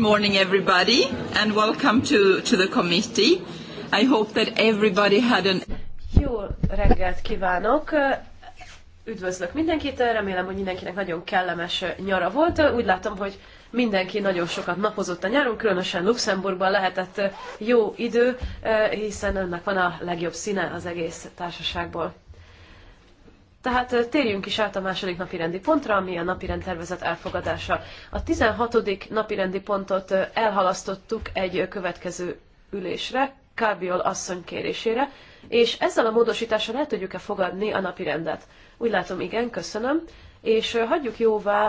morning, everybody, and welcome to, to the committee. I hope that everybody had an... Jó reggelt kívánok! Üdvözlök mindenkit, remélem, hogy mindenkinek nagyon kellemes nyara volt. Úgy látom, hogy mindenki nagyon sokat napozott a nyáron, különösen Luxemburgban lehetett jó idő, hiszen ennek van a legjobb színe az egész társaságból. Tehát térjünk is át a második napirendi pontra, ami a napirend rendtervezet elfogadása. A 16. napirendi pontot elhalasztottuk egy következő ülésre, Kábiol asszony kérésére, és ezzel a módosítással el tudjuk-e fogadni a napirendet. Úgy látom, igen, köszönöm. És hagyjuk jóvá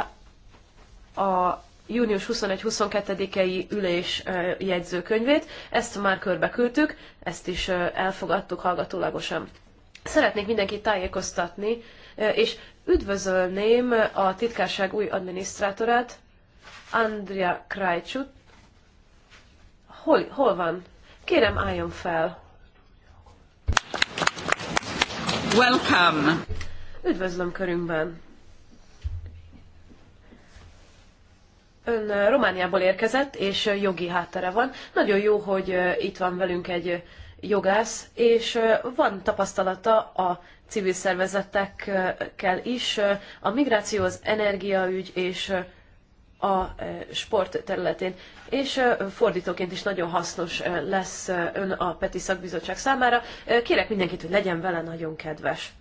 a június 21-22-i ülés jegyzőkönyvét. Ezt már körbeküldtük, ezt is elfogadtuk hallgatólagosan. Szeretnék mindenkit tájékoztatni, és üdvözölném a titkárság új adminisztrátorát, Andrea Krajcsut. Hol, hol van? Kérem, álljon fel. Welcome. Üdvözlöm körünkben. Ön Romániából érkezett, és jogi háttere van. Nagyon jó, hogy itt van velünk egy jogász, és van tapasztalata a civil szervezetekkel is a migráció, az energiaügy és a sport területén. És fordítóként is nagyon hasznos lesz ön a Peti Szakbizottság számára. Kérek mindenkit, hogy legyen vele nagyon kedves.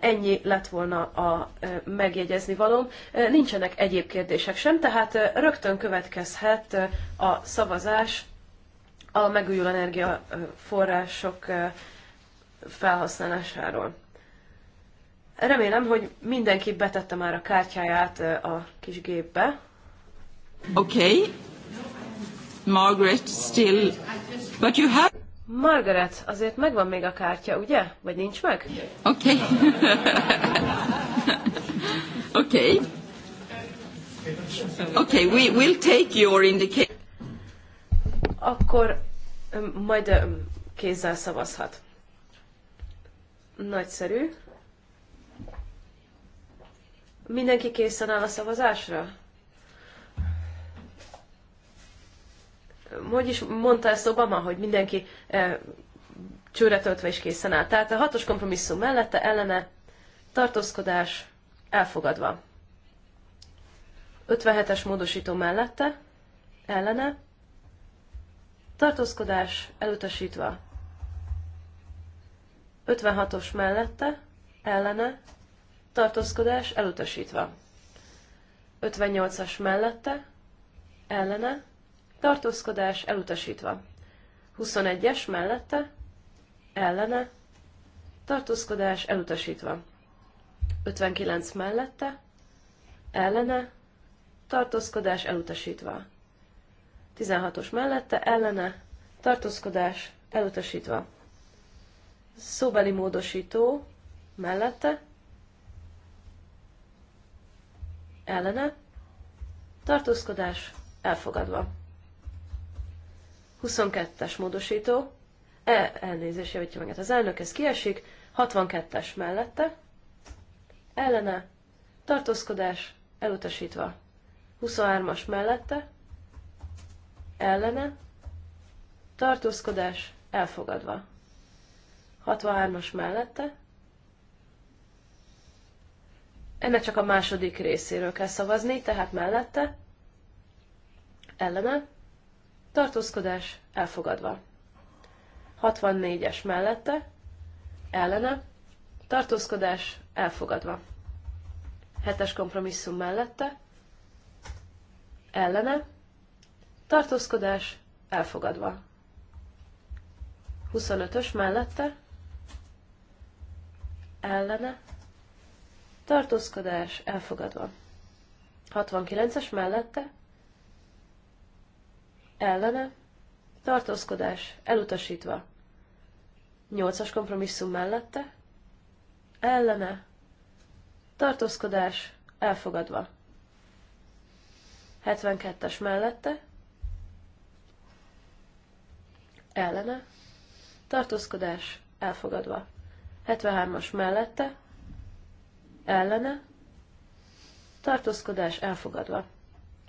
Ennyi lett volna a megjegyezni valóm. Nincsenek egyéb kérdések sem, tehát rögtön következhet a szavazás a megújuló energiaforrások felhasználásáról. Remélem, hogy mindenki betette már a kártyáját a kis gépbe. Okay. Margaret still... But you have... Margaret, azért megvan még a kártya, ugye? Vagy nincs meg? Oké. Okay. Oké. okay. Okay, we will take your indication. Akkor majd kézzel szavazhat. Nagyszerű. Mindenki készen áll a szavazásra? Hogy is mondta ezt Obama, hogy mindenki e, csőre töltve is készen áll. Tehát a hatos kompromisszum mellette ellene tartózkodás elfogadva. 57-es módosító mellette ellene tartózkodás elutasítva. 56-os mellette, ellene, tartózkodás elutasítva. 58-as mellette, ellene, tartózkodás elutasítva. 21-es mellette, ellene, tartózkodás elutasítva. 59 mellette, ellene, tartózkodás elutasítva. 16-os mellette, ellene, tartózkodás, elutasítva. Szóbeli módosító mellette, ellene, tartózkodás, elfogadva. 22-es módosító, e, elnézést javítja meg az elnök, ez kiesik, 62-es mellette, ellene, tartózkodás, elutasítva. 23-as mellette, ellene, tartózkodás elfogadva. 63-as mellette. Ennek csak a második részéről kell szavazni, tehát mellette, ellene, tartózkodás elfogadva. 64-es mellette, ellene, tartózkodás elfogadva. 7-es kompromisszum mellette, ellene, tartózkodás elfogadva. 25-ös mellette, ellene, tartózkodás elfogadva. 69-es mellette, ellene, tartózkodás elutasítva. 8-as kompromisszum mellette, ellene, tartózkodás elfogadva. 72-es mellette, ellene, tartózkodás elfogadva. 73-as mellette, ellene, tartózkodás elfogadva.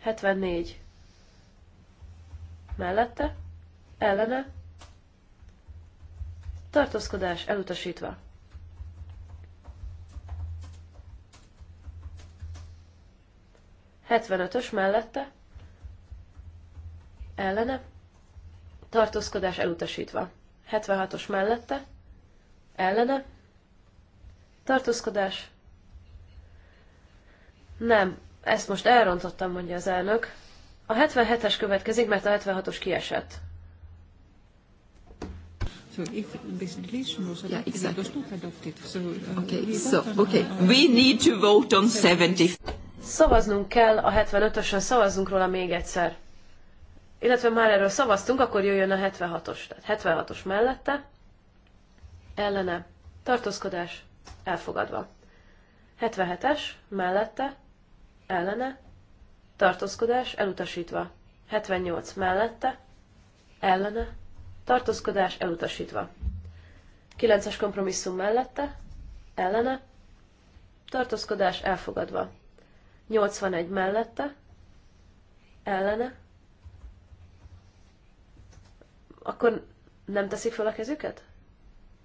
74 mellette, ellene, tartózkodás elutasítva. Hetvenötös mellette, ellene, tartózkodás elutasítva. 76-os mellette, ellene, tartózkodás. Nem, ezt most elrontottam, mondja az elnök. A 77-es következik, mert a 76-os kiesett. So if this was adopted, so uh, we need to vote on Szavaznunk kell a 75-ösön, szavazzunk róla még egyszer illetve már erről szavaztunk, akkor jöjjön a 76-os. Tehát 76-os mellette, ellene, tartózkodás, elfogadva. 77-es, mellette, ellene, tartózkodás, elutasítva. 78 mellette, ellene, tartózkodás, elutasítva. 9-es kompromisszum mellette, ellene, tartózkodás, elfogadva. 81 mellette, ellene, akkor nem teszik fel a kezüket?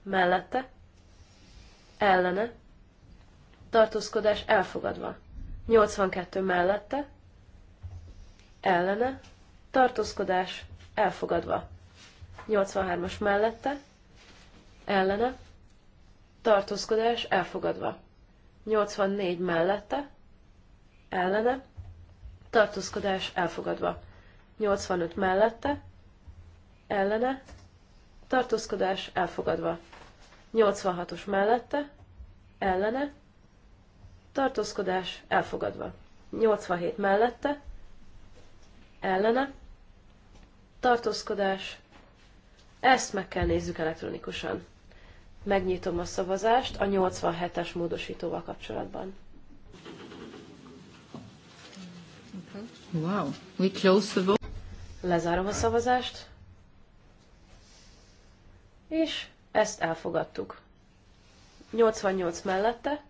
Mellette? Ellene? Tartózkodás elfogadva. 82 mellette? Ellene? Tartózkodás elfogadva. 83-as mellette? Ellene? Tartózkodás elfogadva. 84 mellette? Ellene? Tartózkodás elfogadva. 85 mellette? ellene, tartózkodás elfogadva. 86-os mellette, ellene, tartózkodás elfogadva. 87 mellette, ellene, tartózkodás, ezt meg kell nézzük elektronikusan. Megnyitom a szavazást a 87-es módosítóval kapcsolatban. Wow, we close the vote. Lezárom a szavazást és ezt elfogadtuk. 88 mellette,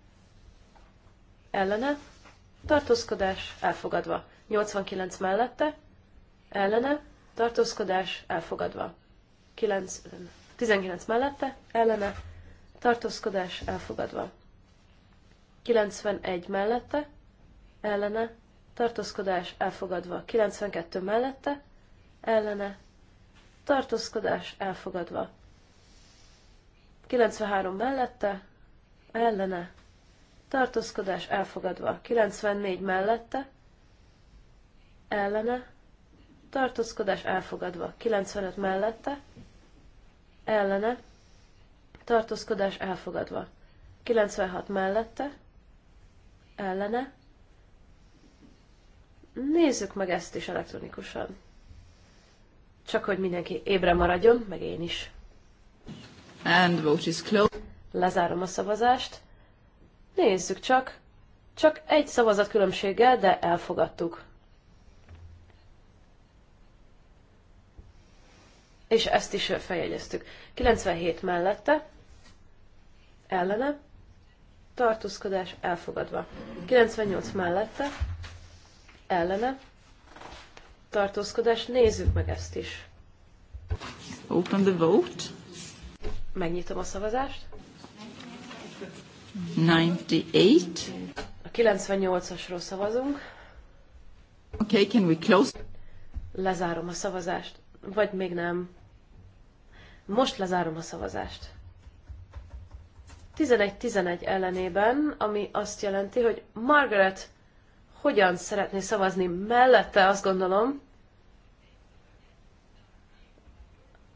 ellene, tartózkodás elfogadva. 89 mellette, ellene, tartózkodás elfogadva. 9, 19 mellette, ellene, tartózkodás elfogadva. 91 mellette, ellene, tartózkodás elfogadva. 92 mellette, ellene, tartózkodás elfogadva. 93 mellette, ellene, tartózkodás elfogadva. 94 mellette, ellene, tartózkodás elfogadva. 95 mellette, ellene, tartózkodás elfogadva. 96 mellette, ellene. Nézzük meg ezt is elektronikusan. Csak hogy mindenki ébre maradjon, meg én is. And vote is closed. Lezárom a szavazást. Nézzük csak. Csak egy szavazat különbséggel, de elfogadtuk. És ezt is feljegyeztük. 97 mellette, ellene, tartózkodás elfogadva. 98 mellette, ellene, tartózkodás, nézzük meg ezt is. Open the vote. Megnyitom a szavazást. 98. A 98-asról szavazunk. Okay, can we close? Lezárom a szavazást. Vagy még nem. Most lezárom a szavazást. 11-11 ellenében, ami azt jelenti, hogy Margaret hogyan szeretné szavazni mellette, azt gondolom.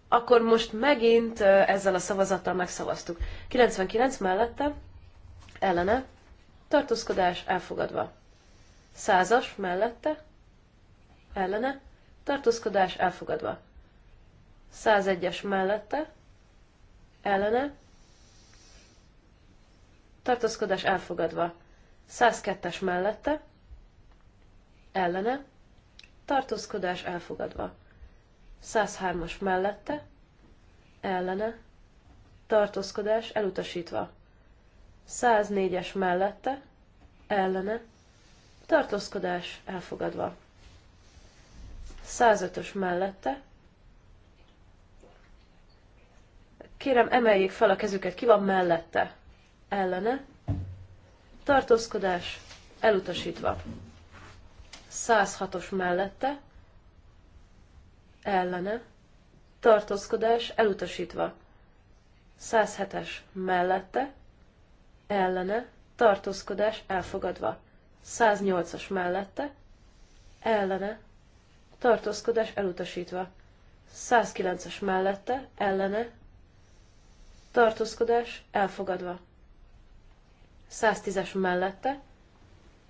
akkor most megint ezzel a szavazattal megszavaztuk. 99 mellette, ellene, tartózkodás elfogadva. 100-as mellette, ellene, tartózkodás elfogadva. 101-es mellette, ellene, tartózkodás elfogadva. 102-es mellette, ellene, tartózkodás elfogadva. 103-as mellette, ellene, tartózkodás elutasítva. 104-es mellette, ellene, tartózkodás elfogadva. 105-ös mellette. Kérem, emeljék fel a kezüket, ki van mellette, ellene, tartózkodás elutasítva. 106-os mellette, ellene, tartózkodás elutasítva. 107-es mellette, ellene, tartózkodás elfogadva. 108-as mellette, ellene, tartózkodás elutasítva. 109-es mellette, ellene, tartózkodás elfogadva. 110-es mellette,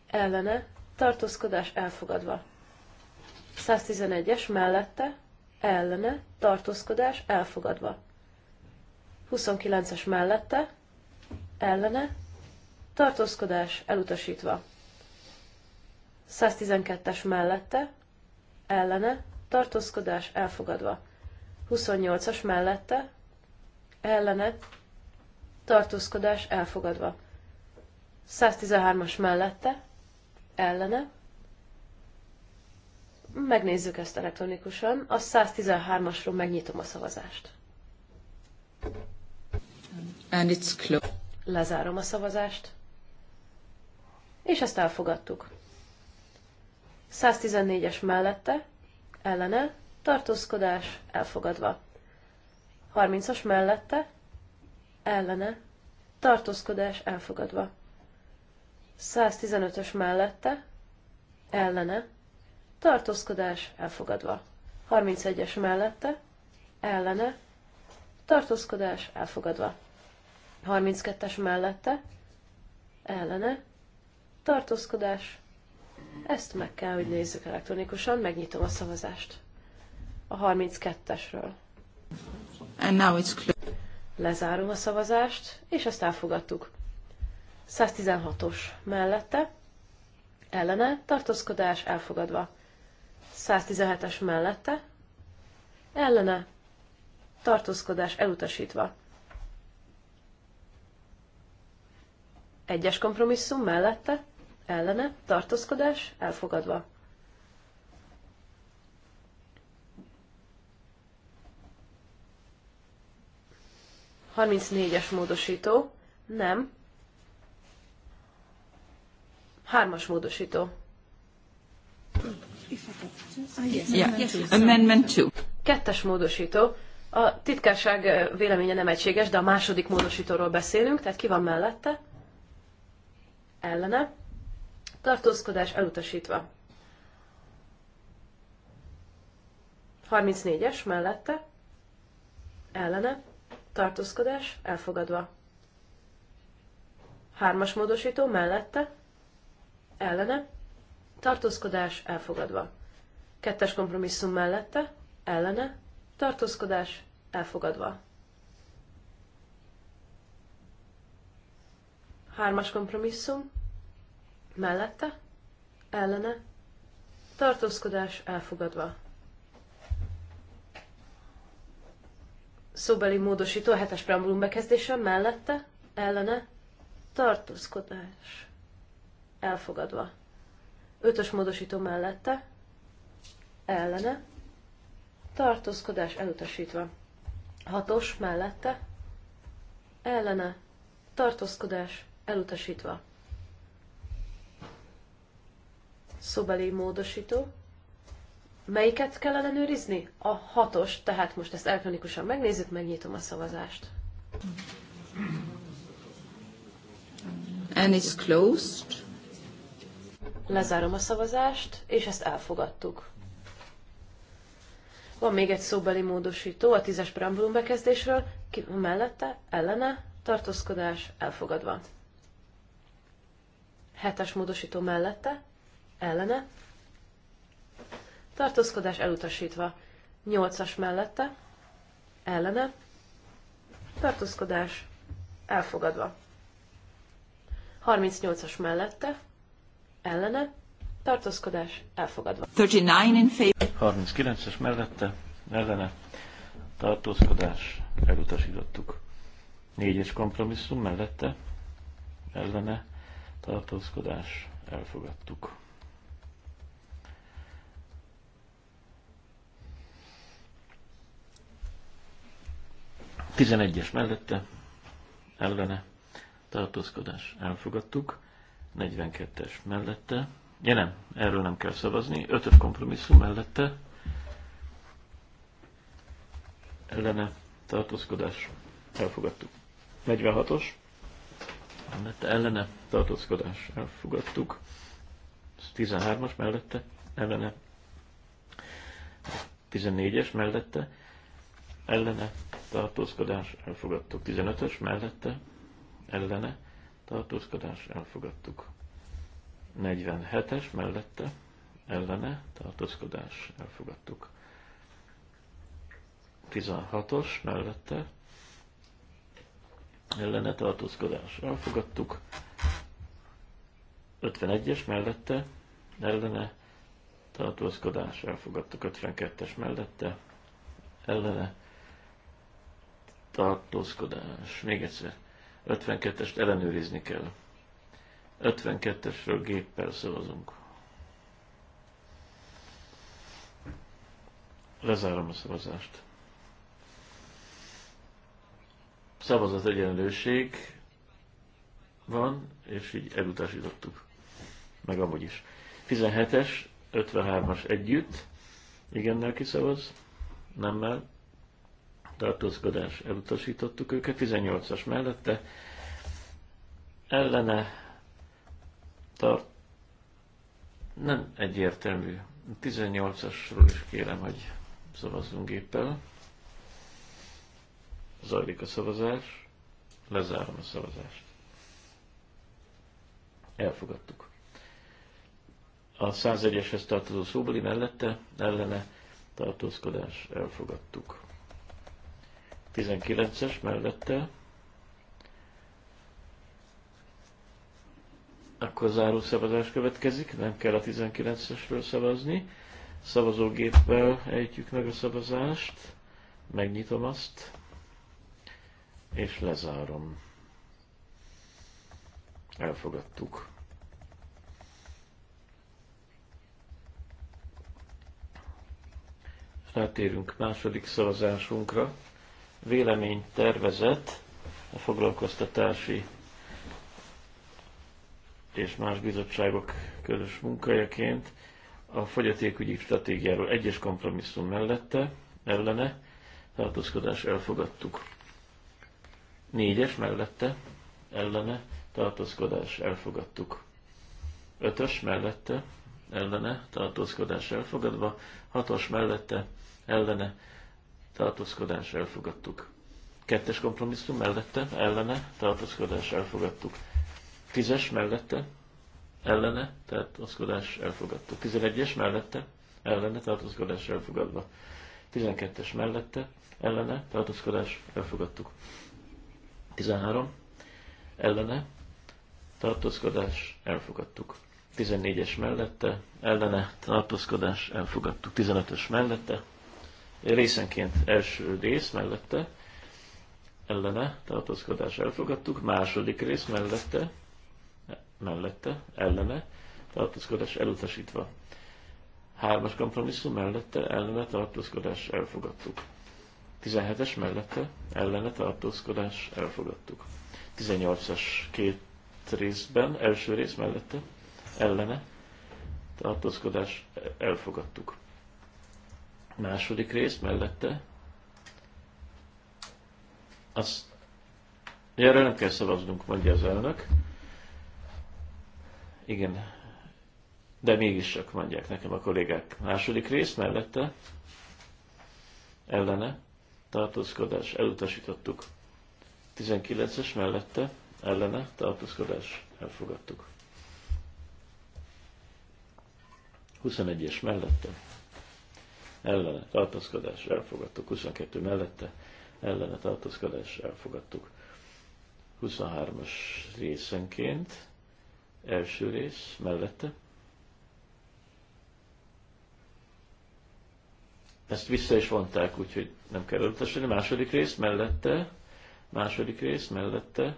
ellene, tartózkodás elfogadva. 111-es mellette, ellene, tartózkodás elfogadva. 29-es mellette, ellene, tartózkodás elutasítva. 112-es mellette, ellene, tartózkodás elfogadva. 28-as mellette, ellene, tartózkodás elfogadva. 113-as mellette, ellene, Megnézzük ezt elektronikusan. A 113-asról megnyitom a szavazást. And it's Lezárom a szavazást. És ezt elfogadtuk. 114-es mellette, ellene, tartózkodás, elfogadva. 30-as mellette, ellene, tartózkodás, elfogadva. 115-ös mellette, ellene, tartózkodás elfogadva. 31-es mellette, ellene, tartózkodás elfogadva. 32-es mellette, ellene, tartózkodás. Ezt meg kell, hogy nézzük elektronikusan, megnyitom a szavazást. A 32-esről. And now it's Lezárom a szavazást, és ezt elfogadtuk. 116-os mellette, ellene, tartózkodás elfogadva. 117-es mellette, ellene tartózkodás elutasítva. Egyes kompromisszum mellette, ellene tartózkodás elfogadva. harminc négyes módosító, nem. Hármas módosító. Amendment 2. Kettes módosító. A titkárság véleménye nem egységes, de a második módosítóról beszélünk, tehát ki van mellette? Ellene. Tartózkodás elutasítva. 34-es mellette. Ellene. Tartózkodás elfogadva. Hármas módosító mellette. Ellene tartózkodás elfogadva. Kettes kompromisszum mellette, ellene, tartózkodás elfogadva. Hármas kompromisszum mellette, ellene, tartózkodás elfogadva. Szóbeli módosító a hetes preambulum bekezdése mellette, ellene, tartózkodás elfogadva. Ötös módosító mellette, ellene, tartózkodás elutasítva. Hatos mellette, ellene, tartózkodás elutasítva. Szobeli módosító. Melyiket kell ellenőrizni? A hatos, tehát most ezt elektronikusan megnézzük, megnyitom a szavazást. And it's closed. Lezárom a szavazást, és ezt elfogadtuk. Van még egy szóbeli módosító a tízes preambulum bekezdésről, ki mellette, ellene, tartózkodás, elfogadva. Hetes módosító mellette, ellene, tartózkodás elutasítva. Nyolcas mellette, ellene, tartózkodás, elfogadva. 38-as mellette, ellene, tartózkodás elfogadva. 39-es mellette, ellene, tartózkodás elutasítottuk. 4-es kompromisszum mellette, ellene, tartózkodás elfogadtuk. Tizenegyes mellette, ellene, tartózkodás elfogadtuk. 42-es mellette. Ja nem, erről nem kell szavazni. 5 kompromisszum mellette. Ellene tartózkodás. Elfogadtuk. 46-os. Mellette ellene tartózkodás. Elfogadtuk. 13-as mellette. Ellene. 14-es mellette. Ellene tartózkodás. Elfogadtuk. 15-ös mellette. Ellene tartózkodás elfogadtuk. 47-es mellette ellene tartózkodás elfogadtuk. 16-os mellette ellene tartózkodás elfogadtuk. 51-es mellette ellene tartózkodás elfogadtuk. 52-es mellette ellene tartózkodás. Még egyszer. 52-est ellenőrizni kell. 52-esről géppel szavazunk. Lezárom a szavazást. Szavazat egyenlőség van, és így elutasítottuk. Meg amúgy is. 17-es, 53-as együtt. Igennel kiszavaz, nemmel tartózkodás elutasítottuk őket, 18-as mellette ellene tart nem egyértelmű. 18-asról is kérem, hogy szavazzunk géppel. Zajlik a szavazás. Lezárom a szavazást. Elfogadtuk. A 101-eshez tartozó szóbeli mellette ellene tartózkodás elfogadtuk. 19-es mellette. Akkor záró szavazás következik, nem kell a 19-esről szavazni. Szavazógéppel ejtjük meg a szavazást, megnyitom azt, és lezárom. Elfogadtuk. rátérünk második szavazásunkra vélemény tervezett a foglalkoztatási és más bizottságok közös munkájaként a fogyatékügyi stratégiáról egyes kompromisszum mellette, ellene, tartózkodás elfogadtuk. Négyes mellette, ellene, tartózkodás elfogadtuk. Ötös mellette, ellene, tartózkodás elfogadva. Hatos mellette, ellene, tartózkodás elfogadtuk. Kettes kompromisszum mellette, ellene, tartózkodás elfogadtuk. Tízes mellette, ellene, tartózkodás elfogadtuk. Tizenegyes mellette, ellene, tartózkodás elfogadva. Tizenkettes mellette, ellene, tartózkodás elfogadtuk. Tizenhárom, ellene, tartózkodás elfogadtuk. 14-es mellette, ellene tartózkodás elfogadtuk. 15-ös mellette, részenként első rész mellette, ellene tartózkodás elfogadtuk, második rész mellette, mellette, ellene tartózkodás elutasítva. Hármas kompromisszum mellette, ellene tartózkodás elfogadtuk. 17-es mellette, ellene tartózkodás elfogadtuk. 18-as két részben, első rész mellette, ellene tartózkodás elfogadtuk Második rész mellette. az, Erre nem kell szavaznunk, mondja az elnök. Igen. De mégis csak mondják nekem a kollégák. Második rész mellette. Ellene. Tartózkodás. Elutasítottuk. 19-es mellette. Ellene. Tartózkodás. Elfogadtuk. 21-es mellette ellene tartózkodás elfogadtuk, 22 mellette ellene tartózkodás elfogadtuk. 23-as részenként, első rész mellette. Ezt vissza is vonták, úgyhogy nem kell öltesülni. Második rész mellette, második rész mellette,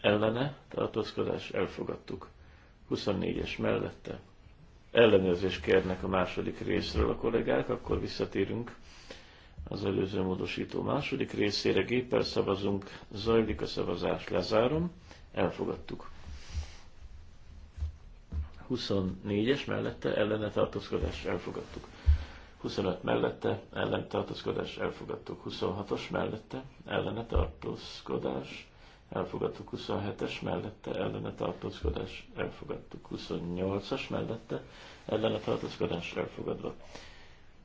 ellene tartózkodás elfogadtuk. 24-es mellette ellenőrzést kérnek a második részről a kollégák, akkor visszatérünk az előző módosító második részére. Géppel szavazunk, zajlik a szavazás, lezárom, elfogadtuk. 24-es mellette ellene tartózkodás elfogadtuk. 25 mellette ellen tartózkodás elfogadtuk. 26-os mellette ellene tartózkodás elfogadtuk 27-es mellette, ellene tartózkodás, elfogadtuk 28-as mellette, ellene tartózkodás, elfogadva.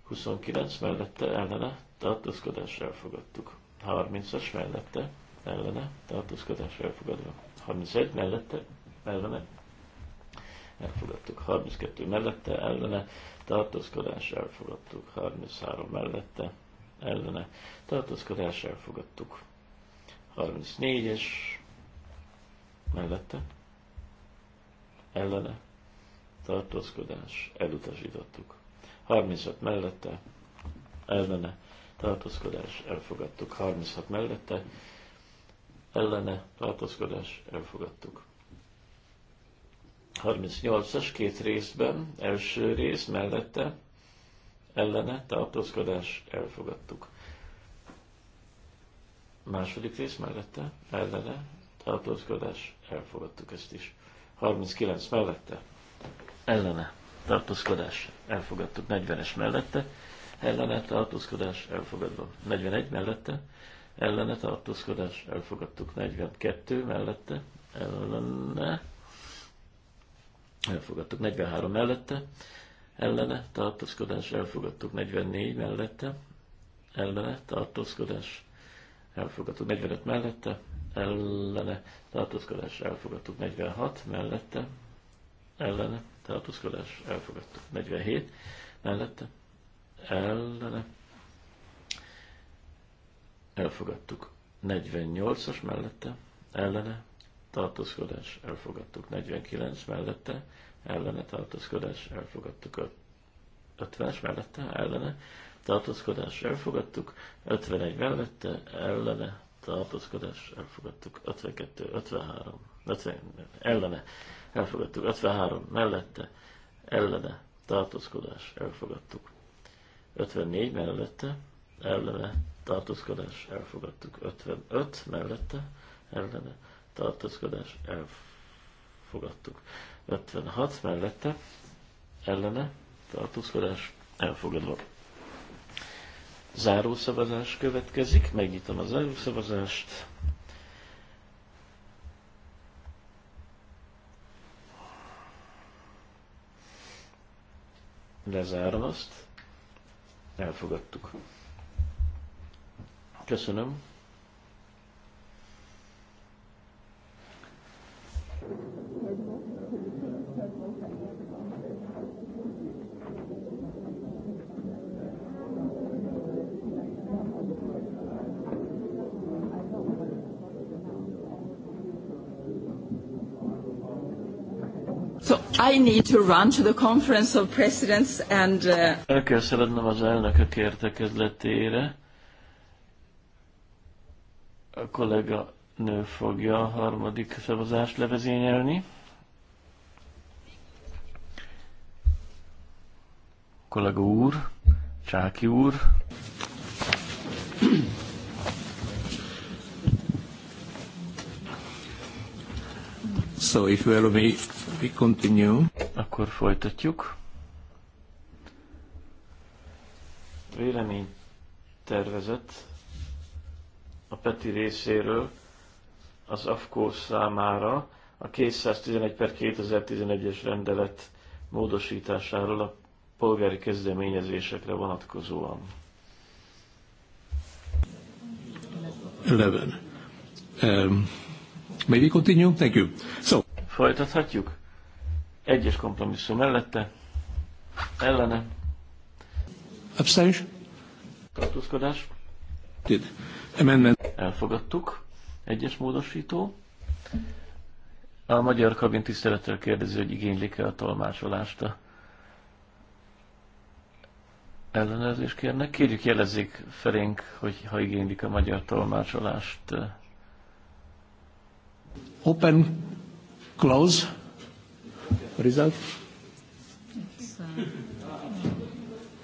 29 mellette, ellene tartózkodás, elfogadtuk. 30-as mellette, ellene tartózkodás, elfogadva. 31 mellette, ellene elfogadtuk. 32 mellette, ellene tartózkodás, elfogadtuk. 33 mellette, ellene tartózkodás, elfogadtuk. 34-es mellette ellene tartózkodás elutasítottuk. 36 mellette ellene tartózkodás elfogadtuk. 36 mellette ellene tartózkodás elfogadtuk. 38-as két részben, első rész mellette ellene tartózkodás elfogadtuk. Második rész mellette, ellene, tartózkodás, elfogadtuk ezt is. 39 mellette, ellene, tartózkodás, elfogadtuk. 40-es mellette, ellene, tartózkodás, elfogadva. 41 mellette, ellene, tartózkodás, elfogadtuk. 42 mellette, ellene, elfogadtuk. 43 mellette, ellene, tartózkodás, elfogadtuk. 44 mellette, ellene, tartózkodás, elfogadtuk 45 mellette, ellene tartózkodás elfogadtuk 46 mellette, ellene tartózkodás elfogadtuk 47 mellette, ellene elfogadtuk 48-as mellette, ellene tartózkodás elfogadtuk 49 mellette, ellene tartózkodás elfogadtuk 50-es mellette, ellene tartózkodás elfogadtuk, 51 mellette, ellene, tartózkodás elfogadtuk, 52, 53, 50, ellene, elfogadtuk, 53 mellette, ellene, tartózkodás elfogadtuk, 54 mellette, ellene, tartózkodás elfogadtuk, 55 mellette, ellene, tartózkodás elfogadtuk, 56 mellette, ellene, tartózkodás elfogadva. Zárószavazás következik, megnyitom a zárószavazást. Lezárom azt. Elfogadtuk. Köszönöm. So I need to run to the conference of presidents and... Uh... El kell szaladnom az elnökök értekezletére. A kollega nő fogja a harmadik szavazást levezényelni. Kollega úr, Csáki úr. So if we continue. Akkor folytatjuk. Vélemény tervezett a Peti részéről az AFKO számára a 211 per 2011-es rendelet módosításáról a polgári kezdeményezésekre vonatkozóan. 11. Um, May we continue? Thank you. So. Folytathatjuk? Egyes kompromisszum mellette. Ellene. Abstention. Tartózkodás. Did. Amendment. Elfogadtuk. Egyes módosító. A magyar kabin tisztelettel kérdezi, hogy igénylik-e a tolmásolást a ellenőrzést kérnek. Kérjük jelezzék felénk, hogy ha igénylik a magyar tolmásolást, Open, close. Result.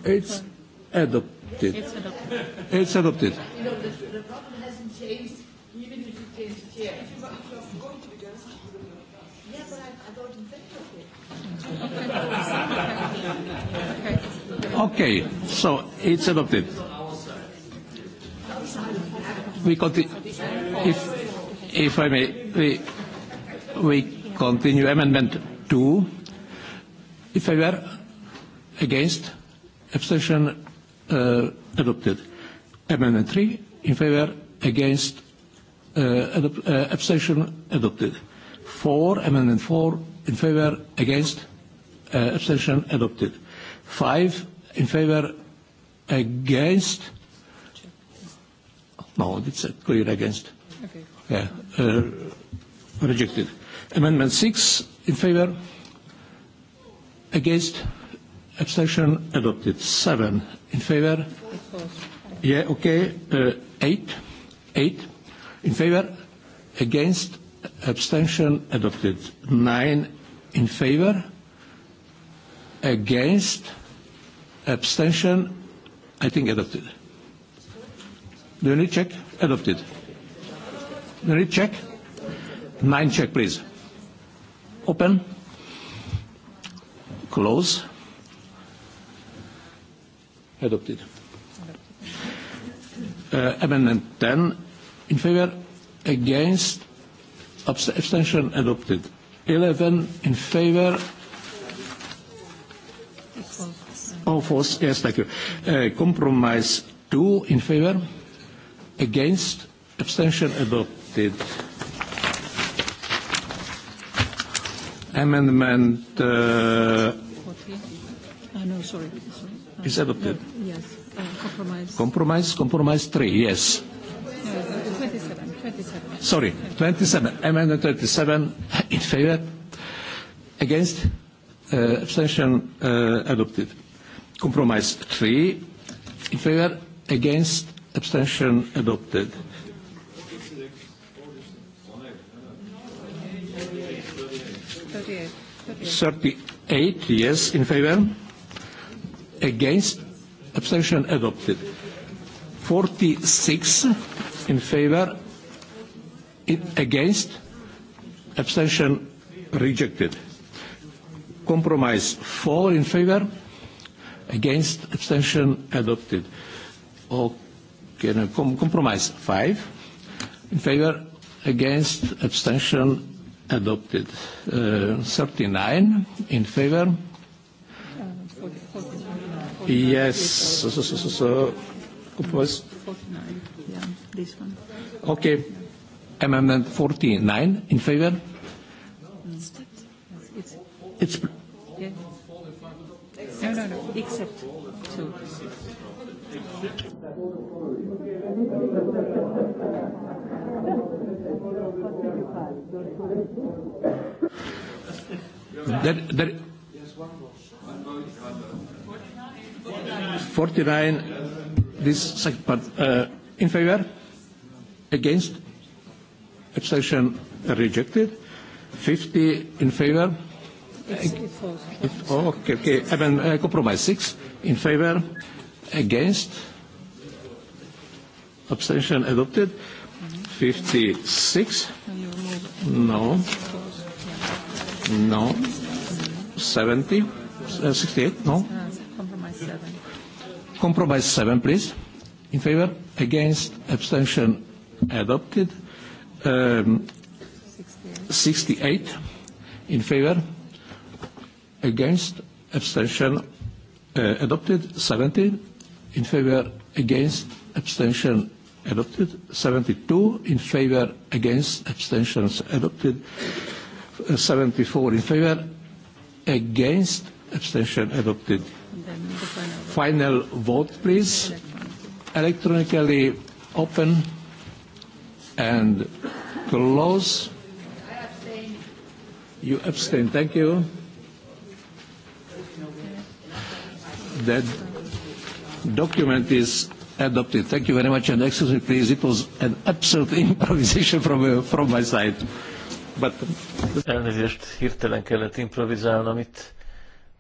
It's, adopted. It's adopted. It's adopted. You know, the, problem hasn't changed even if you change chair. If going to you will Yeah, but I, don't of it. Okay. okay, so it's adopted. We continue. If If I may, we, we continue amendment two. In were against, abstention uh, adopted. Amendment three, in favor, against, uh, adop, uh, abstention adopted. Four, amendment four, in favor, against, uh, abstention adopted. Five, in favor, against, no, it's clear against Yeah. Uh, rejected. Amendment 6 in favor. Against. Abstention adopted. 7 in favor. Yeah, okay. Uh, 8. 8 in favor. Against. Abstention adopted. 9 in favor. Against. Abstention, I think adopted. Do you need check? Adopted. Read check. Nine check, please. Open. Close. Adopted. Uh, amendment 10 uh, in favor, against, abstention adopted. 11 in favor. Oh, false. Yes, thank you. Uh, compromise 2 in favor, against, abstention adopted adopted. Amendment. Uh, uh, no, sorry. sorry. Uh, is adopted. No, yes. Uh, compromise. Compromise. Compromise three. Yes. No, 27, 27. Sorry, 27. Amendment 27 in favor, against, uh, abstention uh, adopted. Compromise three. in favor, against, abstention adopted. 38, yes, in favor. Against, abstention adopted. 46 in favor, it, against, abstention rejected. Compromise 4 in favor, against, abstention adopted. Okay, no, com compromise 5 in favor, against, abstention adopted. Uh, 39 in favor. Yes. So, so, so, so was. Yeah, this one. Okay. Amendment 49 in favor. It's. No, no, no. Except two. There, there, 49, this second part, uh, in favor, against, abstention rejected, 50 in favor, it oh, okay, okay. I mean, uh, compromise six in favor, against, abstention adopted, 56 No. No. 70? Uh, 68? No. Uh, compromise 7. Compromise please. In favor? Against? Abstention? Adopted. Um, 68 in favor, against, abstention, uh, adopted, 70 in favor, against, abstention, adopted. 72 in favor, against, abstentions adopted. 74 uh, in favor, against, abstention adopted. final vote, please. Electronically open and close. You abstain. Thank you. That document is adopted. Thank you very much, and excuse me, please, it was an absolute improvisation from, uh, from my side. But... Elnézést, hirtelen kellett improvizálnom itt,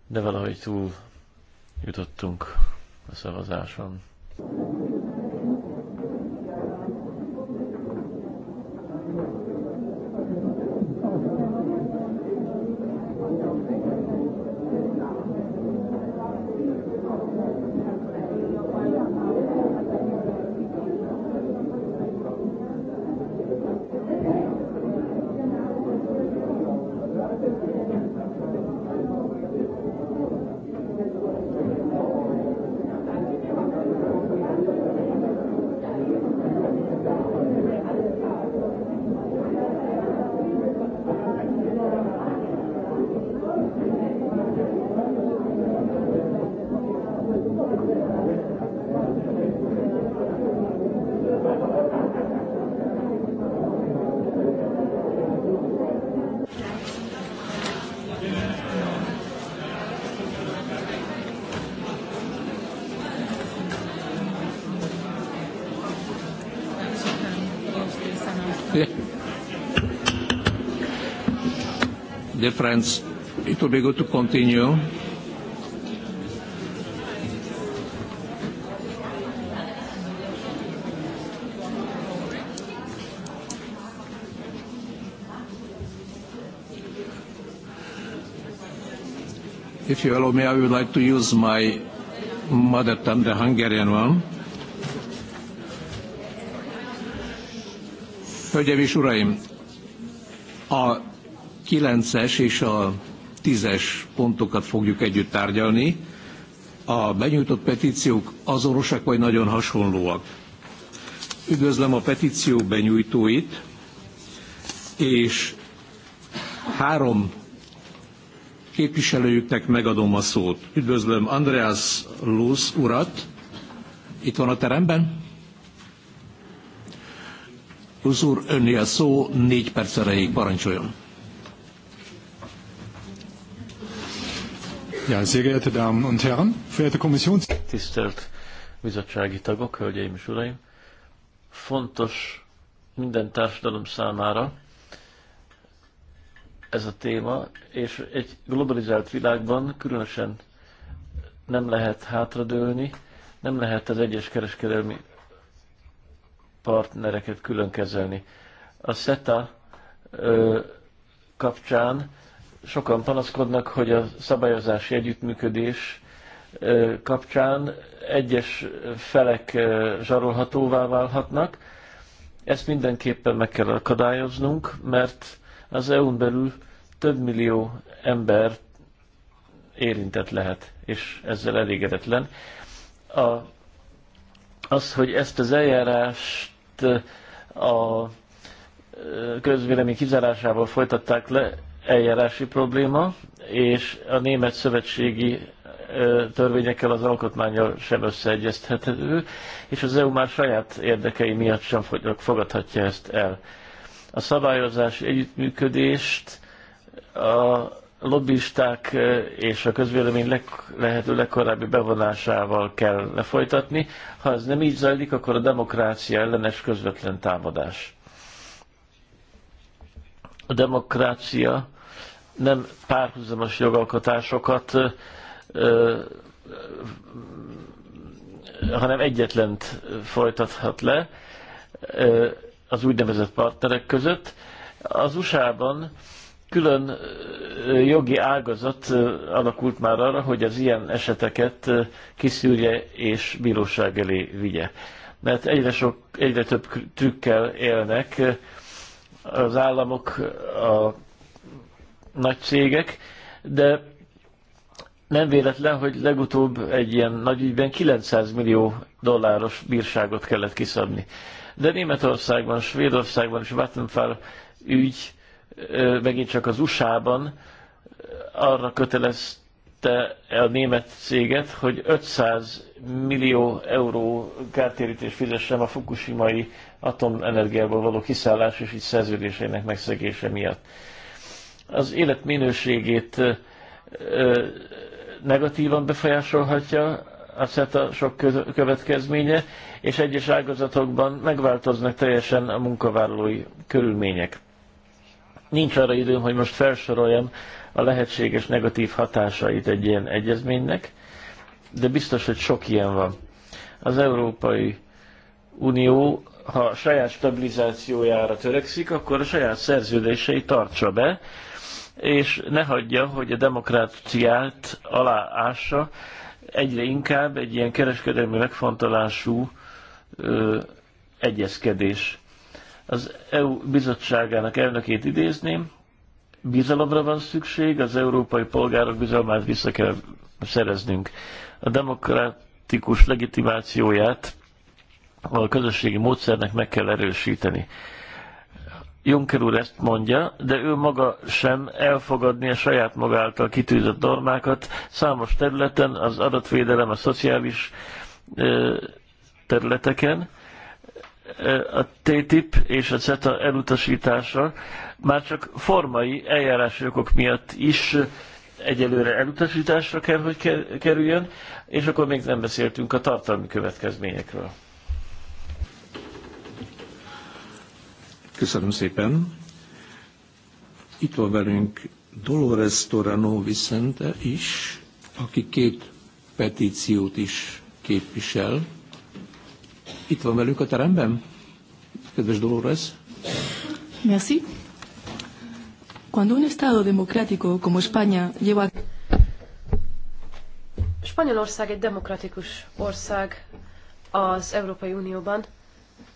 de valahogy túl jutottunk a szavazáson. friends, it would be good to continue. If you allow me, I would like to use my mother tongue, the Hungarian one. Hölgyeim és Uraim, 9-es és a 10-es pontokat fogjuk együtt tárgyalni. A benyújtott petíciók azonosak vagy nagyon hasonlóak. Üdvözlöm a petíció benyújtóit, és három képviselőjüknek megadom a szót. Üdvözlöm Andreas Lusz urat. Itt van a teremben? Lusz úr, a szó, négy perc erejéig parancsoljon. Ja, sehr geehrte Damen und Herren, verehrte Kommission. Tisztelt bizottsági tagok, hölgyeim és uraim! Fontos minden társadalom számára ez a téma, és egy globalizált világban különösen nem lehet hátradőlni, nem lehet az egyes kereskedelmi partnereket külön kezelni. A SETA ö, kapcsán sokan panaszkodnak, hogy a szabályozási együttműködés kapcsán egyes felek zsarolhatóvá válhatnak. Ezt mindenképpen meg kell akadályoznunk, mert az EU-n belül több millió ember érintett lehet, és ezzel elégedetlen. A, az, hogy ezt az eljárást a közvélemény kizárásával folytatták le, eljárási probléma, és a német szövetségi törvényekkel az alkotmányjal sem összeegyeztethető, és az EU már saját érdekei miatt sem fogadhatja ezt el. A szabályozás együttműködést a lobbisták és a közvélemény leg, lehető legkorábbi bevonásával kell lefolytatni. Ha ez nem így zajlik, akkor a demokrácia ellenes közvetlen támadás. A demokrácia nem párhuzamos jogalkotásokat, hanem egyetlent folytathat le az úgynevezett partnerek között. Az USA-ban külön jogi ágazat alakult már arra, hogy az ilyen eseteket kiszűrje és bíróság elé vigye. Mert egyre, sok, egyre több trükkel élnek az államok, a nagy cégek, de nem véletlen, hogy legutóbb egy ilyen nagy ügyben 900 millió dolláros bírságot kellett kiszabni. De Németországban, Svédországban és Vattenfall ügy megint csak az USA-ban arra kötelezte a német céget, hogy 500 millió euró kártérítés fizessen a fukushima atomenergiából való kiszállás és így szerződésének megszegése miatt az életminőségét negatívan befolyásolhatja a CETA sok következménye, és egyes ágazatokban megváltoznak teljesen a munkavállalói körülmények. Nincs arra időm, hogy most felsoroljam a lehetséges negatív hatásait egy ilyen egyezménynek, de biztos, hogy sok ilyen van. Az Európai Unió, ha a saját stabilizációjára törekszik, akkor a saját szerződéseit tartsa be, és ne hagyja, hogy a demokráciát aláássa egyre inkább egy ilyen kereskedelmi megfontolású ö, egyezkedés. Az EU bizottságának elnökét idézném, bizalomra van szükség, az európai polgárok bizalmát vissza kell szereznünk. A demokratikus legitimációját a közösségi módszernek meg kell erősíteni. Juncker úr ezt mondja, de ő maga sem elfogadni a saját maga által kitűzött normákat. Számos területen, az adatvédelem, a szociális területeken, a TTIP és a CETA elutasítása már csak formai eljárási okok miatt is egyelőre elutasításra kell, hogy kerüljön, és akkor még nem beszéltünk a tartalmi következményekről. Köszönöm szépen. Itt van velünk Dolores Torano Vicente is, aki két petíciót is képvisel. Itt van velünk a teremben? Kedves Dolores. Merci. Cuando un Estado democrático como España lleva... Spanyolország egy demokratikus ország az Európai Unióban,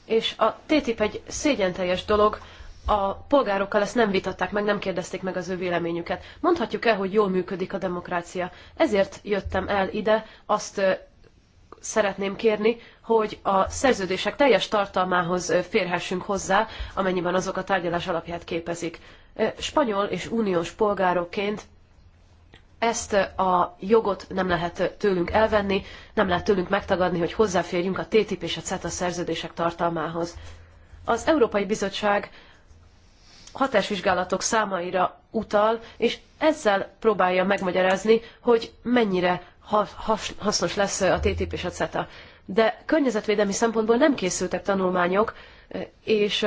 és a TTIP egy szégyenteljes dolog, a polgárokkal ezt nem vitatták meg, nem kérdezték meg az ő véleményüket. Mondhatjuk el, hogy jól működik a demokrácia. Ezért jöttem el ide, azt szeretném kérni, hogy a szerződések teljes tartalmához férhessünk hozzá, amennyiben azok a tárgyalás alapját képezik. Spanyol és uniós polgárokként ezt eh, a jogot nem lehet eh, tőlünk elvenni, nem lehet tőlünk megtagadni, hogy hozzáférjünk a TTIP és a CETA szerződések tartalmához. Az Európai Bizottság hatásvizsgálatok számaira utal, és ezzel próbálja megmagyarázni, hogy mennyire hasznos lesz eh, a TTIP és a CETA. De környezetvédelmi szempontból nem készültek tanulmányok, és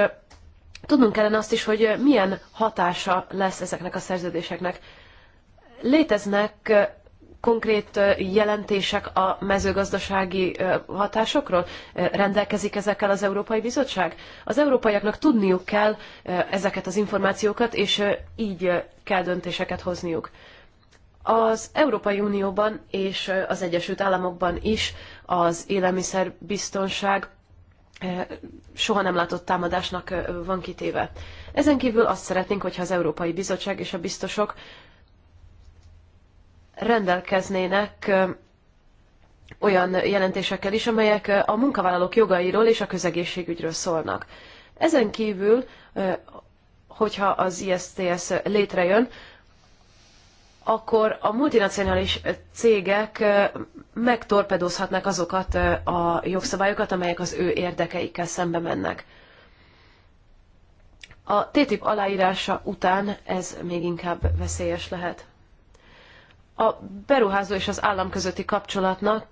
tudnunk kellene azt is, hogy milyen hatása lesz ezeknek a szerződéseknek. Léteznek konkrét jelentések a mezőgazdasági hatásokról? Rendelkezik ezekkel az Európai Bizottság? Az európaiaknak tudniuk kell ezeket az információkat, és így kell döntéseket hozniuk. Az Európai Unióban és az Egyesült Államokban is az élelmiszerbiztonság soha nem látott támadásnak van kitéve. Ezen kívül azt szeretnénk, hogyha az Európai Bizottság és a biztosok rendelkeznének olyan jelentésekkel is, amelyek a munkavállalók jogairól és a közegészségügyről szólnak. Ezen kívül, hogyha az ISTS létrejön, akkor a multinacionális cégek megtorpedózhatnak azokat a jogszabályokat, amelyek az ő érdekeikkel szembe mennek. A TTIP aláírása után ez még inkább veszélyes lehet a beruházó és az állam közötti kapcsolatnak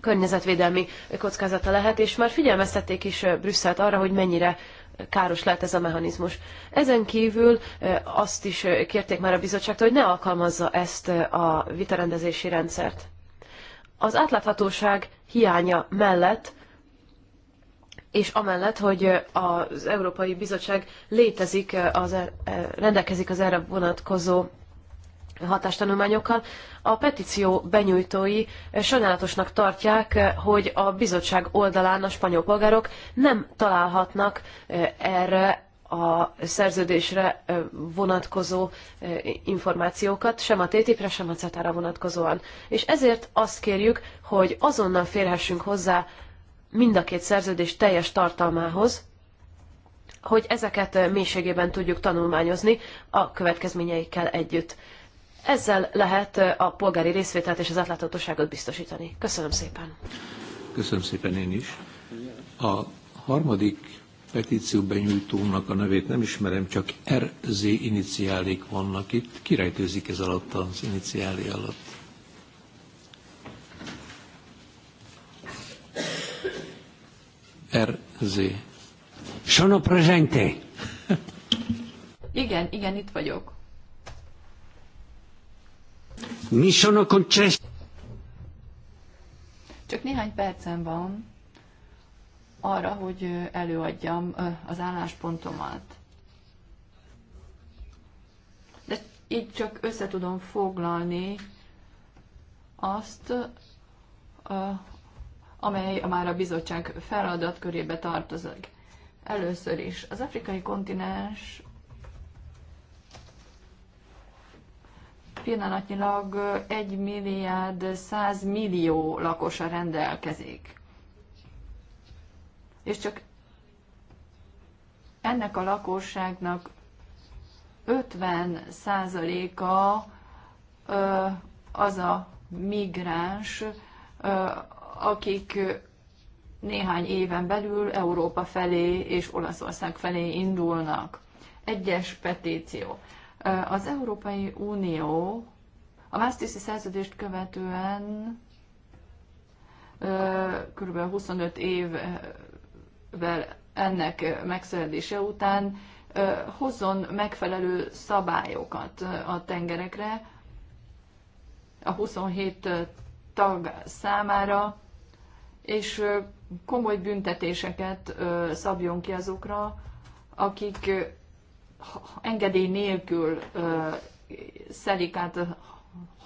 környezetvédelmi kockázata lehet, és már figyelmeztették is Brüsszelt arra, hogy mennyire káros lehet ez a mechanizmus. Ezen kívül azt is kérték már a bizottságtól, hogy ne alkalmazza ezt a vitarendezési rendszert. Az átláthatóság hiánya mellett és amellett, hogy az Európai Bizottság létezik, az, rendelkezik az erre vonatkozó hatástanulmányokkal. A petíció benyújtói sajnálatosnak tartják, hogy a bizottság oldalán a spanyol polgárok nem találhatnak eh, erre a szerződésre eh, vonatkozó eh, információkat, sem a TTIP-re, sem a CETA-ra vonatkozóan. És ezért azt kérjük, hogy azonnal férhessünk hozzá mind a két szerződés teljes tartalmához, hogy ezeket mélységében tudjuk tanulmányozni a következményeikkel együtt. Ezzel lehet a polgári részvételt és az átláthatóságot biztosítani. Köszönöm szépen. Köszönöm szépen én is. A harmadik petíció benyújtónak a nevét nem ismerem, csak RZ iniciálék vannak itt. Kirejtőzik ez alatt az iniciálé alatt. RZ. Sono presente. Igen, igen, itt vagyok. Mi sono concesso. Csak néhány percem van arra, hogy előadjam az álláspontomat. De így csak összetudom foglalni azt, amely már a bizottság feladatkörébe tartozik. Először is az afrikai kontinens pillanatnyilag 1 milliárd 100 millió lakosa rendelkezik. És csak ennek a lakosságnak 50 százaléka az a migráns, akik néhány éven belül Európa felé és Olaszország felé indulnak. Egyes petíció. Az Európai Unió a Maastrichti szerződést követően kb. 25 évvel ennek megszerzése után hozzon megfelelő szabályokat a tengerekre a 27 tag számára, és komoly büntetéseket szabjon ki azokra, akik engedély nélkül ö, szelik át a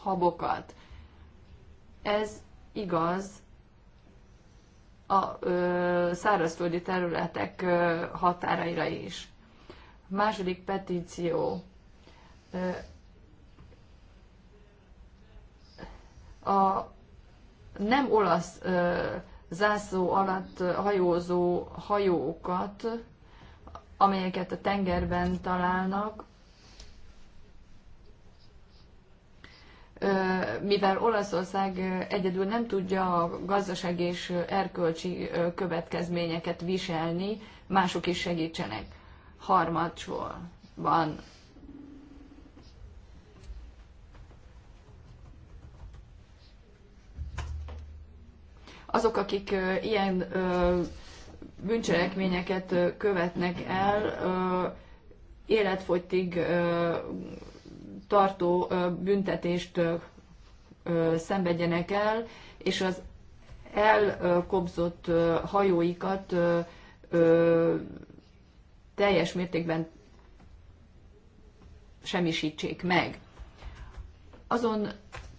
habokat. Ez igaz a ö, szárazföldi területek ö, határaira is. A második petíció. Ö, a nem olasz ö, zászló alatt hajózó hajókat amelyeket a tengerben találnak, mivel Olaszország egyedül nem tudja a gazdasági és erkölcsi következményeket viselni, mások is segítsenek. Harmadsor van. Azok, akik ilyen bűncselekményeket követnek el, életfogytig tartó büntetést szenvedjenek el, és az elkobzott hajóikat teljes mértékben semmisítsék meg. Azon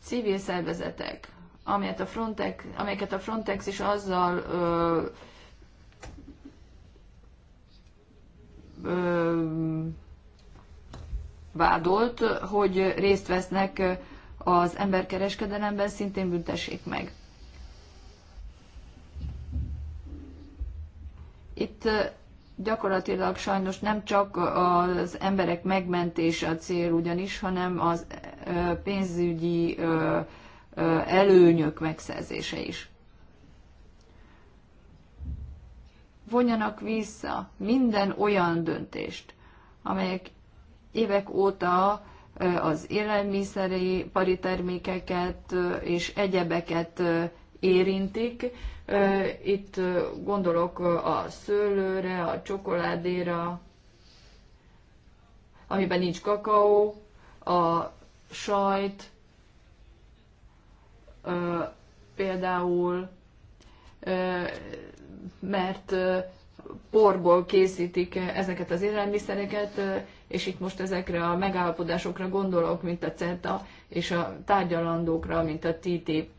civil szervezetek, amelyet a Frontex, amelyeket a Frontex is azzal ö, vádolt, hogy részt vesznek az emberkereskedelemben, szintén büntessék meg. Itt gyakorlatilag sajnos nem csak az emberek megmentése a cél ugyanis, hanem az pénzügyi előnyök megszerzése is. vonjanak vissza minden olyan döntést, amelyek évek óta az élelmiszeri paritermékeket és egyebeket érintik. Itt gondolok a szőlőre, a csokoládéra, amiben nincs kakaó, a sajt, például mert porból készítik ezeket az élelmiszereket, és itt most ezekre a megállapodásokra gondolok, mint a CETA, és a tárgyalandókra, mint a TTIP.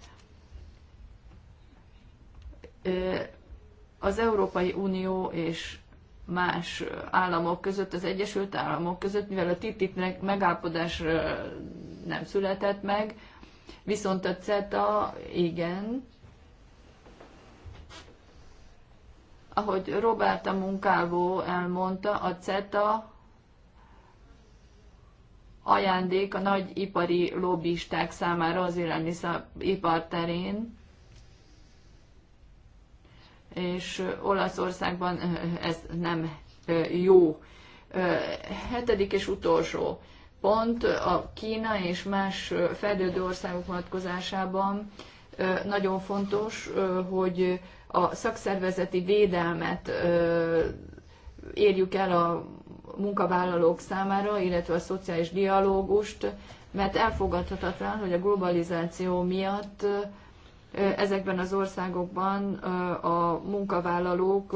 Az Európai Unió és más államok között, az Egyesült Államok között, mivel a TTIP megállapodás nem született meg, viszont a CETA igen, Ahogy Roberta Munkálvó elmondta, a CETA ajándék a nagy ipari lobbisták számára az élelmiszeripar terén, és Olaszországban ez nem jó. Hetedik és utolsó pont a Kína és más fejlődő országok vonatkozásában nagyon fontos, hogy a szakszervezeti védelmet érjük el a munkavállalók számára, illetve a szociális dialógust, mert elfogadhatatlan, hogy a globalizáció miatt ezekben az országokban a munkavállalók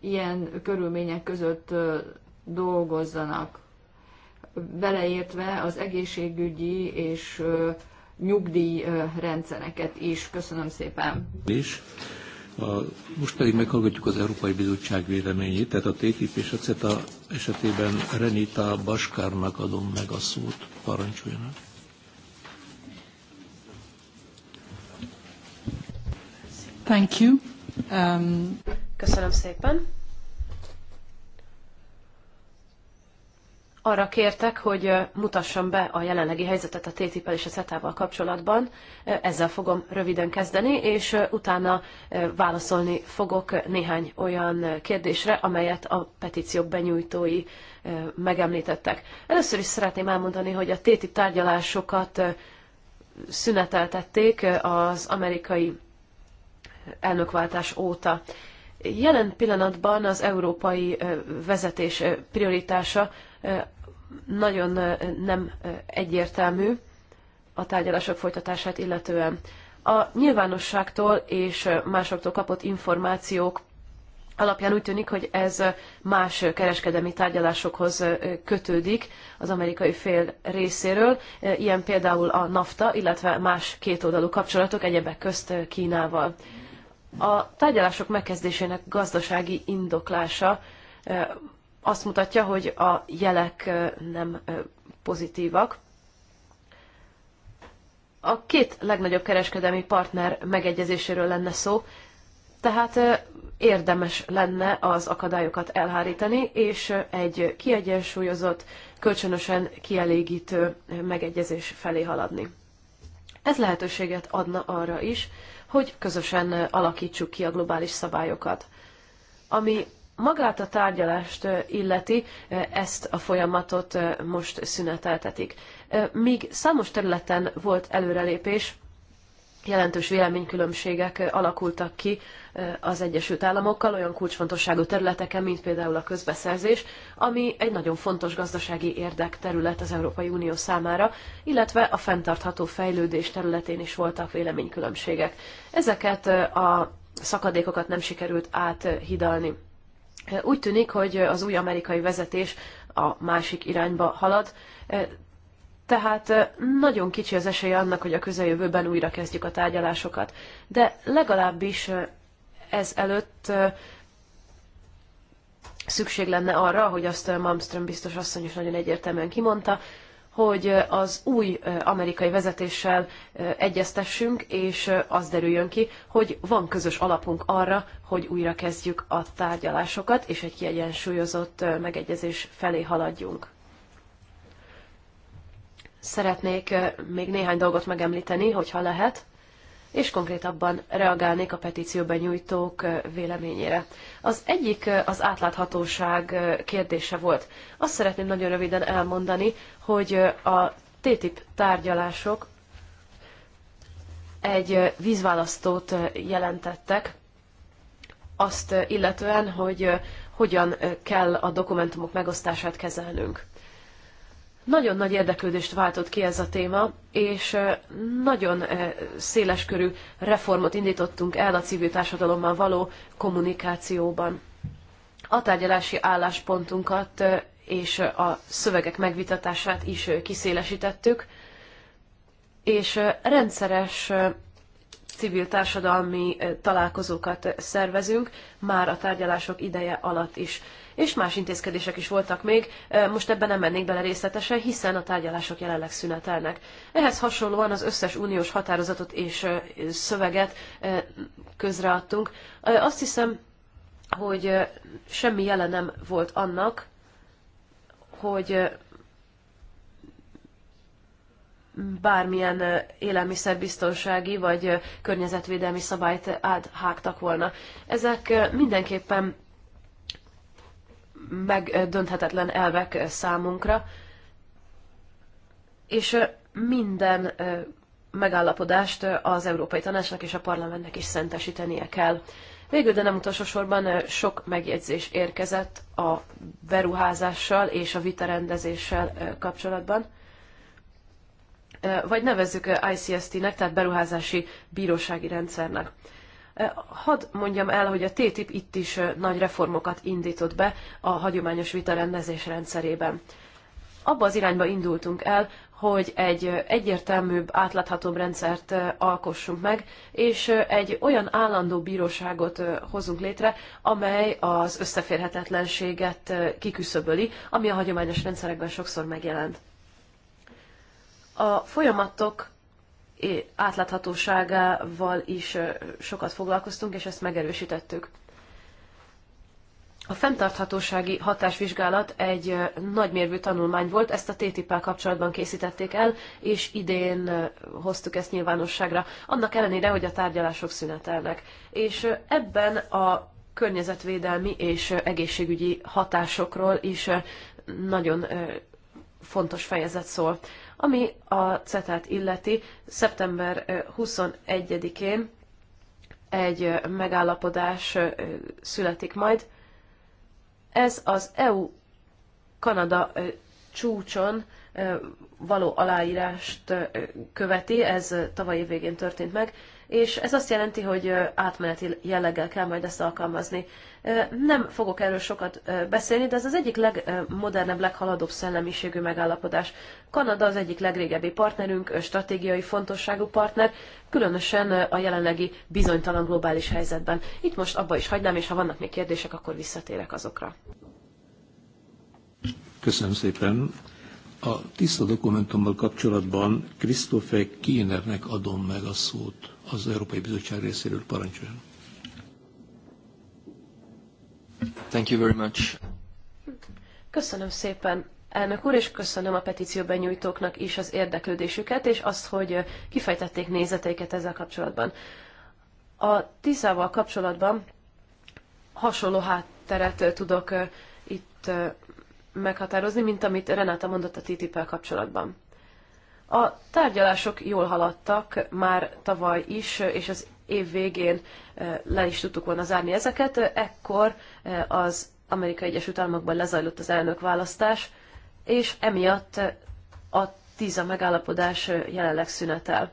ilyen körülmények között dolgozzanak, beleértve az egészségügyi és nyugdíj rendszereket is. Köszönöm szépen. És? A, most pedig meghallgatjuk az Európai Bizottság véleményét, tehát a TTIP és a CETA esetében Renita Baskárnak adom meg a szót. Parancsoljanak. Thank you. Um... Köszönöm szépen. arra kértek, hogy mutassam be a jelenlegi helyzetet a ttip és a CETA-val kapcsolatban. Ezzel fogom röviden kezdeni, és utána válaszolni fogok néhány olyan kérdésre, amelyet a petíciók benyújtói megemlítettek. Először is szeretném elmondani, hogy a TTIP tárgyalásokat szüneteltették az amerikai elnökváltás óta. Jelen pillanatban az európai vezetés prioritása nagyon nem egyértelmű a tárgyalások folytatását illetően. A nyilvánosságtól és másoktól kapott információk alapján úgy tűnik, hogy ez más kereskedelmi tárgyalásokhoz kötődik az amerikai fél részéről, ilyen például a NAFTA, illetve más kétoldalú kapcsolatok egyebek közt Kínával. A tárgyalások megkezdésének gazdasági indoklása azt mutatja, hogy a jelek nem pozitívak. A két legnagyobb kereskedelmi partner megegyezéséről lenne szó, tehát érdemes lenne az akadályokat elhárítani, és egy kiegyensúlyozott, kölcsönösen kielégítő megegyezés felé haladni. Ez lehetőséget adna arra is, hogy közösen alakítsuk ki a globális szabályokat. Ami magát a tárgyalást illeti, ezt a folyamatot most szüneteltetik. Míg számos területen volt előrelépés, jelentős véleménykülönbségek alakultak ki az Egyesült Államokkal olyan kulcsfontosságú területeken, mint például a közbeszerzés, ami egy nagyon fontos gazdasági érdek terület az Európai Unió számára, illetve a fenntartható fejlődés területén is voltak véleménykülönbségek. Ezeket a szakadékokat nem sikerült áthidalni. Úgy tűnik, hogy az új amerikai vezetés a másik irányba halad, e, tehát e, nagyon kicsi az esély annak, hogy a közeljövőben újra kezdjük a tárgyalásokat. De legalábbis e, ez előtt szükség lenne arra, hogy azt Malmström biztos asszony is nagyon egyértelműen kimondta, hogy az új amerikai vezetéssel egyeztessünk, és az derüljön ki, hogy van közös alapunk arra, hogy újra kezdjük a tárgyalásokat, és egy kiegyensúlyozott megegyezés felé haladjunk. Szeretnék még néhány dolgot megemlíteni, hogyha lehet és konkrétabban reagálnék a petícióban nyújtók véleményére. Az egyik az átláthatóság kérdése volt. Azt szeretném nagyon röviden elmondani, hogy a TTIP tárgyalások egy vízválasztót jelentettek, azt illetően, hogy hogyan kell a dokumentumok megosztását kezelnünk. Nagyon nagy érdeklődést váltott ki ez a téma, és nagyon széleskörű reformot indítottunk el a civil társadalommal való kommunikációban. A tárgyalási álláspontunkat és a szövegek megvitatását is kiszélesítettük, és rendszeres civil társadalmi találkozókat szervezünk már a tárgyalások ideje alatt is és más intézkedések is voltak még, most ebben nem mennék bele részletesen, hiszen a tárgyalások jelenleg szünetelnek. Ehhez hasonlóan az összes uniós határozatot és szöveget közreadtunk. Azt hiszem, hogy semmi jele nem volt annak, hogy bármilyen élelmiszerbiztonsági vagy környezetvédelmi szabályt áthágtak volna. Ezek mindenképpen megdönthetetlen elvek számunkra, és minden megállapodást az Európai Tanácsnak és a Parlamentnek is szentesítenie kell. Végül, de nem utolsó sorban sok megjegyzés érkezett a beruházással és a vitarendezéssel kapcsolatban. Vagy nevezzük ICST-nek, tehát beruházási bírósági rendszernek. Hadd mondjam el, hogy a TTIP itt is nagy reformokat indított be a hagyományos vitarendezés rendszerében. Abba az irányba indultunk el, hogy egy egyértelműbb, átláthatóbb rendszert alkossunk meg, és egy olyan állandó bíróságot hozunk létre, amely az összeférhetetlenséget kiküszöböli, ami a hagyományos rendszerekben sokszor megjelent. A folyamatok átláthatóságával is sokat foglalkoztunk, és ezt megerősítettük. A fenntarthatósági hatásvizsgálat egy nagymérvű tanulmány volt, ezt a ttip kapcsolatban készítették el, és idén hoztuk ezt nyilvánosságra, annak ellenére, hogy a tárgyalások szünetelnek. És ebben a környezetvédelmi és egészségügyi hatásokról is nagyon fontos fejezet szól. Ami a CETÁT illeti, szeptember 21-én egy megállapodás születik majd. Ez az EU-Kanada csúcson való aláírást követi, ez tavalyi végén történt meg, és ez azt jelenti, hogy átmeneti jelleggel kell majd ezt alkalmazni. Nem fogok erről sokat beszélni, de ez az egyik legmodernebb, leghaladóbb szellemiségű megállapodás. Kanada az egyik legrégebbi partnerünk, stratégiai fontosságú partner, különösen a jelenlegi bizonytalan globális helyzetben. Itt most abba is hagynám, és ha vannak még kérdések, akkor visszatérek azokra. Köszönöm szépen. A tiszta dokumentummal kapcsolatban Christopher Kienernek adom meg a szót az Európai Bizottság részéről parancsoljon. Thank you very much. Köszönöm szépen, elnök úr, és köszönöm a petíció benyújtóknak is az érdeklődésüket, és azt, hogy kifejtették nézeteiket ezzel kapcsolatban. A Tiszával kapcsolatban hasonló hátteret tudok itt meghatározni, mint amit Renáta mondott a TTIP-el kapcsolatban. A tárgyalások jól haladtak már tavaly is, és az év végén eh, le is tudtuk volna zárni ezeket. Ekkor eh, az Amerikai Egyesült Államokban lezajlott az elnökválasztás, és emiatt eh, a tíza megállapodás jelenleg szünetel.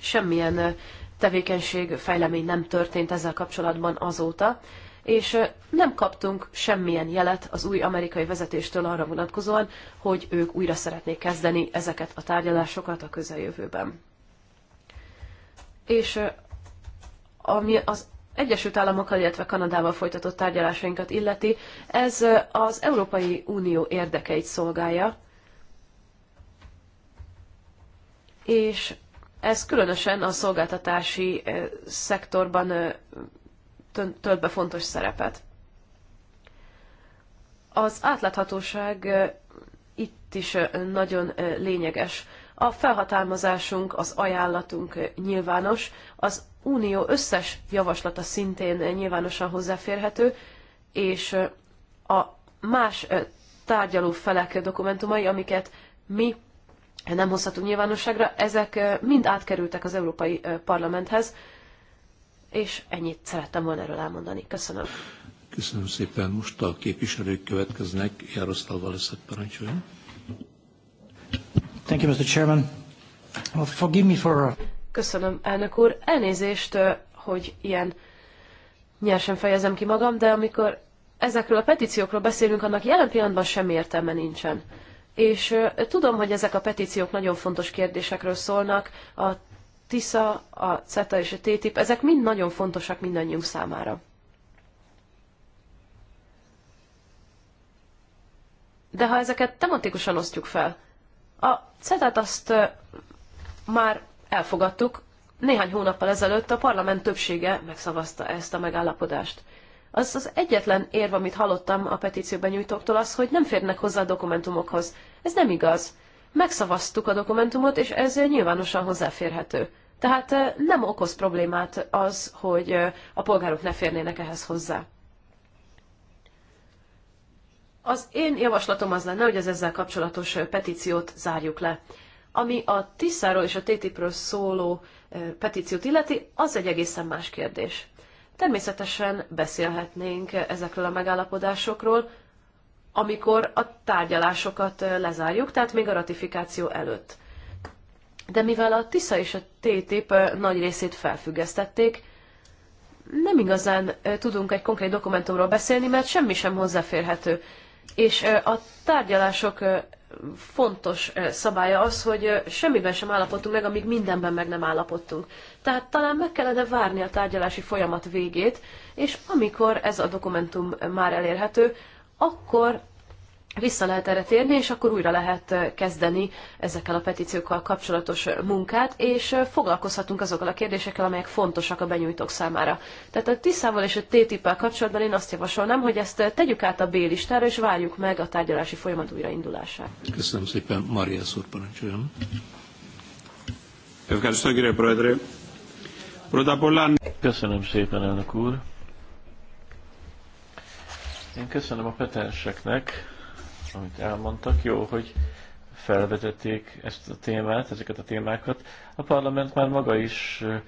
Semmilyen tevékenység, fejlemény nem történt ezzel kapcsolatban azóta, és nem kaptunk semmilyen jelet az új amerikai vezetéstől arra vonatkozóan, hogy ők újra szeretnék kezdeni ezeket a tárgyalásokat a közeljövőben. És ami az Egyesült Államokkal, illetve Kanadával folytatott tárgyalásainkat illeti, ez az Európai Unió érdekeit szolgálja, és ez különösen a szolgáltatási szektorban tölt be fontos szerepet. Az átláthatóság itt is nagyon lényeges. A felhatalmazásunk, az ajánlatunk nyilvános, az unió összes javaslata szintén nyilvánosan hozzáférhető, és a más tárgyaló felek dokumentumai, amiket mi nem hozhatunk nyilvánosságra, ezek mind átkerültek az Európai Parlamenthez, és ennyit szerettem volna erről elmondani. Köszönöm. Köszönöm szépen. Most a képviselők következnek. Jarosztal Valeszek parancsolja. Thank you, Mr. Chairman. Well, forgive me for... Uh, Köszönöm, elnök úr. Elnézést, hogy ilyen nyersen fejezem ki magam, de amikor ezekről a petíciókról beszélünk, annak jelen pillanatban semmi értelme nincsen. És tudom, hogy ezek a petíciók nagyon fontos kérdésekről szólnak, a TISA, a CETA és a TTIP, ezek mind nagyon fontosak mindannyiunk számára. De ha ezeket tematikusan osztjuk fel, a CETA-t azt már elfogadtuk, néhány hónappal ezelőtt a parlament többsége megszavazta ezt a megállapodást. Az az egyetlen érv, amit hallottam a petícióben nyújtóktól, az, hogy nem férnek hozzá a dokumentumokhoz. Ez nem igaz megszavaztuk a dokumentumot, és ez nyilvánosan hozzáférhető. Tehát eh, nem okoz problémát az, hogy eh, a polgárok ne férnének ehhez hozzá. Az én javaslatom az lenne, hogy az ezzel kapcsolatos eh, petíciót zárjuk le. Ami a Tiszáról és a TTIP-ről szóló petíciót illeti, az egy egészen más kérdés. Természetesen beszélhetnénk ezekről a megállapodásokról, amikor a tárgyalásokat lezárjuk, tehát még a ratifikáció előtt. De mivel a TISZA és a TTIP nagy részét felfüggesztették, nem igazán tudunk egy konkrét dokumentumról beszélni, mert semmi sem hozzáférhető. És a tárgyalások fontos szabálya az, hogy semmiben sem állapodtunk meg, amíg mindenben meg nem állapodtunk. Tehát talán meg kellene várni a tárgyalási folyamat végét, és amikor ez a dokumentum már elérhető, akkor vissza lehet erre térni, és akkor újra lehet eh, kezdeni ezekkel a petíciókkal kapcsolatos eh, munkát, és eh, foglalkozhatunk azokkal a kérdésekkel, amelyek fontosak a benyújtók számára. Tehát a TISZ-ával és a TTIP-el kapcsolatban én azt javasolnám, hogy ezt tegyük át a B listára, és várjuk meg a tárgyalási folyamat újraindulását. Köszönöm szépen, Maria Szúr parancsoljon. Köszönöm szépen, elnök úr. Én köszönöm a petenseknek, amit elmondtak. Jó, hogy felvetették ezt a témát, ezeket a témákat. A parlament már maga is eh,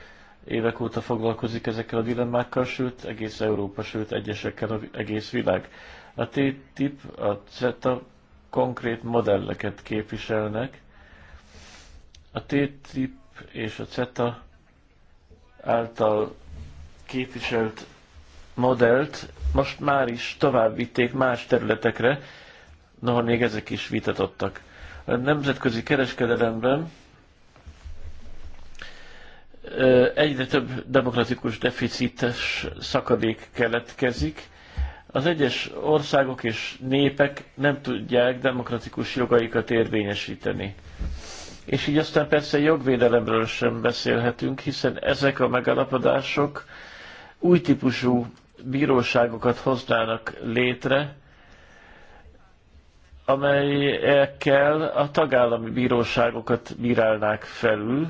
évek óta foglalkozik ezekkel a dilemmákkal, sőt egész Európa, sőt egyesekkel az egész világ. A TTIP, a CETA konkrét modelleket képviselnek. A TTIP és a CETA által képviselt modellt most már is tovább vitték más területekre, Noha még ezek is vitatottak. A nemzetközi kereskedelemben egyre több demokratikus deficites szakadék keletkezik. Az egyes országok és népek nem tudják demokratikus jogaikat érvényesíteni. És így aztán persze jogvédelemről sem beszélhetünk, hiszen ezek a megalapodások új típusú bíróságokat hoznának létre, amelyekkel a tagállami bíróságokat bírálnák felül,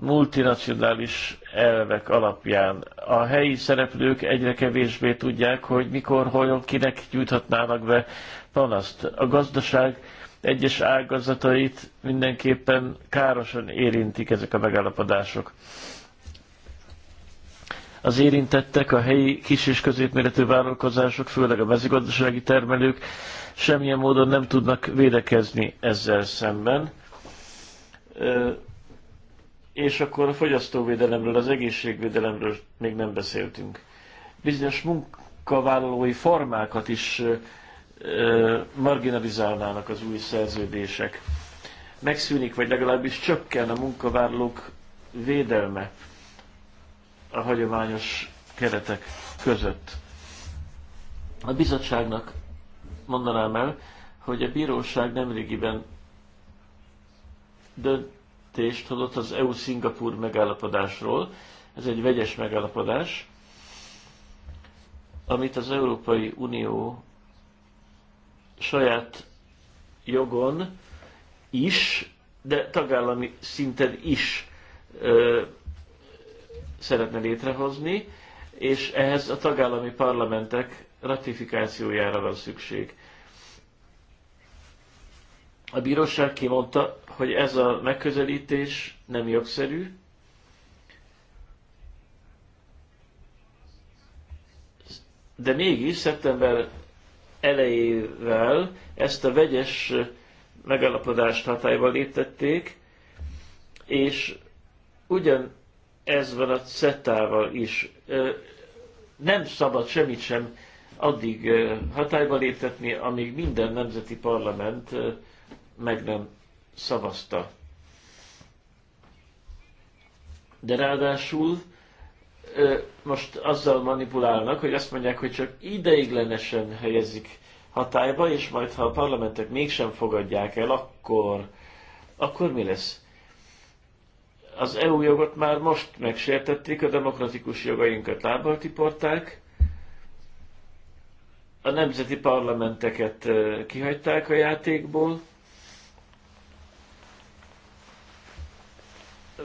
multinacionális elvek alapján. A helyi szereplők egyre kevésbé tudják, hogy mikor, hol, kinek gyújthatnának be panaszt. A gazdaság egyes ágazatait mindenképpen károsan érintik ezek a megállapodások. Az érintettek, a helyi kis és középméretű vállalkozások, főleg a mezőgazdasági termelők semmilyen módon nem tudnak védekezni ezzel szemben. És akkor a fogyasztóvédelemről, az egészségvédelemről még nem beszéltünk. Bizonyos munkavállalói formákat is marginalizálnának az új szerződések. Megszűnik, vagy legalábbis csökken a munkavállalók védelme a hagyományos keretek között. A bizottságnak mondanám el, hogy a bíróság nemrégiben döntést hozott az EU-Szingapúr megállapodásról. Ez egy vegyes megállapodás, amit az Európai Unió saját jogon is, de tagállami szinten is szeretne létrehozni, és ehhez a tagállami parlamentek ratifikációjára van szükség. A bíróság kimondta, hogy ez a megközelítés nem jogszerű, de mégis szeptember elejével ezt a vegyes megállapodást hatályba léptették, és ugyan ezzel a ceta is nem szabad semmit sem addig hatályba léptetni, amíg minden nemzeti parlament meg nem szavazta. De ráadásul most azzal manipulálnak, hogy azt mondják, hogy csak ideiglenesen helyezik hatályba, és majd ha a parlamentek mégsem fogadják el, akkor, akkor mi lesz? az EU jogot már most megsértették, a demokratikus jogainkat lábbal tiporták, a nemzeti parlamenteket kihagyták a játékból.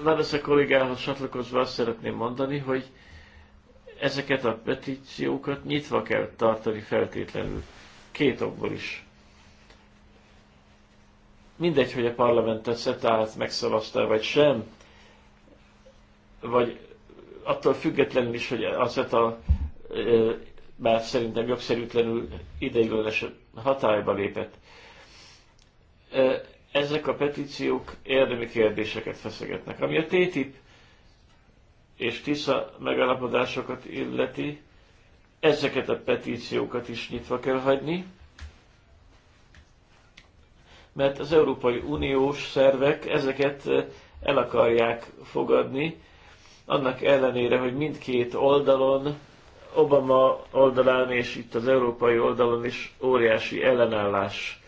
Válasz a kollégához csatlakozva azt szeretném mondani, hogy ezeket a petíciókat nyitva kell tartani feltétlenül. Két okból is. Mindegy, hogy a parlamentet szetállt, megszavazta, vagy sem, vagy attól függetlenül is, hogy az a bár szerintem jogszerűtlenül ideiglenes hatályba lépett. Ezek a petíciók érdemi kérdéseket feszegetnek. Ami a TTIP és TISZA megállapodásokat illeti, ezeket a petíciókat is nyitva kell hagyni, mert az Európai Uniós szervek ezeket el akarják fogadni, annak ellenére, hogy mindkét oldalon, Obama oldalán és itt az európai oldalon is óriási ellenállás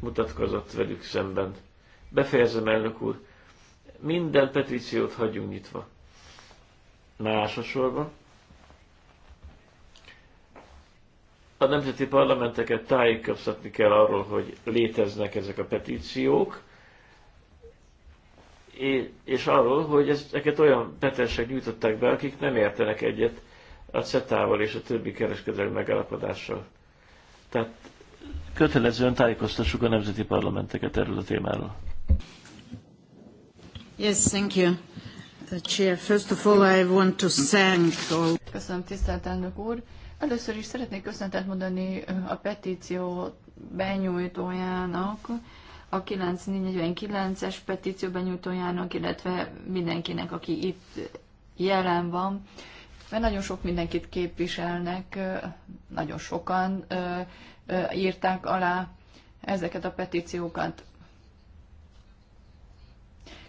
mutatkozott velük szemben. Befejezem, elnök úr. Minden petíciót hagyjunk nyitva. Másosorban. A nemzeti parlamenteket tájékoztatni kell arról, hogy léteznek ezek a petíciók, és arról, hogy ezeket olyan petensek nyújtották be, akik nem értenek egyet a CETA-val és a többi kereskedelmi megállapodással. Tehát kötelezően tájékoztassuk a nemzeti parlamenteket erről a témáról. Yes, thank you. Uh, Chair, first of all I want to thank all... Köszönöm, tisztelt elnök úr. Először is szeretnék köszöntet mondani uh, a petíció benyújtójának, a 949 es petíció benyújtójának, illetve mindenkinek, aki itt jelen van, mert nagyon sok mindenkit képviselnek, nagyon sokan írták alá ezeket a petíciókat.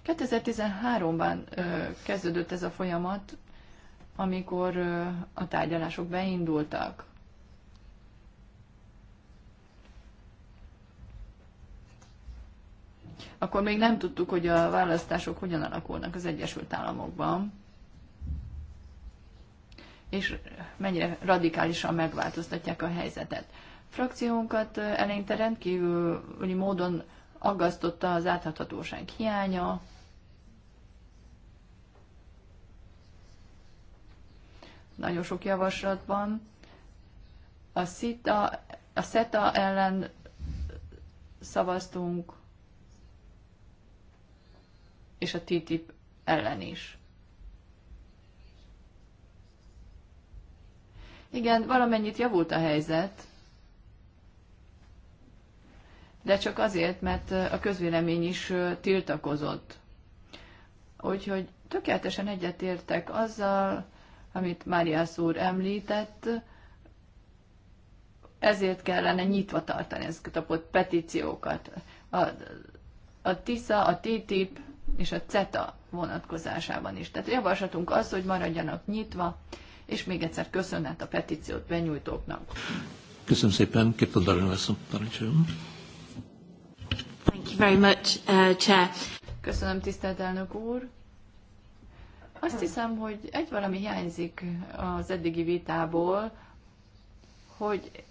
2013-ban kezdődött ez a folyamat, amikor a tárgyalások beindultak. akkor még nem tudtuk, hogy a választások hogyan alakulnak az Egyesült Államokban, és mennyire radikálisan megváltoztatják a helyzetet. Frakciónkat eleinte rendkívüli módon aggasztotta az áthathatóság hiánya, nagyon sok javaslatban. A, CITA, a SETA ellen szavaztunk, és a TTIP ellen is. Igen, valamennyit javult a helyzet, de csak azért, mert a közvélemény is tiltakozott. Úgyhogy tökéletesen egyetértek azzal, amit Máriász úr említett, ezért kellene nyitva tartani ezeket a petíciókat. A, a TISZA, a TTIP és a CETA vonatkozásában is. Tehát javaslatunk az, hogy maradjanak nyitva, és még egyszer köszönet a petíciót benyújtóknak. Köszönöm szépen, Kirtan lesz a parancsoljon. Thank you very much, uh, Chair. Köszönöm, tisztelt elnök úr. Azt hiszem, hogy egy valami hiányzik az eddigi vitából, hogy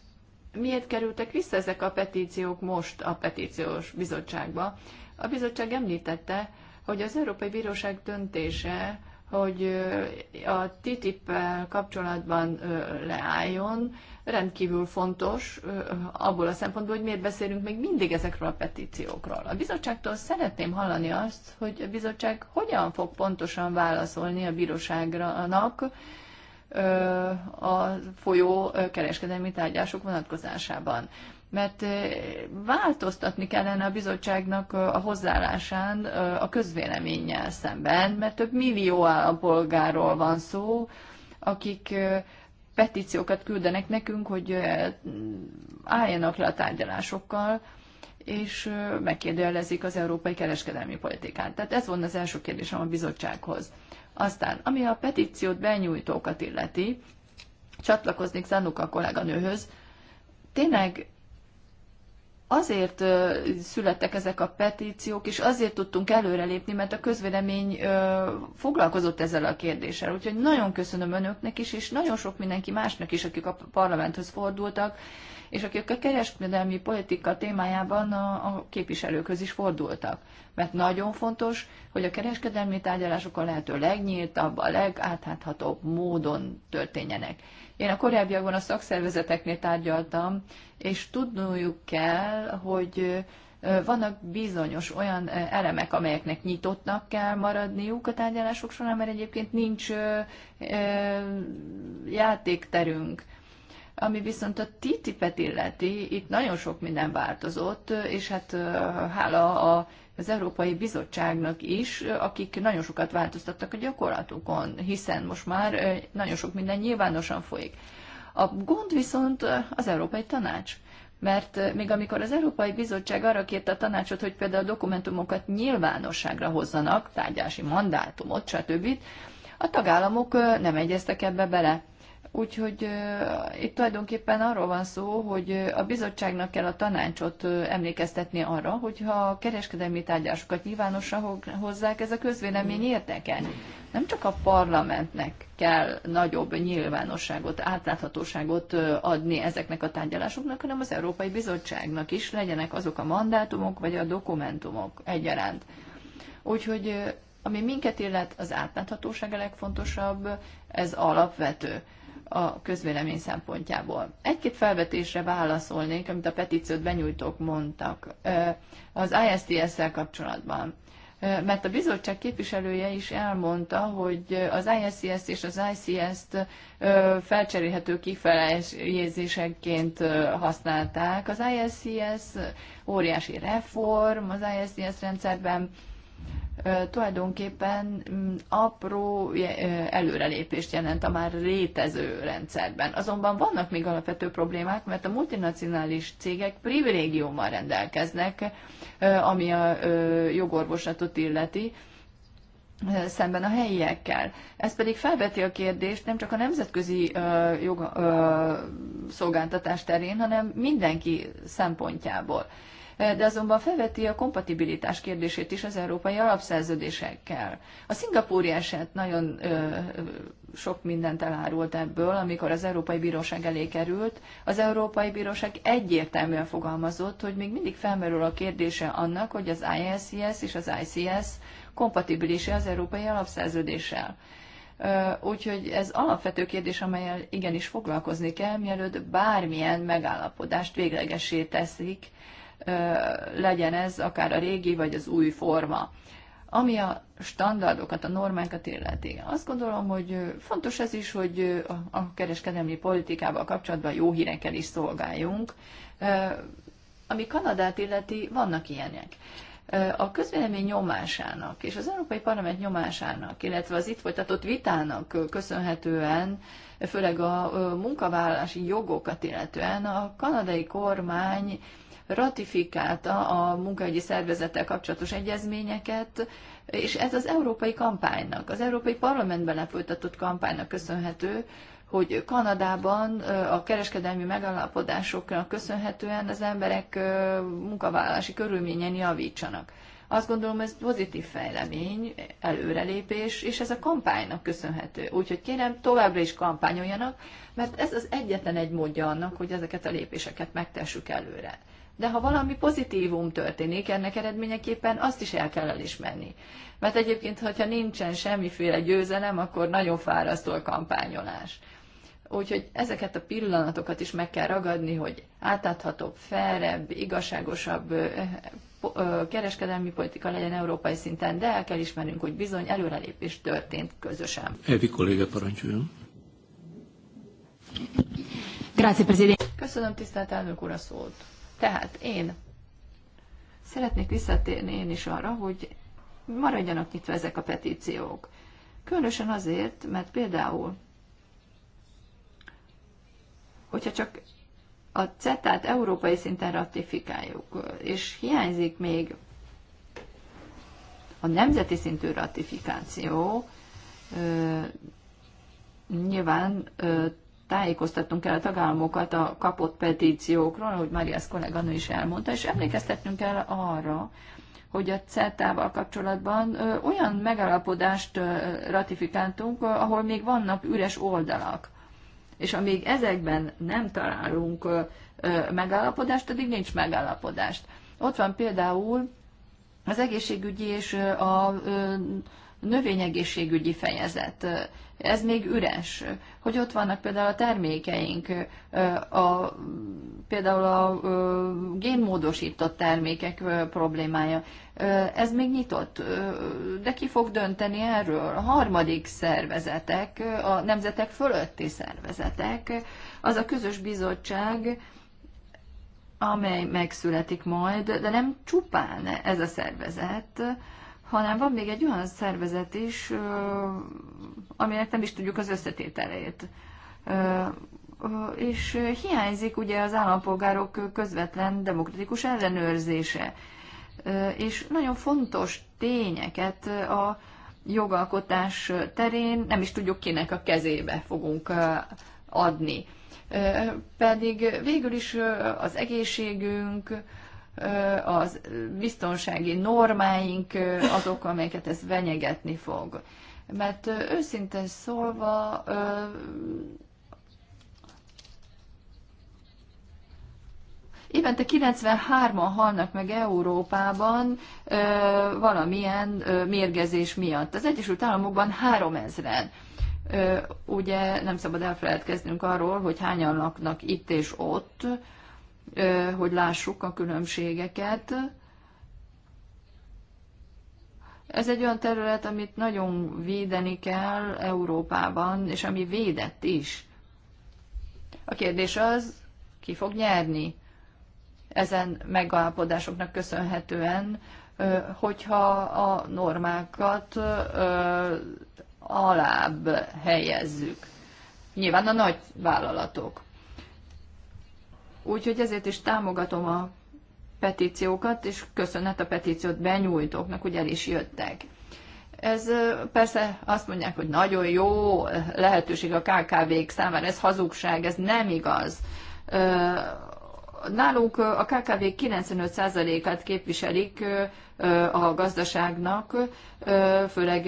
miért kerültek vissza ezek a petíciók most a petíciós bizottságba. A bizottság említette, hogy az Európai Bíróság döntése, hogy a ttip kapcsolatban leálljon, rendkívül fontos abból a szempontból, hogy miért beszélünk még mindig ezekről a petíciókról. A bizottságtól szeretném hallani azt, hogy a bizottság hogyan fog pontosan válaszolni a bíróságnak a folyó kereskedelmi tárgyások vonatkozásában mert változtatni kellene a bizottságnak a hozzáállásán a közvéleménnyel szemben, mert több millió állampolgárról van szó, akik petíciókat küldenek nekünk, hogy álljanak le a tárgyalásokkal, és megkérdőjelezik az európai kereskedelmi politikát. Tehát ez volna az első kérdésem a bizottsághoz. Aztán, ami a petíciót benyújtókat illeti, csatlakoznék Zanuka kolléganőhöz, tényleg azért születtek ezek a petíciók, és azért tudtunk előrelépni, mert a közvélemény foglalkozott ezzel a kérdéssel. Úgyhogy nagyon köszönöm önöknek is, és nagyon sok mindenki másnak is, akik a parlamenthez fordultak, és akik a kereskedelmi politika témájában a, a képviselőkhöz is fordultak. Mert nagyon fontos, hogy a kereskedelmi tárgyalások a lehető legnyíltabb, a legáthathatóbb módon történjenek. Én a korábbiakban a szakszervezeteknél tárgyaltam, és tudnunk kell, hogy vannak bizonyos olyan elemek, amelyeknek nyitottnak kell maradniuk a tárgyalások során, mert egyébként nincs játékterünk. Ami viszont a TTIP-et illeti, itt nagyon sok minden változott, és hát hála az Európai Bizottságnak is, akik nagyon sokat változtattak a gyakorlatukon, hiszen most már nagyon sok minden nyilvánosan folyik. A gond viszont az Európai Tanács. Mert még amikor az Európai Bizottság arra kérte a tanácsot, hogy például a dokumentumokat nyilvánosságra hozzanak, tárgyási mandátumot, stb., a tagállamok nem egyeztek ebbe bele. Úgyhogy itt tulajdonképpen arról van szó, hogy a bizottságnak kell a tanácsot emlékeztetni arra, hogyha a kereskedelmi tárgyásokat nyilvánosra hozzák, ez a közvélemény érdeke. Nem csak a parlamentnek kell nagyobb nyilvánosságot, átláthatóságot adni ezeknek a tárgyalásoknak, hanem az Európai Bizottságnak is legyenek azok a mandátumok vagy a dokumentumok egyaránt. Úgyhogy ami minket illet, az átláthatóság a legfontosabb, ez alapvető a közvélemény szempontjából. Egy-két felvetésre válaszolnék, amit a petíciót benyújtók mondtak az ISTS-szel kapcsolatban. Mert a bizottság képviselője is elmondta, hogy az ISCS és az ICS-t felcserélhető kifejezésekként használták. Az ISCS óriási reform az ISCS rendszerben, tulajdonképpen mm, apró előrelépést jelent a már létező rendszerben. Azonban vannak még alapvető problémák, mert a multinacionális cégek privilégiummal rendelkeznek, ami a jogorvoslatot illeti, szemben a helyiekkel. Ez pedig felveti a kérdést nem csak a nemzetközi jogszolgáltatás terén, hanem mindenki szempontjából de azonban felveti a kompatibilitás kérdését is az európai alapszerződésekkel. A szingapúri eset nagyon ö, sok mindent elárult ebből, amikor az Európai Bíróság elé került. Az Európai Bíróság egyértelműen fogalmazott, hogy még mindig felmerül a kérdése annak, hogy az ISCS és az ICS kompatibilis az európai alapszerződéssel. Úgyhogy ez alapvető kérdés, amelyel igenis foglalkozni kell, mielőtt bármilyen megállapodást véglegesé teszik legyen ez akár a régi vagy az új forma. Ami a standardokat, a normákat illeti. Azt gondolom, hogy fontos ez is, hogy a kereskedelmi politikával kapcsolatban jó hírekkel is szolgáljunk. Ami Kanadát illeti, vannak ilyenek. A közvélemény nyomásának és az Európai Parlament nyomásának, illetve az itt folytatott vitának köszönhetően, főleg a munkavállalási jogokat illetően a kanadai kormány ratifikálta a munkahelyi szervezettel kapcsolatos egyezményeket, és ez az európai kampánynak, az európai parlamentben lefolytatott kampánynak köszönhető, hogy Kanadában a kereskedelmi megállapodásoknak köszönhetően az emberek munkavállalási körülményen javítsanak. Azt gondolom, ez pozitív fejlemény, előrelépés, és ez a kampánynak köszönhető. Úgyhogy kérem, továbbra is kampányoljanak, mert ez az egyetlen egy módja annak, hogy ezeket a lépéseket megtessük előre de ha valami pozitívum történik, ennek eredményeképpen azt is el kell elismerni. Mert egyébként, hogyha nincsen semmiféle győzelem, akkor nagyon fárasztó a kampányolás. Úgyhogy ezeket a pillanatokat is meg kell ragadni, hogy átadhatóbb, felrebb, igazságosabb kereskedelmi politika legyen európai szinten, de el kell ismernünk, hogy bizony előrelépés történt közösen. Evi kolléga parancsoljon. Grazie, Presidente. Köszönöm, tisztelt elnök úr, a szót. Tehát én szeretnék visszatérni én is arra, hogy maradjanak nyitva ezek a petíciók. Különösen azért, mert például, hogyha csak a CETA-t európai szinten ratifikáljuk, és hiányzik még a nemzeti szintű ratifikáció, nyilván tájékoztatnunk kell a tagállamokat a kapott petíciókról, ahogy Marias kolléganő is elmondta, és emlékeztetnünk kell arra, hogy a CETA-val kapcsolatban olyan megalapodást ratifikáltunk, ahol még vannak üres oldalak. És amíg ezekben nem találunk megállapodást, addig nincs megállapodást. Ott van például az egészségügyi és a növényegészségügyi fejezet ez még üres. Hogy ott vannak például a termékeink, a, például a génmódosított termékek problémája. Ez még nyitott, de ki fog dönteni erről? A harmadik szervezetek, a nemzetek fölötti szervezetek, az a közös bizottság, amely megszületik majd, de nem csupán ez a szervezet, hanem van még egy olyan szervezet is, aminek nem is tudjuk az összetételét. És hiányzik ugye az állampolgárok közvetlen demokratikus ellenőrzése. És nagyon fontos tényeket a jogalkotás terén nem is tudjuk, kinek a kezébe fogunk adni. Pedig végül is az egészségünk, az biztonsági normáink azok, amelyeket ez venyegetni fog. Mert őszintén szólva évente 93-an halnak meg Európában ö, valamilyen ö, mérgezés miatt. Az Egyesült Államokban 3000-en. ugye nem szabad elfeledkeznünk arról, hogy hányan laknak itt és ott, hogy lássuk a különbségeket. Ez egy olyan terület, amit nagyon védeni kell Európában, és ami védett is. A kérdés az, ki fog nyerni ezen megállapodásoknak köszönhetően, hogyha a normákat alább helyezzük. Nyilván a nagy vállalatok. Úgyhogy ezért is támogatom a petíciókat, és köszönet a petíciót benyújtóknak, ugye el is jöttek. Ez persze azt mondják, hogy nagyon jó lehetőség a KKV-k számára, ez hazugság, ez nem igaz. Nálunk a KKV 95%-át képviselik a gazdaságnak, főleg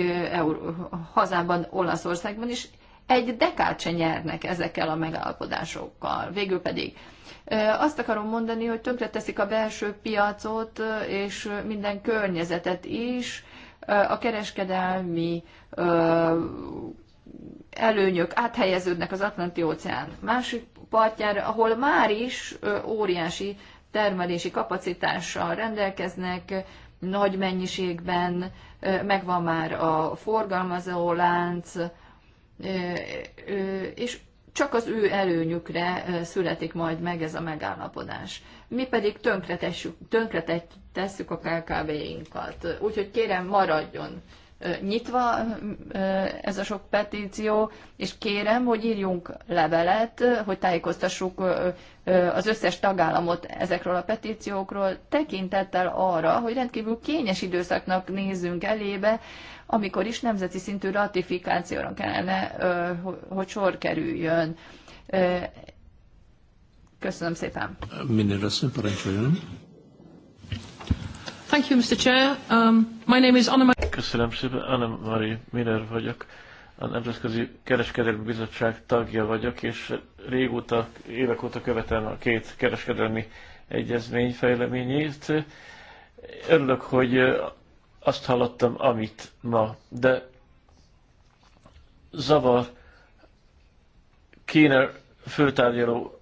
hazában, Olaszországban is. Egy dekát se nyernek ezekkel a megállapodásokkal. Végül pedig azt akarom mondani, hogy tönkreteszik a belső piacot és minden környezetet is, a kereskedelmi előnyök áthelyeződnek az Atlanti-óceán másik partjára, ahol már is óriási termelési kapacitással rendelkeznek, nagy mennyiségben megvan már a forgalmazó lánc, és csak az ő előnyükre születik majd meg ez a megállapodás. Mi pedig tönkretessük, tönkretesszük a KKV-inkat. Úgyhogy kérem, maradjon nyitva ez a sok petíció, és kérem, hogy írjunk levelet, hogy tájékoztassuk az összes tagállamot ezekről a petíciókról, tekintettel arra, hogy rendkívül kényes időszaknak nézzünk elébe, amikor is nemzeti szintű ratifikációra kellene, hogy sor kerüljön. Köszönöm szépen. Minden parancsoljon. Thank you, Mr. Chair. Um, my name is Anna Köszönöm szépen, Anna Marie Miller vagyok. A Nemzetközi Kereskedelmi Bizottság tagja vagyok, és régóta, évek óta követem a két kereskedelmi egyezmény fejleményét. Örülök, hogy azt hallottam, amit ma, de zavar kéne főtárgyaló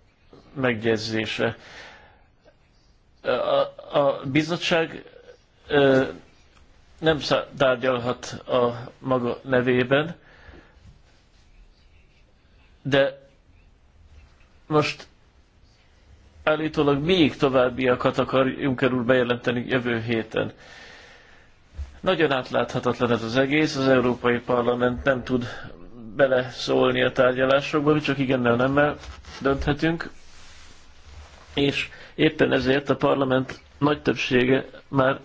megjegyzése. A, a bizottság ö, nem tárgyalhat a maga nevében, de most állítólag még továbbiakat akarjunk erről bejelenteni jövő héten. Ö, nagyon átláthatatlan ez az egész, az Európai Parlament nem tud beleszólni a tárgyalásokba, mi csak igennel nemmel dönthetünk, és éppen ezért a parlament nagy többsége már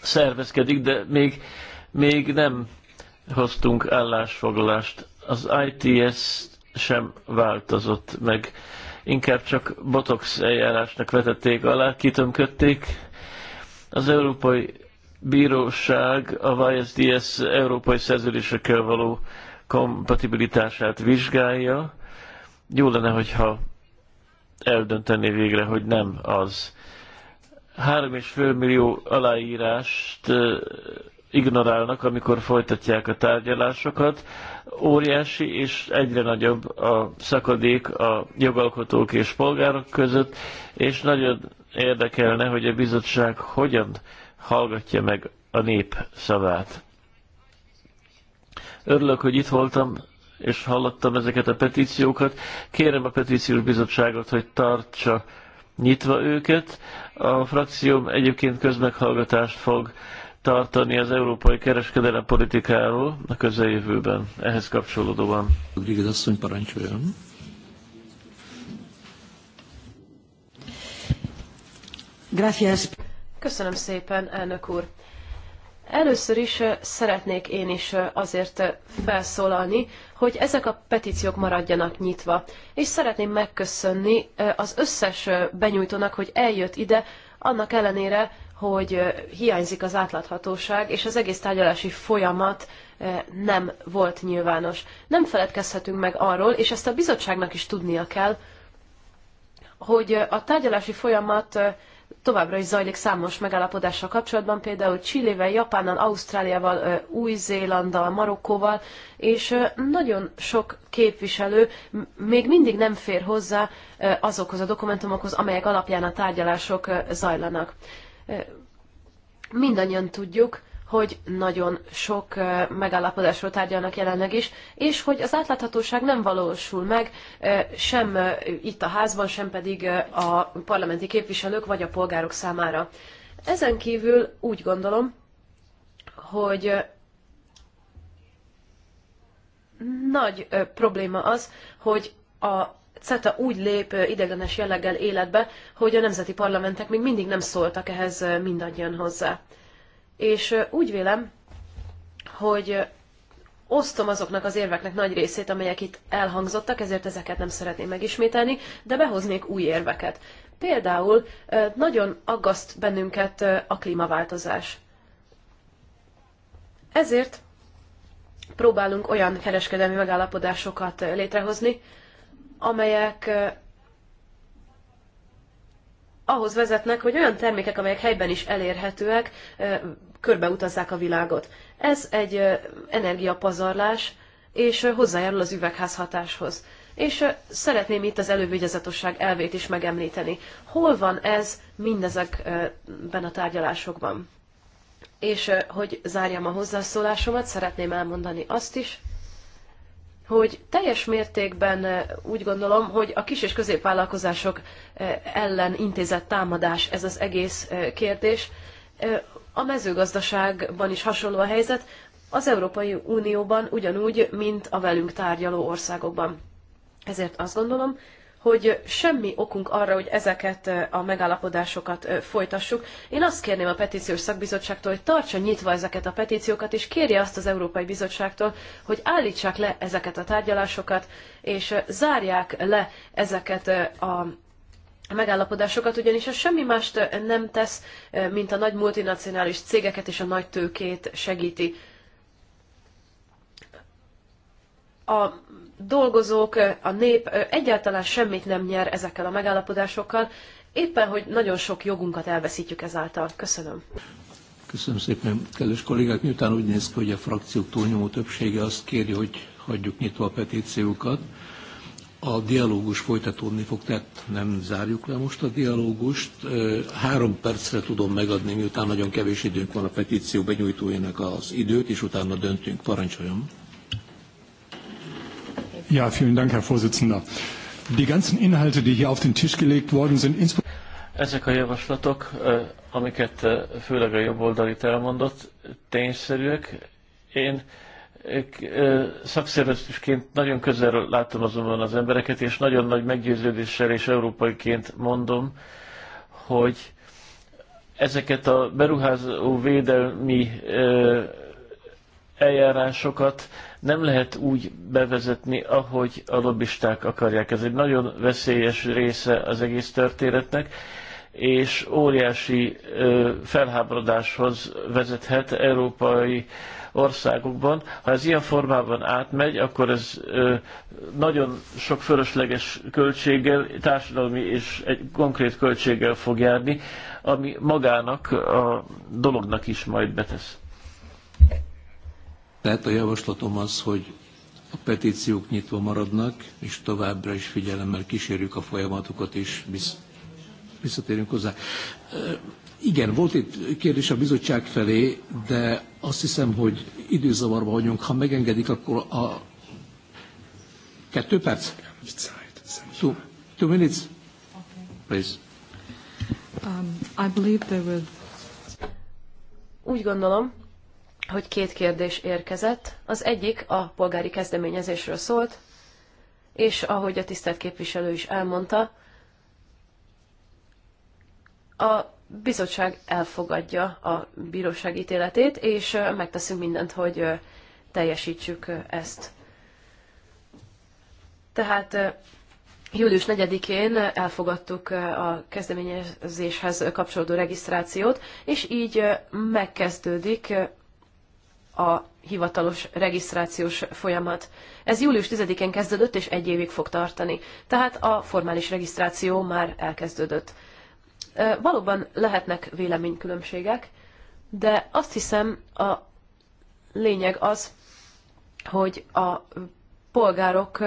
szervezkedik, de még, még nem hoztunk állásfoglalást. Az ITS sem változott meg, inkább csak botox eljárásnak vetették alá, kitömködték. Az Európai bíróság a YSDS európai szerződésekkel való kompatibilitását vizsgálja. Jó lenne, hogyha eldöntené végre, hogy nem az. és fél millió aláírást ignorálnak, amikor folytatják a tárgyalásokat. Óriási és egyre nagyobb a szakadék a jogalkotók és polgárok között, és nagyon érdekelne, hogy a bizottság hogyan hallgatja meg a nép szavát. Örülök, hogy itt voltam, és hallottam ezeket a petíciókat. Kérem a petíciós bizottságot, hogy tartsa nyitva őket. A frakcióm egyébként közmeghallgatást fog tartani az európai kereskedelem politikáról a közeljövőben, ehhez kapcsolódóan. Rodríguez asszony parancsoljon. Gracias. Köszönöm szépen, elnök úr. Először is szeretnék én is azért felszólalni, hogy ezek a petíciók maradjanak nyitva. És szeretném megköszönni az összes benyújtónak, hogy eljött ide, annak ellenére, hogy hiányzik az átláthatóság, és az egész tárgyalási folyamat nem volt nyilvános. Nem feledkezhetünk meg arról, és ezt a bizottságnak is tudnia kell, hogy a tárgyalási folyamat továbbra is zajlik számos megállapodással kapcsolatban, például Csillével, Japánnal, Ausztráliával, Új-Zélanddal, Marokkóval, és nagyon sok képviselő még mindig nem fér hozzá azokhoz a dokumentumokhoz, amelyek alapján a tárgyalások zajlanak. Mindannyian tudjuk, hogy nagyon sok megállapodásról tárgyalnak jelenleg is, és hogy az átláthatóság nem valósul meg sem itt a házban, sem pedig a parlamenti képviselők vagy a polgárok számára. Ezen kívül úgy gondolom, hogy nagy probléma az, hogy a CETA úgy lép ideglenes jelleggel életbe, hogy a nemzeti parlamentek még mindig nem szóltak ehhez mindannyian hozzá és úgy vélem, hogy osztom azoknak az érveknek nagy részét, amelyek itt elhangzottak, ezért ezeket nem szeretném megismételni, de behoznék új érveket. Például nagyon aggaszt bennünket a klímaváltozás. Ezért próbálunk olyan kereskedelmi megállapodásokat létrehozni, amelyek ahhoz vezetnek, hogy olyan termékek, amelyek helyben is elérhetőek, körbeutazzák a világot. Ez egy energiapazarlás, és hozzájárul az üvegházhatáshoz. És szeretném itt az elővigyázatosság elvét is megemlíteni. Hol van ez mindezekben a tárgyalásokban? És hogy zárjam a hozzászólásomat, szeretném elmondani azt is, hogy teljes mértékben úgy gondolom, hogy a kis és középvállalkozások ellen intézett támadás ez az egész kérdés. A mezőgazdaságban is hasonló a helyzet, az Európai Unióban ugyanúgy, mint a velünk tárgyaló országokban. Ezért azt gondolom, hogy semmi okunk arra, hogy ezeket a megállapodásokat folytassuk. Én azt kérném a petíciós szakbizottságtól, hogy tartsa nyitva ezeket a petíciókat, és kérje azt az Európai Bizottságtól, hogy állítsák le ezeket a tárgyalásokat, és zárják le ezeket a megállapodásokat, ugyanis ez semmi mást nem tesz, mint a nagy multinacionális cégeket és a nagy tőkét segíti. A dolgozók, a nép egyáltalán semmit nem nyer ezekkel a megállapodásokkal, éppen hogy nagyon sok jogunkat elveszítjük ezáltal. Köszönöm. Köszönöm szépen, kedves kollégák. Miután úgy néz ki, hogy a frakciók túlnyomó többsége azt kéri, hogy hagyjuk nyitva a petíciókat, a dialógus folytatódni fog, tehát nem zárjuk le most a dialógust. Három percre tudom megadni, miután nagyon kevés időnk van a petíció benyújtójának az időt, és utána döntünk. Parancsoljon! Ja, vielen Dank, Herr Vorsitzender. Die ganzen Inhalte, die hier auf den Tisch gelegt worden sind, insbesondere ezek a javaslatok, eh, amiket eh, főleg a jobboldal itt elmondott, tényszerűek. Én eh, szakszervezetésként nagyon közel látom azonban az embereket, és nagyon nagy meggyőződéssel és európaiként mondom, hogy ezeket a beruházó védelmi eljárásokat nem lehet úgy bevezetni, ahogy a lobbisták akarják. Ez egy nagyon veszélyes része az egész történetnek, és óriási felháborodáshoz vezethet európai országokban. Ha ez ilyen formában átmegy, akkor ez nagyon sok fölösleges költséggel, társadalmi és egy konkrét költséggel fog járni, ami magának a dolognak is majd betesz. Tehát a javaslatom az, hogy a petíciók nyitva maradnak, és továbbra is figyelemmel kísérjük a folyamatokat, és visszatérünk hozzá. Igen, volt itt kérdés a bizottság felé, de azt hiszem, hogy időzavarba vagyunk. Ha megengedik, akkor a... Kettő perc? Two, two minutes, please. Um, I believe there was... Úgy gondolom, hogy két kérdés érkezett. Az egyik a polgári kezdeményezésről szólt, és ahogy a tisztelt képviselő is elmondta, a bizottság elfogadja a bíróság ítéletét, és megteszünk mindent, hogy teljesítsük ezt. Tehát július 4-én elfogadtuk a kezdeményezéshez kapcsolódó regisztrációt, és így megkezdődik a hivatalos regisztrációs folyamat. Ez július 10-én kezdődött, és egy évig fog tartani. Tehát a formális regisztráció már elkezdődött. Valóban lehetnek véleménykülönbségek, de azt hiszem a lényeg az, hogy a polgárok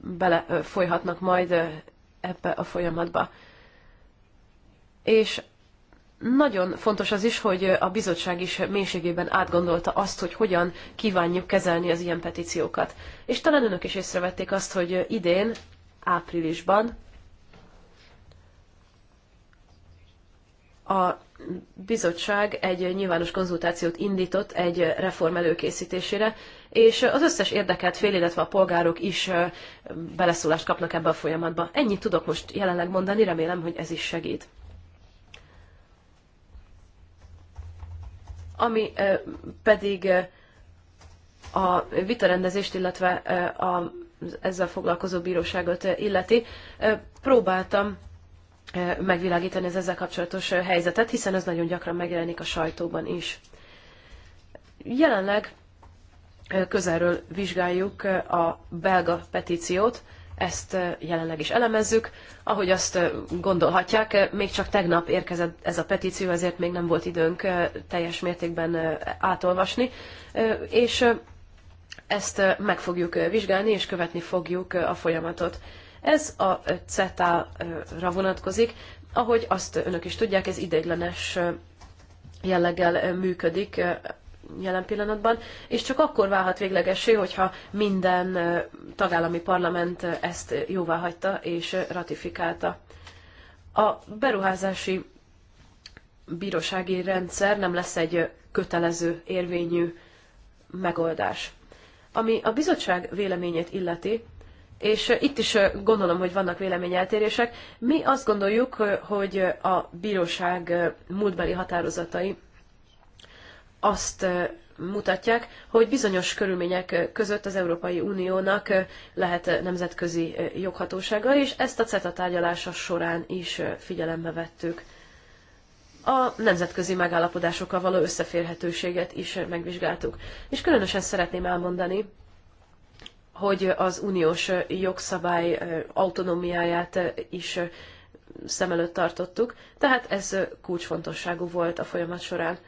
belefolyhatnak majd ebbe a folyamatba. És nagyon fontos az is, hogy a bizottság is mélységében átgondolta azt, hogy hogyan kívánjuk kezelni az ilyen petíciókat. És talán önök is észrevették azt, hogy idén, áprilisban a bizottság egy nyilvános konzultációt indított egy reform előkészítésére, és az összes érdekelt fél, illetve a polgárok is beleszólást kapnak ebbe a folyamatba. Ennyit tudok most jelenleg mondani, remélem, hogy ez is segít. ami pedig a vitarendezést, illetve a, ezzel foglalkozó bíróságot illeti. Próbáltam megvilágítani az ezzel kapcsolatos helyzetet, hiszen ez nagyon gyakran megjelenik a sajtóban is. Jelenleg közelről vizsgáljuk a belga petíciót, ezt jelenleg is elemezzük. Ahogy azt gondolhatják, még csak tegnap érkezett ez a petíció, ezért még nem volt időnk teljes mértékben átolvasni, és ezt meg fogjuk vizsgálni, és követni fogjuk a folyamatot. Ez a CETA-ra vonatkozik. Ahogy azt önök is tudják, ez ideiglenes jelleggel működik jelen pillanatban, és csak akkor válhat véglegessé, hogyha minden tagállami parlament ezt jóvá hagyta és ratifikálta. A beruházási bírósági rendszer nem lesz egy kötelező érvényű megoldás. Ami a bizottság véleményét illeti, és itt is gondolom, hogy vannak véleményeltérések, mi azt gondoljuk, hogy a bíróság múltbeli határozatai azt mutatják, hogy bizonyos körülmények között az Európai Uniónak lehet nemzetközi joghatósága, és ezt a CETA tárgyalása során is figyelembe vettük. A nemzetközi megállapodásokkal való összeférhetőséget is megvizsgáltuk. És különösen szeretném elmondani, hogy az uniós jogszabály autonómiáját is szem előtt tartottuk, tehát ez kulcsfontosságú volt a folyamat során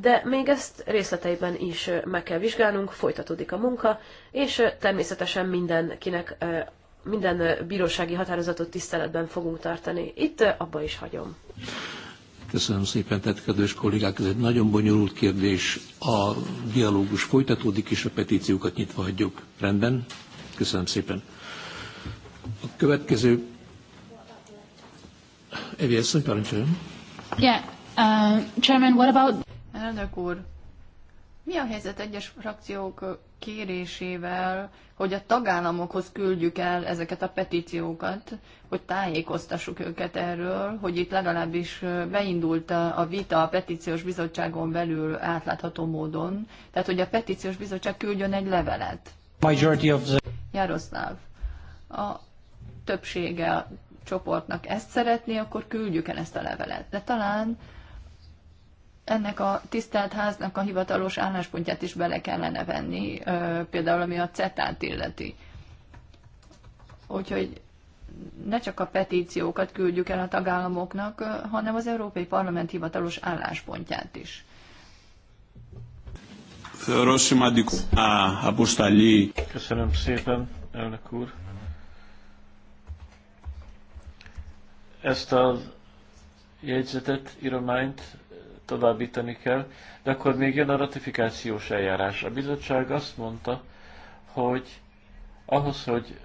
de még ezt részleteiben is meg kell vizsgálnunk, folytatódik a munka, és természetesen mindenkinek, minden bírósági határozatot tiszteletben fogunk tartani. Itt abba is hagyom. Köszönöm szépen, tehát kedves kollégák, ez egy nagyon bonyolult kérdés. A dialógus folytatódik, és a petíciókat nyitva hagyjuk. Rendben? Köszönöm szépen. A következő... Evi, ezt parancsoljon. Yeah, uh, Chairman, what about... Elnök úr, mi a helyzet egyes frakciók kérésével, hogy a tagállamokhoz küldjük el ezeket a petíciókat, hogy tájékoztassuk őket erről, hogy itt legalábbis beindult a vita a petíciós bizottságon belül átlátható módon, tehát hogy a petíciós bizottság küldjön egy levelet. Majority of the... Jaroszláv, a többsége a csoportnak ezt szeretné, akkor küldjük el ezt a levelet. De talán ennek a tisztelt háznak a hivatalos álláspontját is bele kellene venni, például ami a CETÁT illeti. Úgyhogy ne csak a petíciókat küldjük el a tagállamoknak, hanem az Európai Parlament hivatalos álláspontját is. Köszönöm szépen, elnök úr. Ezt a jegyzetet, irományt továbbítani kell, de akkor még jön a ratifikációs eljárás. A bizottság azt mondta, hogy ahhoz, hogy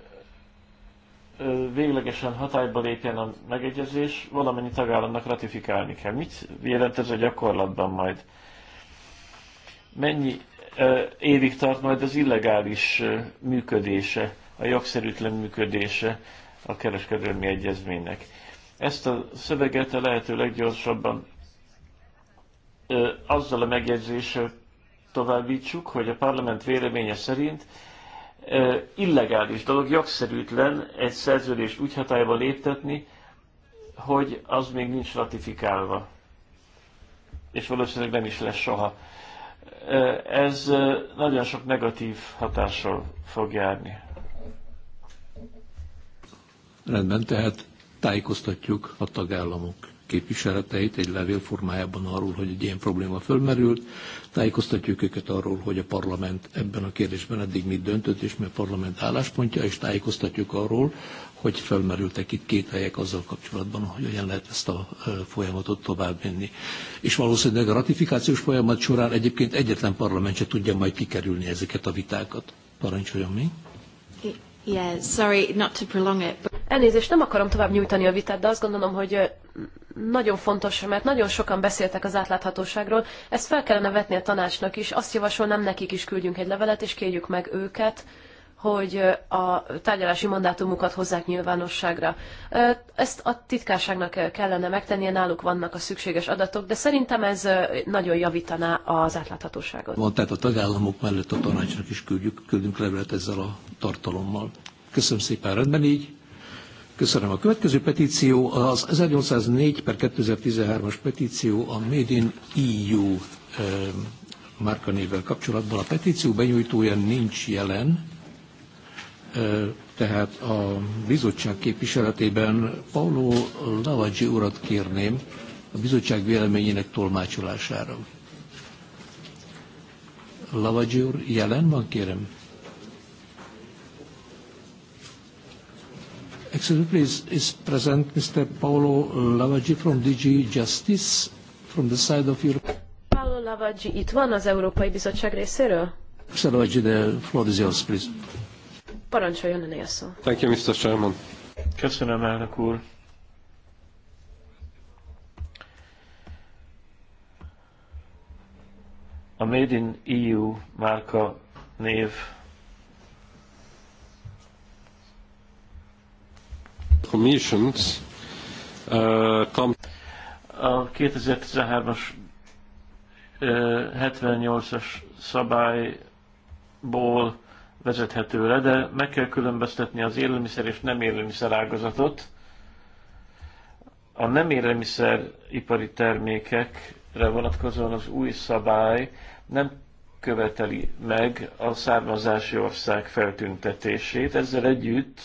véglegesen hatályba lépjen a megegyezés, valamennyi tagállamnak ratifikálni kell. Mit jelent ez a gyakorlatban majd? Mennyi évig tart majd az illegális működése, a jogszerűtlen működése a kereskedelmi egyezménynek? Ezt a szöveget a lehető leggyorsabban azzal a megjegyzéssel továbbítsuk, hogy a parlament véleménye szerint illegális dolog, jogszerűtlen egy szerződést úgy hatályba léptetni, hogy az még nincs ratifikálva. És valószínűleg nem is lesz soha. Ez nagyon sok negatív hatással fog járni. Rendben, tehát tájékoztatjuk a tagállamok képviseleteit egy levél formájában arról, hogy egy ilyen probléma fölmerült. Tájékoztatjuk őket arról, hogy a parlament ebben a kérdésben eddig mit döntött, és mi a parlament álláspontja, és tájékoztatjuk arról, hogy felmerültek itt két helyek azzal kapcsolatban, hogy hogyan lehet ezt a folyamatot menni. És valószínűleg a ratifikációs folyamat során egyébként egyetlen parlament se tudja majd kikerülni ezeket a vitákat. Parancsoljon mi? Yeah, sorry not to prolong it. But... Elnézést, nem akarom tovább nyújtani a vitát, de azt gondolom, hogy nagyon fontos, mert nagyon sokan beszéltek az átláthatóságról. Ezt fel kellene vetni a tanácsnak is. Azt javasolnám, nekik is küldjünk egy levelet, és kérjük meg őket, hogy a tárgyalási mandátumukat hozzák nyilvánosságra. Ezt a titkárságnak kellene megtennie, náluk vannak a szükséges adatok, de szerintem ez nagyon javítaná az átláthatóságot. Van, tehát a tagállamok mellett a tanácsnak is küldjük, küldünk levelet ezzel a tartalommal. Köszönöm szépen, rendben így. Köszönöm. A következő petíció az 1804 per 2013-as petíció a Made in EU e, márkanével kapcsolatban. A petíció benyújtója nincs jelen, e, tehát a bizottság képviseletében Paulo Lavaggi urat kérném a bizottság véleményének tolmácsolására. Lavaggi úr jelen van, kérem? Excuse me, is, is present Mr. Paolo Lavaggi from DG Justice, from the side of Europe. Paolo Lavaggi itt van az Európai Bizottság részéről? Mr. Lavaggi, the floor is yours, please. Parancsoljon öné a szó. Thank you, Mr. Chairman. Köszönöm, elnök úr. A Made in EU márka név Commissions uh, come... A 2013-as uh, 78-as szabályból vezethető le, de meg kell különböztetni az élelmiszer és nem élelmiszer ágazatot. A nem ipari termékekre vonatkozóan az új szabály nem követeli meg a származási ország feltüntetését. Ezzel együtt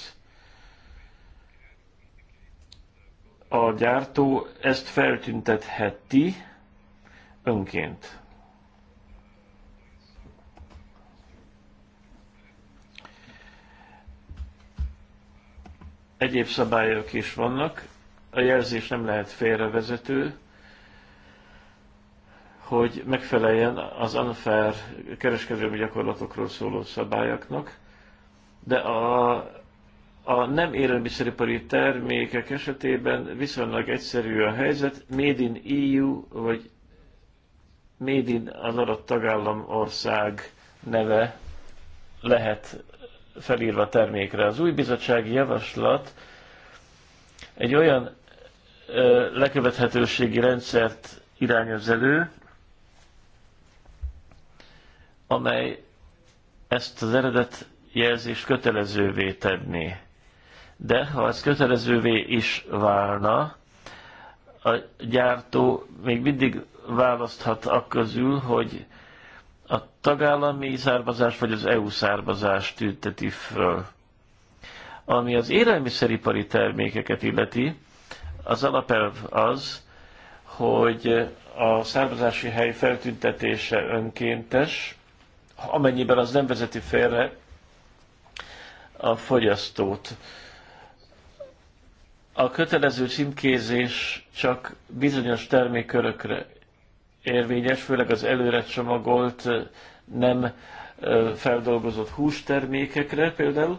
a gyártó ezt feltüntetheti önként. Egyéb szabályok is vannak, a jelzés nem lehet félrevezető, hogy megfeleljen az unfair kereskedelmi gyakorlatokról szóló szabályoknak, de a a nem élelmiszeripari termékek esetében viszonylag egyszerű a helyzet, Made in EU vagy Made in az adott tagállam ország neve lehet felírva a termékre. Az új bizottsági javaslat egy olyan ö, lekövethetőségi rendszert irányoz elő, amely ezt az eredet jelzést kötelezővé tenni de ha ez kötelezővé is válna, a gyártó még mindig választhat a közül, hogy a tagállami származás vagy az EU származás tünteti föl. Ami az élelmiszeripari termékeket illeti, az alapelv az, hogy a származási hely feltüntetése önkéntes, amennyiben az nem vezeti félre a fogyasztót a kötelező címkézés csak bizonyos termékkörökre érvényes, főleg az előre csomagolt, nem feldolgozott hústermékekre például.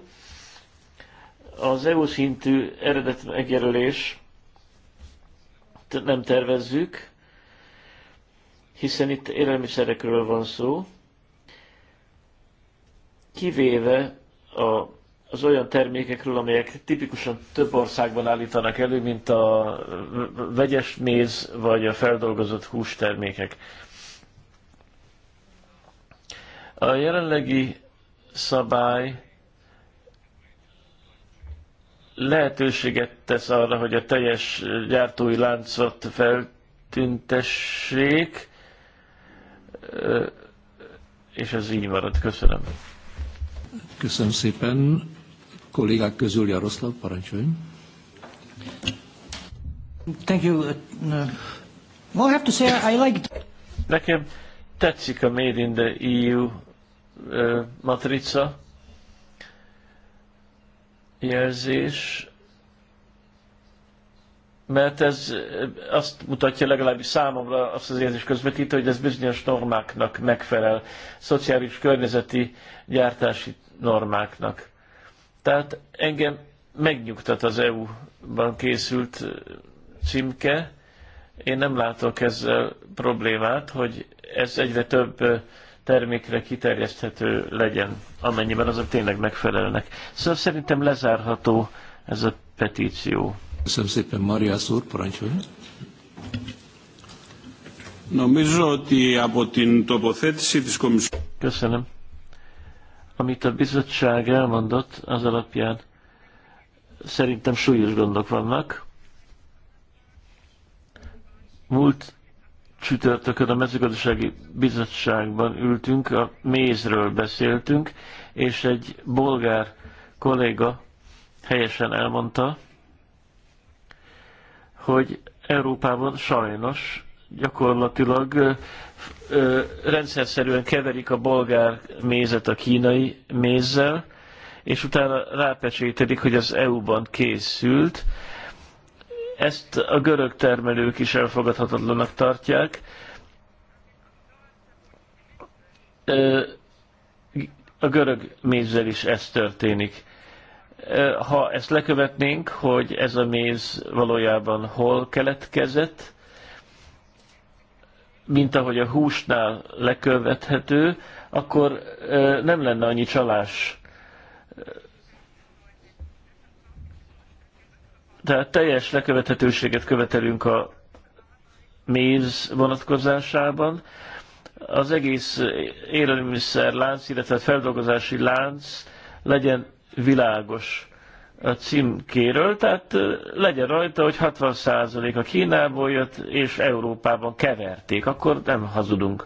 Az EU szintű eredet megjelölés nem tervezzük, hiszen itt élelmiszerekről van szó, kivéve a az olyan termékekről, amelyek tipikusan több országban állítanak elő, mint a vegyes méz vagy a feldolgozott hústermékek. A jelenlegi szabály lehetőséget tesz arra, hogy a teljes gyártói láncot feltüntessék, és ez így marad. Köszönöm. Köszönöm szépen kollégák közül Jaroszláv, parancsoljon. Thank you. well, I have to say I liked... Nekem tetszik a Made in the EU uh, matrica jelzés, mert ez azt mutatja legalábbis számomra, azt az érzés közvetítő, hogy ez bizonyos normáknak megfelel, szociális, környezeti, gyártási normáknak. Tehát engem megnyugtat az EU-ban készült címke. Én nem látok ezzel problémát, hogy ez egyre több termékre kiterjeszthető legyen, amennyiben azok tényleg megfelelnek. Szóval szerintem lezárható ez a petíció. Köszönöm szépen, Maria Szúr, parancsolja. Νομίζω hogy a την τοποθέτηση της Köszönöm. Amit a bizottság elmondott, az alapján szerintem súlyos gondok vannak. Múlt csütörtökön a mezőgazdasági bizottságban ültünk, a mézről beszéltünk, és egy bolgár kolléga helyesen elmondta, hogy Európában sajnos gyakorlatilag szerűen keverik a bolgár mézet a kínai mézzel, és utána rápecsételik, hogy az EU-ban készült. Ezt a görög termelők is elfogadhatatlanak tartják. A görög mézzel is ez történik. Ha ezt lekövetnénk, hogy ez a méz valójában hol keletkezett, mint ahogy a húsnál lekövethető, akkor nem lenne annyi csalás. Tehát teljes lekövethetőséget követelünk a méz vonatkozásában. Az egész élelmiszer lánc, illetve feldolgozási lánc legyen világos a címkéről, tehát legyen rajta, hogy 60% a Kínából jött, és Európában keverték, akkor nem hazudunk.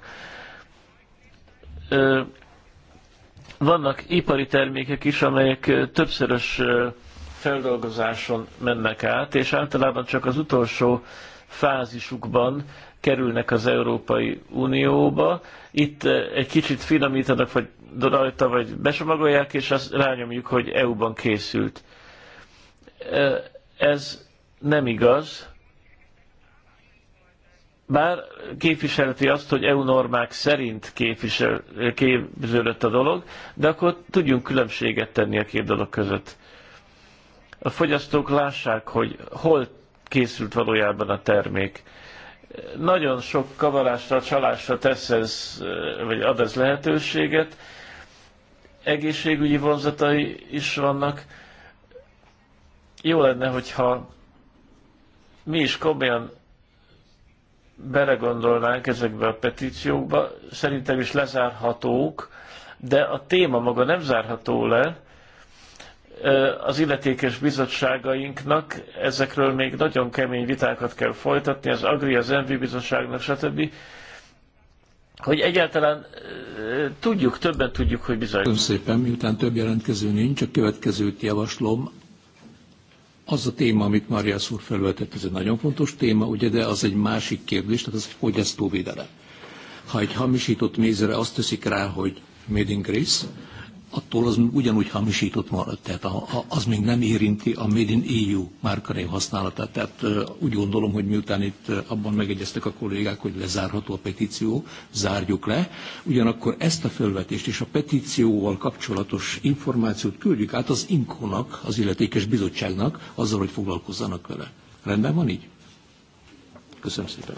Vannak ipari termékek is, amelyek többszörös feldolgozáson mennek át, és általában csak az utolsó fázisukban kerülnek az Európai Unióba. Itt egy kicsit finomítanak vagy rajta, vagy besomagolják, és azt rányomjuk, hogy EU-ban készült ez nem igaz, bár képviselheti azt, hogy EU normák szerint képvisel, képződött a dolog, de akkor tudjunk különbséget tenni a két dolog között. A fogyasztók lássák, hogy hol készült valójában a termék. Nagyon sok kavarásra, csalásra tesz ez, vagy ad ez lehetőséget. Egészségügyi vonzatai is vannak jó lenne, hogyha mi is komolyan belegondolnánk ezekbe a petíciókba, szerintem is lezárhatók, de a téma maga nem zárható le. Az illetékes bizottságainknak ezekről még nagyon kemény vitákat kell folytatni, az Agri, az Envi bizottságnak, stb. Hogy egyáltalán tudjuk, többen tudjuk, hogy bizony. Köszönöm szépen, miután több jelentkező nincs, a következőt javaslom. Az a téma, amit Maria úr felvetett, ez egy nagyon fontos téma, ugye, de az egy másik kérdés, tehát az egy fogyasztóvédelem. Ha egy hamisított mézre azt teszik rá, hogy Made in Greece, attól az ugyanúgy hamisított marad, tehát a, a, az még nem érinti a Made in EU márkanév használatát. Tehát úgy gondolom, hogy miután itt abban megegyeztek a kollégák, hogy lezárható a petíció, zárjuk le. Ugyanakkor ezt a felvetést és a petícióval kapcsolatos információt küldjük át az INKO-nak, az illetékes bizottságnak, azzal, hogy foglalkozzanak vele. Rendben van így? Köszönöm szépen.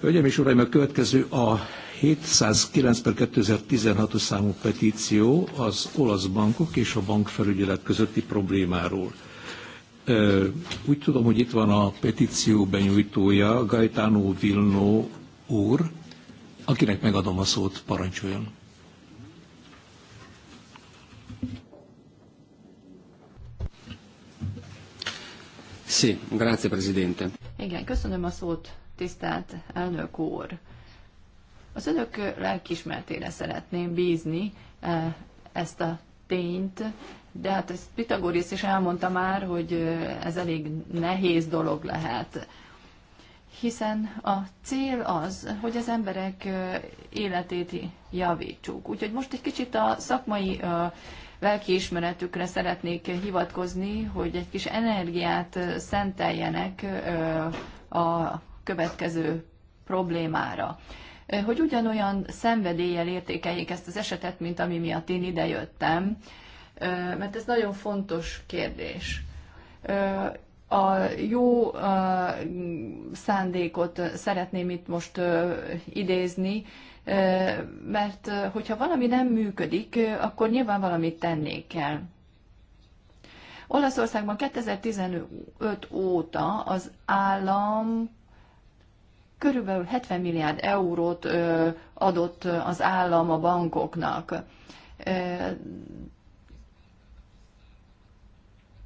Hölgyeim és Uraim, a következő a 709 per 2016-os számú petíció az olasz bankok és a bankfelügyelet közötti problémáról. Úgy tudom, hogy itt van a petíció benyújtója, Gaetano Vilno úr, akinek megadom a szót, parancsoljon. Sí, grazie, Presidente. Igen, köszönöm a szót, tisztelt elnök úr. Az önök lelkismertére szeretném bízni eh, ezt a tényt, de hát ezt Pitagorész is elmondta már, hogy eh, ez elég nehéz dolog lehet. Hiszen a cél az, hogy az emberek eh, életét javítsuk. Úgyhogy most egy kicsit a szakmai lelkiismeretükre szeretnék hivatkozni, hogy egy kis energiát szenteljenek a következő problémára. Eh, hogy ugyanolyan szenvedéllyel értékeljék ezt az esetet, mint ami miatt én idejöttem, eh, mert ez nagyon fontos kérdés. Eh, a jó szándékot szeretném itt most idézni, mert hogyha valami nem működik, akkor nyilván valamit tennék kell. Olaszországban 2015 óta az állam körülbelül 70 milliárd eurót adott az állam a bankoknak.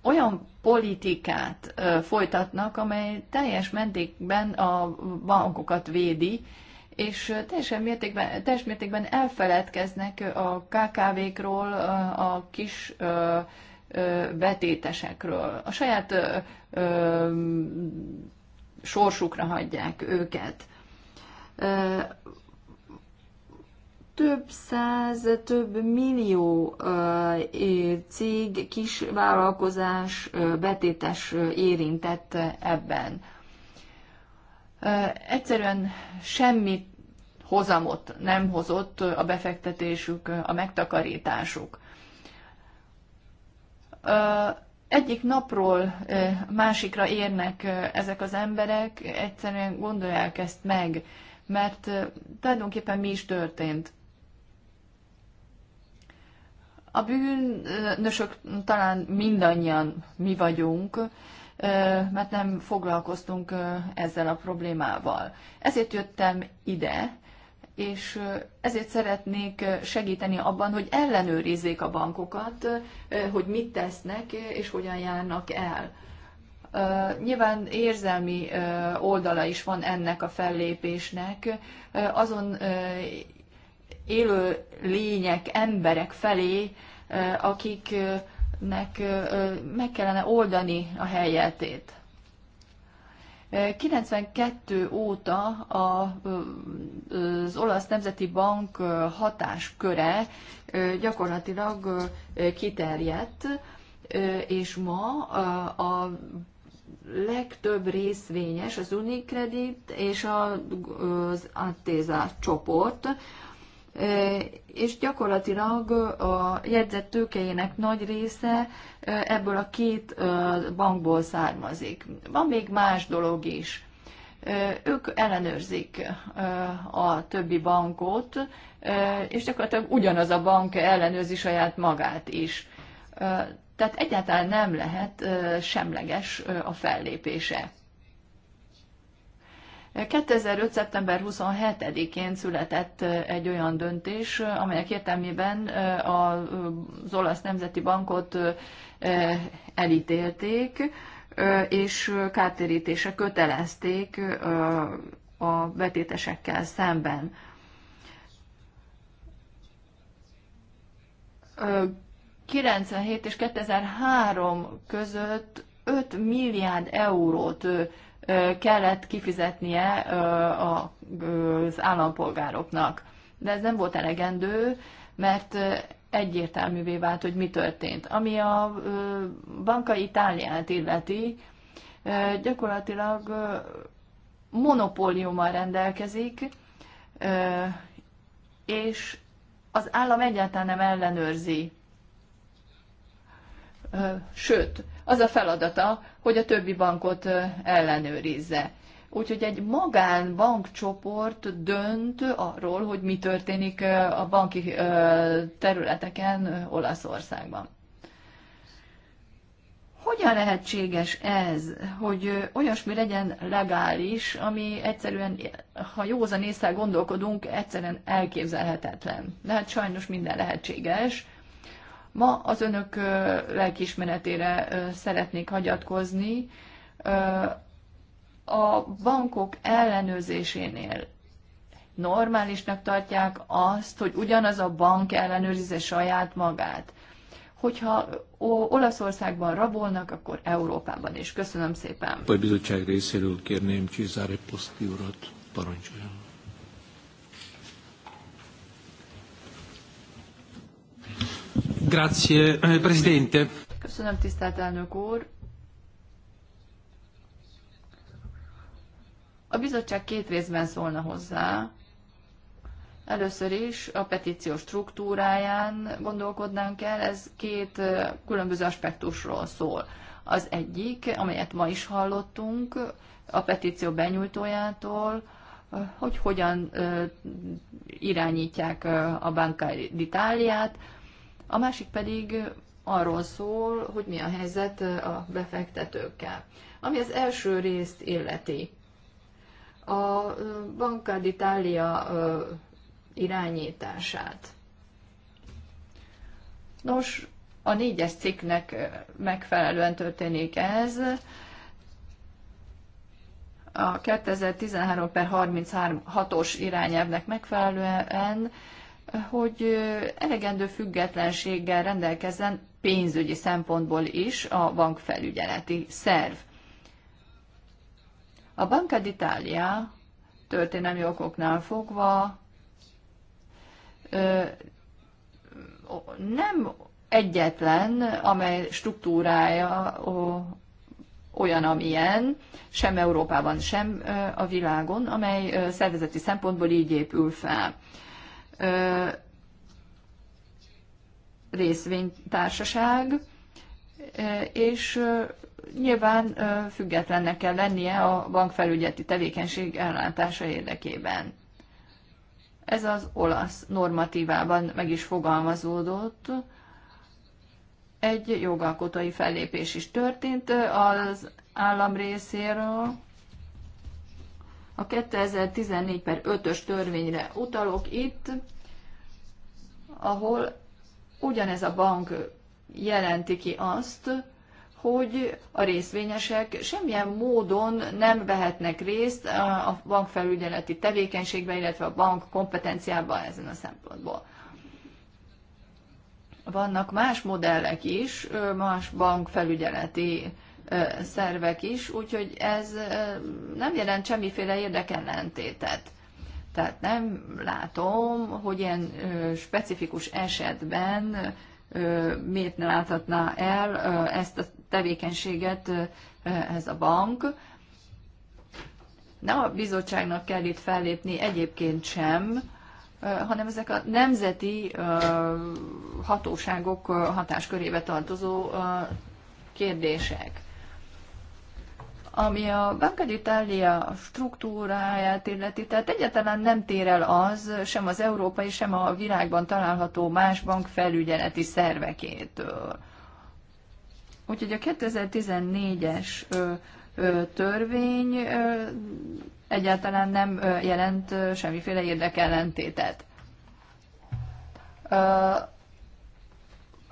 Olyan politikát folytatnak, amely teljes mentékben a bankokat védi, és teljesen mértékben, teljes mértékben elfeledkeznek a KKV-król, a kis betétesekről. A saját sorsukra hagyják őket. Több száz, több millió cég, kis vállalkozás, betétes érintett ebben. Egyszerűen semmi hozamot nem hozott a befektetésük, a megtakarításuk egyik napról másikra érnek ezek az emberek, egyszerűen gondolják ezt meg, mert tulajdonképpen mi is történt. A bűnösök talán mindannyian mi vagyunk, mert nem foglalkoztunk ezzel a problémával. Ezért jöttem ide, és ezért szeretnék segíteni abban, hogy ellenőrizzék a bankokat, hogy mit tesznek és hogyan járnak el. Nyilván érzelmi oldala is van ennek a fellépésnek. Azon élő lények, emberek felé, akiknek meg kellene oldani a helyetét. 92 óta a, az Olasz Nemzeti Bank hatásköre gyakorlatilag kiterjedt, és ma a legtöbb részvényes az Unicredit és az Attéza csoport, és gyakorlatilag a jegyzett tőkejének nagy része ebből a két bankból származik. Van még más dolog is. Ők ellenőrzik a többi bankot, és gyakorlatilag ugyanaz a bank ellenőrzi saját magát is. Tehát egyáltalán nem lehet semleges a fellépése. 2005. szeptember 27-én született egy olyan döntés, amelyek értelmében az olasz nemzeti bankot elítélték, és kártérítése kötelezték a betétesekkel szemben. Ö, 97 és 2003 között 5 milliárd eurót kellett kifizetnie az állampolgároknak. De ez nem volt elegendő, mert egyértelművé vált, hogy mi történt. Ami a banka Itáliát illeti, gyakorlatilag monopóliummal rendelkezik, és az állam egyáltalán nem ellenőrzi. Sőt, az a feladata, hogy a többi bankot ellenőrizze. Úgyhogy egy magánbankcsoport dönt arról, hogy mi történik a banki területeken Olaszországban. Hogyan lehetséges ez, hogy olyasmi legyen legális, ami egyszerűen, ha józan észre gondolkodunk, egyszerűen elképzelhetetlen. De hát sajnos minden lehetséges, Ma az önök lelkismeretére szeretnék hagyatkozni. A bankok ellenőrzésénél normálisnak tartják azt, hogy ugyanaz a bank ellenőrizze saját magát. Hogyha Olaszországban rabolnak, akkor Európában is. Köszönöm szépen. A bizottság részéről kérném Csizári Poszti urat, parancsoljon. Grazie, eh, Presidente. Köszönöm, tisztelt elnök úr. A bizottság két részben szólna hozzá. Először is a petíció struktúráján gondolkodnánk el, ez két eh, különböző aspektusról szól. Az egyik, amelyet ma is hallottunk a petíció benyújtójától, eh, hogy hogyan irányítják a Banca d'Italiát, a másik pedig arról szól, hogy mi a helyzet a befektetőkkel. Ami az első részt illeti. A Banca d'Italia irányítását. Nos, a négyes cikknek megfelelően történik ez. A 2013 per 36-os irányelvnek megfelelően hogy elegendő függetlenséggel rendelkezzen pénzügyi szempontból is a bankfelügyeleti szerv. A Banca d'Italia történelmi okoknál fogva nem egyetlen, amely struktúrája olyan, amilyen, sem Európában, sem a világon, amely szervezeti szempontból így épül fel részvénytársaság, és nyilván függetlennek kell lennie a bankfelügyeti tevékenység ellátása érdekében. Ez az olasz normatívában meg is fogalmazódott. Egy jogalkotói fellépés is történt az állam részéről, a 2014 per 5-ös törvényre utalok itt, ahol ugyanez a bank jelenti ki azt, hogy a részvényesek semmilyen módon nem vehetnek részt a bankfelügyeleti tevékenységben, illetve a bank kompetenciában ezen a szempontból. Vannak más modellek is, más bankfelügyeleti szervek is, úgyhogy ez nem jelent semmiféle érdekellentétet. Tehát nem látom, hogy ilyen specifikus esetben miért ne láthatná el ezt a tevékenységet ez a bank. Nem a bizottságnak kell itt fellépni egyébként sem, hanem ezek a nemzeti hatóságok hatáskörébe tartozó kérdések ami a Banca d'Italia struktúráját illeti, tehát egyáltalán nem tér el az sem az európai, sem a világban található más bank felügyeleti szervekétől. Úgyhogy a 2014-es törvény egyáltalán nem jelent semmiféle érdekellentétet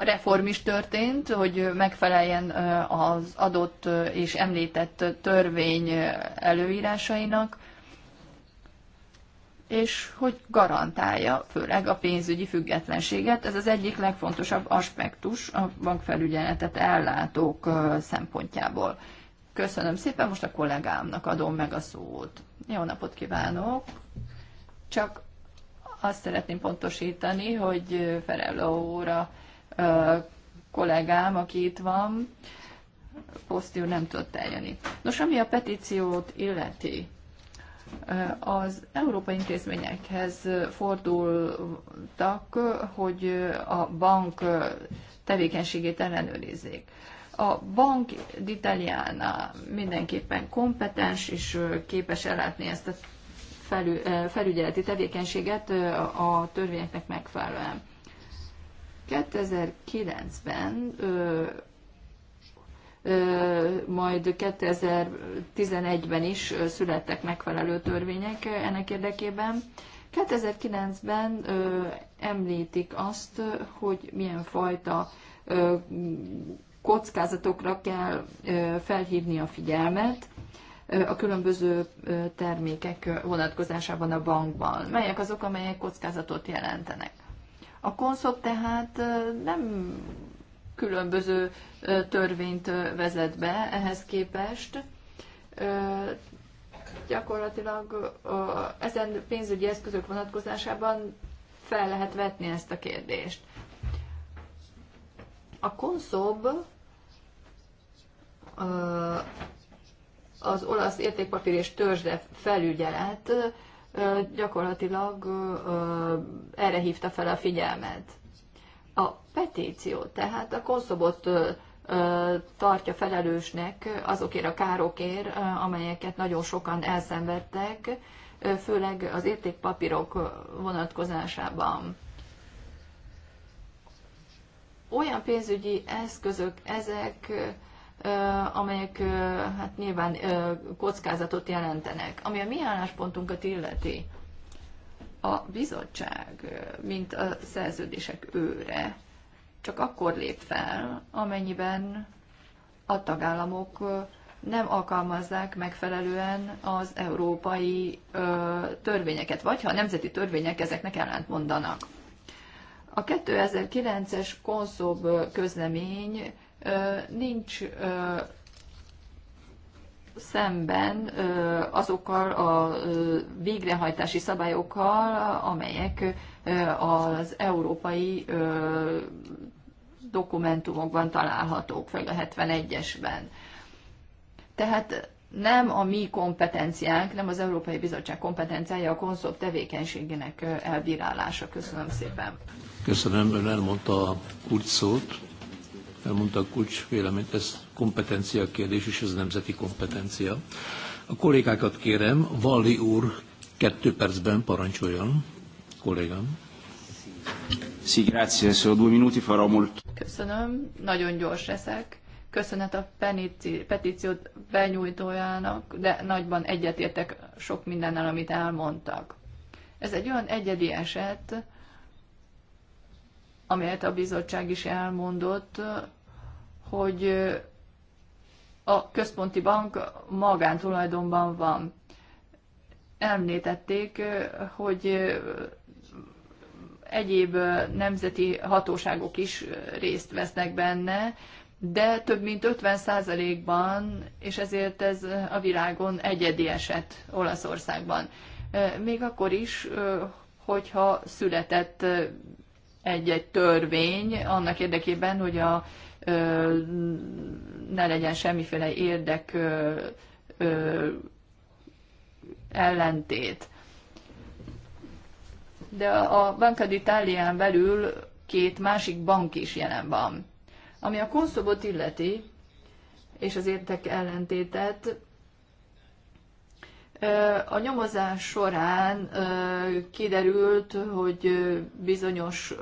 a reform is történt, hogy megfeleljen az adott és említett törvény előírásainak, és hogy garantálja főleg a pénzügyi függetlenséget. Ez az egyik legfontosabb aspektus a bankfelügyeletet ellátók szempontjából. Köszönöm szépen, most a kollégámnak adom meg a szót. Jó napot kívánok! Csak azt szeretném pontosítani, hogy Ferello óra kollégám, aki itt van, Posztil nem tudott eljönni. Nos, ami a petíciót illeti, az európai intézményekhez fordultak, hogy a bank tevékenységét ellenőrizzék. A bank d'Italiana mindenképpen kompetens és képes ellátni ezt a felügyeleti tevékenységet a törvényeknek megfelelően. 2009-ben majd 2011-ben is születtek megfelelő törvények ennek érdekében. 2009-ben említik azt, hogy milyen fajta kockázatokra kell felhívni a figyelmet a különböző termékek vonatkozásában a bankban. Melyek azok, amelyek kockázatot jelentenek? A konszok tehát nem különböző törvényt vezet be ehhez képest. Gyakorlatilag ezen pénzügyi eszközök vonatkozásában fel lehet vetni ezt a kérdést. A konszob az olasz értékpapír és törzsde felügyelet gyakorlatilag erre hívta fel a figyelmet. A petíció tehát a Koszobot tartja felelősnek azokért a károkért, amelyeket nagyon sokan elszenvedtek, főleg az értékpapírok vonatkozásában. Olyan pénzügyi eszközök ezek, amelyek hát nyilván kockázatot jelentenek. Ami a mi álláspontunkat illeti, a bizottság, mint a szerződések őre, csak akkor lép fel, amennyiben a tagállamok nem alkalmazzák megfelelően az európai ö, törvényeket, vagy ha a nemzeti törvények ezeknek ellent mondanak. A 2009-es konszob közlemény nincs szemben azokkal a végrehajtási szabályokkal, amelyek az európai dokumentumokban találhatók, főleg a 71-esben. Tehát nem a mi kompetenciánk, nem az Európai Bizottság kompetenciája a konszolp tevékenységének elbírálása. Köszönöm szépen. Köszönöm, ön elmondta a kulcs szót elmondta a kulcs véleményt, ez kompetencia kérdés, és ez nemzeti kompetencia. A kollégákat kérem, Valli úr kettő percben parancsoljon. Kollégám. grazie. minuti farò molto. Köszönöm, nagyon gyors leszek. Köszönet a petíciót benyújtójának, de nagyban egyetértek sok mindennel, amit elmondtak. Ez egy olyan egyedi eset, amelyet a bizottság is elmondott, hogy a központi bank magántulajdonban van. Említették, hogy egyéb nemzeti hatóságok is részt vesznek benne, de több mint 50%-ban, és ezért ez a világon egyedi eset Olaszországban. Még akkor is, hogyha született egy-egy törvény annak érdekében, hogy a, ne legyen semmiféle érdek ellentét. De a Banca d'Italián belül két másik bank is jelen van. Ami a konszobot illeti, és az értek ellentétet, a nyomozás során kiderült, hogy bizonyos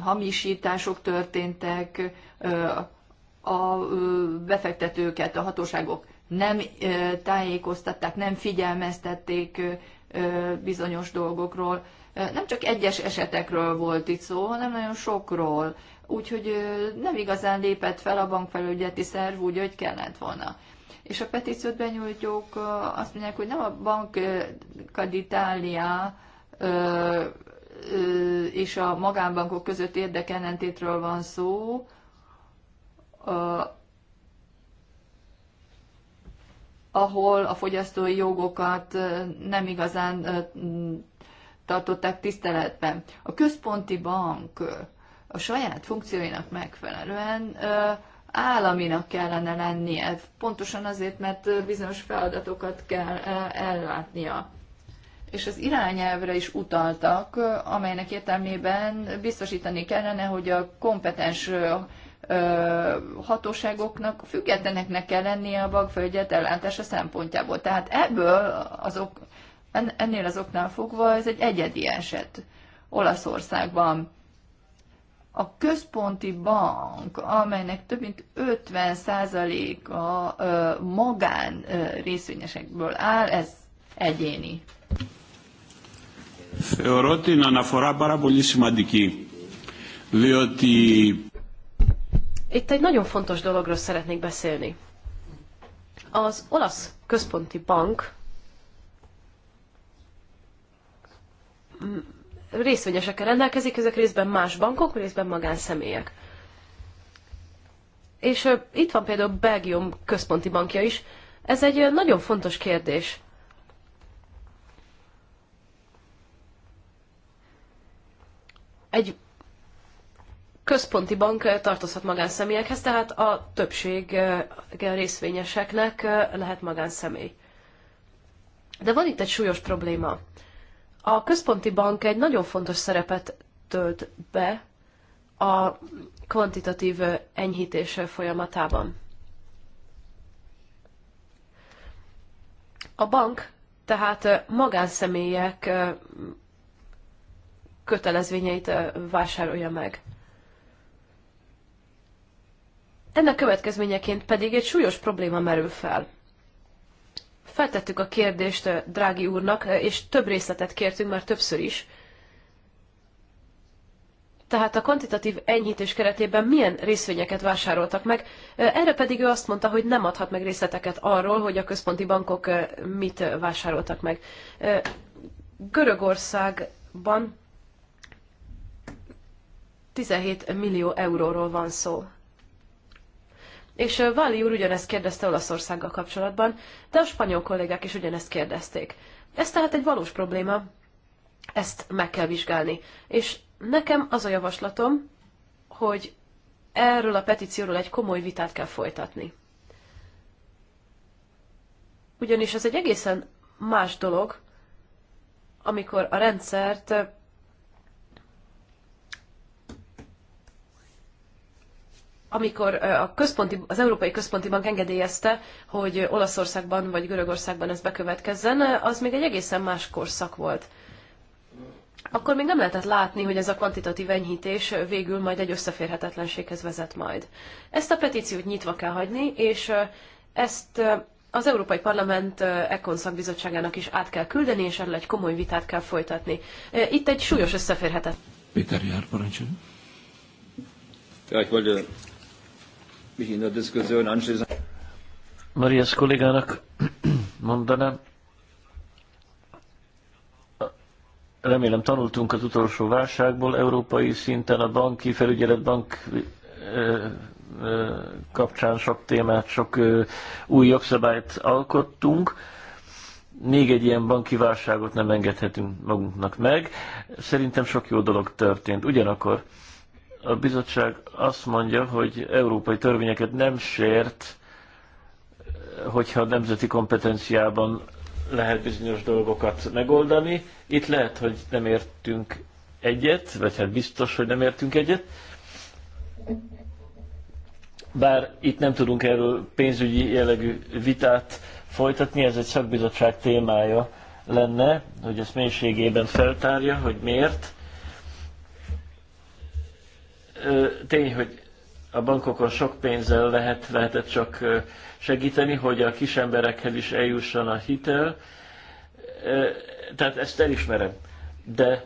hamisítások történtek, a befektetőket a hatóságok nem tájékoztatták, nem figyelmeztették bizonyos dolgokról. Nem csak egyes esetekről volt itt szó, hanem nagyon sokról. Úgyhogy nem igazán lépett fel a bankfelügyeti szerv úgy, hogy kellett volna és a petíciót benyújtjuk, azt mondják, hogy nem a Banca d'Italia és a magánbankok között érdekellentétről van szó, ahol a fogyasztói jogokat nem igazán tartották tiszteletben. A központi bank a saját funkcióinak megfelelően államinak kellene lennie, pontosan azért, mert bizonyos feladatokat kell eh, ellátnia. És az irányelvre is utaltak, amelynek értelmében biztosítani kellene, hogy a kompetens eh, eh, hatóságoknak függetleneknek kell lennie a bagföldet ellátása szempontjából. Tehát ebből az ok, ennél az oknál fogva ez egy egyedi eset Olaszországban a központi bank, amelynek több mint 50%-a magán részvényesekből áll, ez egyéni. Θεωρώ την αναφορά πάρα πολύ σημαντική, διότι... Itt egy nagyon fontos dologról szeretnék beszélni. Az olasz központi bank részvényesekkel rendelkezik, ezek részben más bankok, részben magánszemélyek. És itt van például Belgium központi bankja is. Ez egy nagyon fontos kérdés. Egy központi bank tartozhat magánszemélyekhez, tehát a többség részvényeseknek lehet magánszemély. De van itt egy súlyos probléma. A központi bank egy nagyon fontos szerepet tölt be a kvantitatív enyhítés folyamatában. A bank tehát magánszemélyek kötelezvényeit vásárolja meg. Ennek következményeként pedig egy súlyos probléma merül fel. Feltettük a kérdést eh, Drági úrnak, eh, és több részletet kértünk már többször is. Tehát a kvantitatív enyhítés keretében milyen részvényeket vásároltak meg, eh, erre pedig ő azt mondta, hogy nem adhat meg részleteket arról, hogy a központi bankok mit vásároltak meg. Görögországban 17 millió euróról van szó. És vali úr ugyanezt kérdezte Olaszországgal kapcsolatban, de a spanyol kollégák is ugyanezt kérdezték. Ez tehát egy valós probléma, ezt meg kell vizsgálni. És nekem az a javaslatom, hogy erről a petícióról egy komoly vitát kell folytatni. Ugyanis ez egy egészen más dolog, amikor a rendszert amikor a központi, az Európai Központi Bank engedélyezte, hogy Olaszországban vagy Görögországban ez bekövetkezzen, az még egy egészen más korszak volt. Akkor még nem lehetett látni, hogy ez a kvantitatív enyhítés végül majd egy összeférhetetlenséghez vezet majd. Ezt a petíciót nyitva kell hagyni, és ezt az Európai Parlament Ekon szakbizottságának is át kell küldeni, és erről egy komoly vitát kell folytatni. Itt egy súlyos összeférhetet. Péter Jár, parancsoljon mich Marias kollégának mondanám, remélem tanultunk az utolsó válságból európai szinten, a banki felügyelet bank kapcsán sok témát, sok új jogszabályt alkottunk. Még egy ilyen banki válságot nem engedhetünk magunknak meg. Szerintem sok jó dolog történt. Ugyanakkor a bizottság azt mondja, hogy európai törvényeket nem sért, hogyha a nemzeti kompetenciában lehet bizonyos dolgokat megoldani. Itt lehet, hogy nem értünk egyet, vagy hát biztos, hogy nem értünk egyet. Bár itt nem tudunk erről pénzügyi jellegű vitát folytatni, ez egy szakbizottság témája lenne, hogy ezt mélységében feltárja, hogy miért tény, hogy a bankokon sok pénzzel lehet, lehetett csak segíteni, hogy a kis emberekhez is eljusson a hitel. Tehát ezt elismerem. De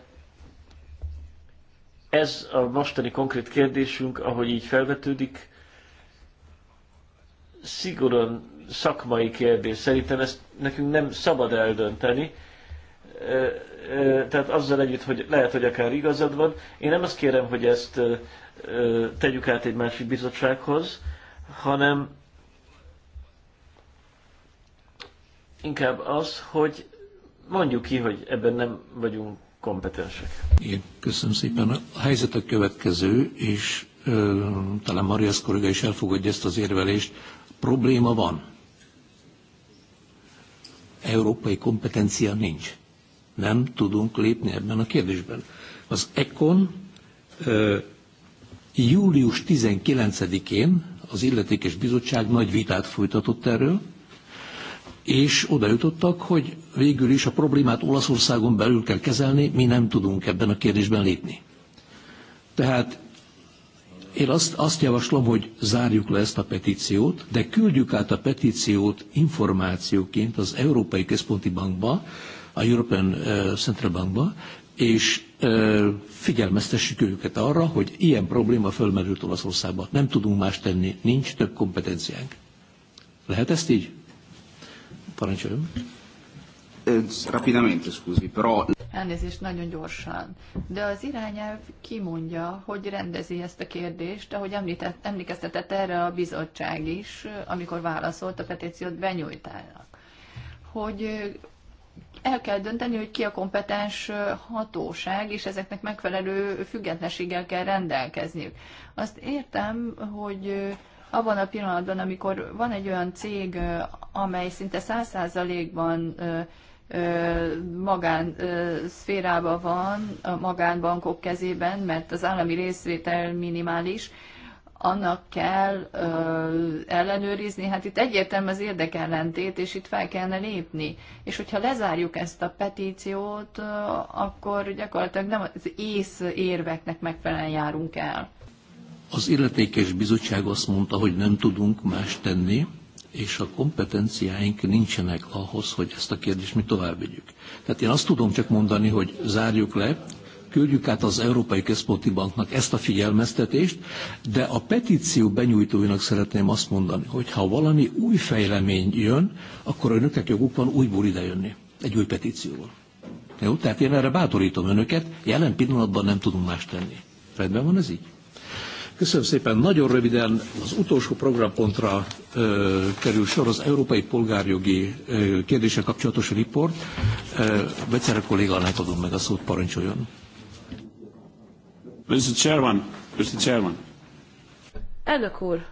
ez a mostani konkrét kérdésünk, ahogy így felvetődik, szigorúan szakmai kérdés. Szerintem ezt nekünk nem szabad eldönteni. Tehát azzal együtt, hogy lehet, hogy akár igazad van. Én nem azt kérem, hogy ezt tegyük át egy másik bizottsághoz, hanem inkább az, hogy mondjuk ki, hogy ebben nem vagyunk kompetensek. Igen, köszönöm szépen. A helyzet a következő, és ö, talán Marias kollega is elfogadja ezt az érvelést. Probléma van. Európai kompetencia nincs. Nem tudunk lépni ebben a kérdésben. Az ECON ö, Július 19-én az illetékes bizottság nagy vitát folytatott erről, és oda jutottak, hogy végül is a problémát Olaszországon belül kell kezelni, mi nem tudunk ebben a kérdésben lépni. Tehát én azt, azt javaslom, hogy zárjuk le ezt a petíciót, de küldjük át a petíciót információként az Európai Központi Bankba, a European eh, Central Bankba, és figyelmeztessük őket arra, hogy ilyen probléma fölmerült Olaszországban. Nem tudunk más tenni, nincs több kompetenciánk. Lehet ezt így? Parancsoljon. Rapidamente, scusi, però... Elnézést nagyon gyorsan. De az irányelv kimondja, hogy rendezi ezt a kérdést, ahogy említett, emlékeztetett erre a bizottság is, amikor válaszolt a petíciót benyújtának. Hogy el kell dönteni, hogy ki a kompetens hatóság, és ezeknek megfelelő függetlenséggel kell rendelkezniük. Azt értem, hogy abban a pillanatban, amikor van egy olyan cég, amely szinte száz százalékban magán szférában van, a magánbankok kezében, mert az állami részvétel minimális, annak kell ö, ellenőrizni, hát itt egyértelmű az érdekellentét, és itt fel kellene lépni. És hogyha lezárjuk ezt a petíciót, ö, akkor gyakorlatilag nem az ész érveknek megfelelően járunk el. Az illetékes bizottság azt mondta, hogy nem tudunk más tenni, és a kompetenciáink nincsenek ahhoz, hogy ezt a kérdést mi tovább vigyük. Tehát én azt tudom csak mondani, hogy zárjuk le, küldjük át az Európai Központi Banknak ezt a figyelmeztetést, de a petíció benyújtóinak szeretném azt mondani, hogy ha valami új fejlemény jön, akkor önöknek joguk van újból idejönni, egy új petícióval. Jó? Tehát én erre bátorítom önöket, jelen pillanatban nem tudunk más tenni. Rendben van ez így? Köszönöm szépen. Nagyon röviden az utolsó programpontra ö, kerül sor az Európai Polgárjogi kérdése kapcsolatos riport. Becere kollégának adom meg a szót, parancsoljon. Mr. Chairman, Mr. Chairman. Elnök úr.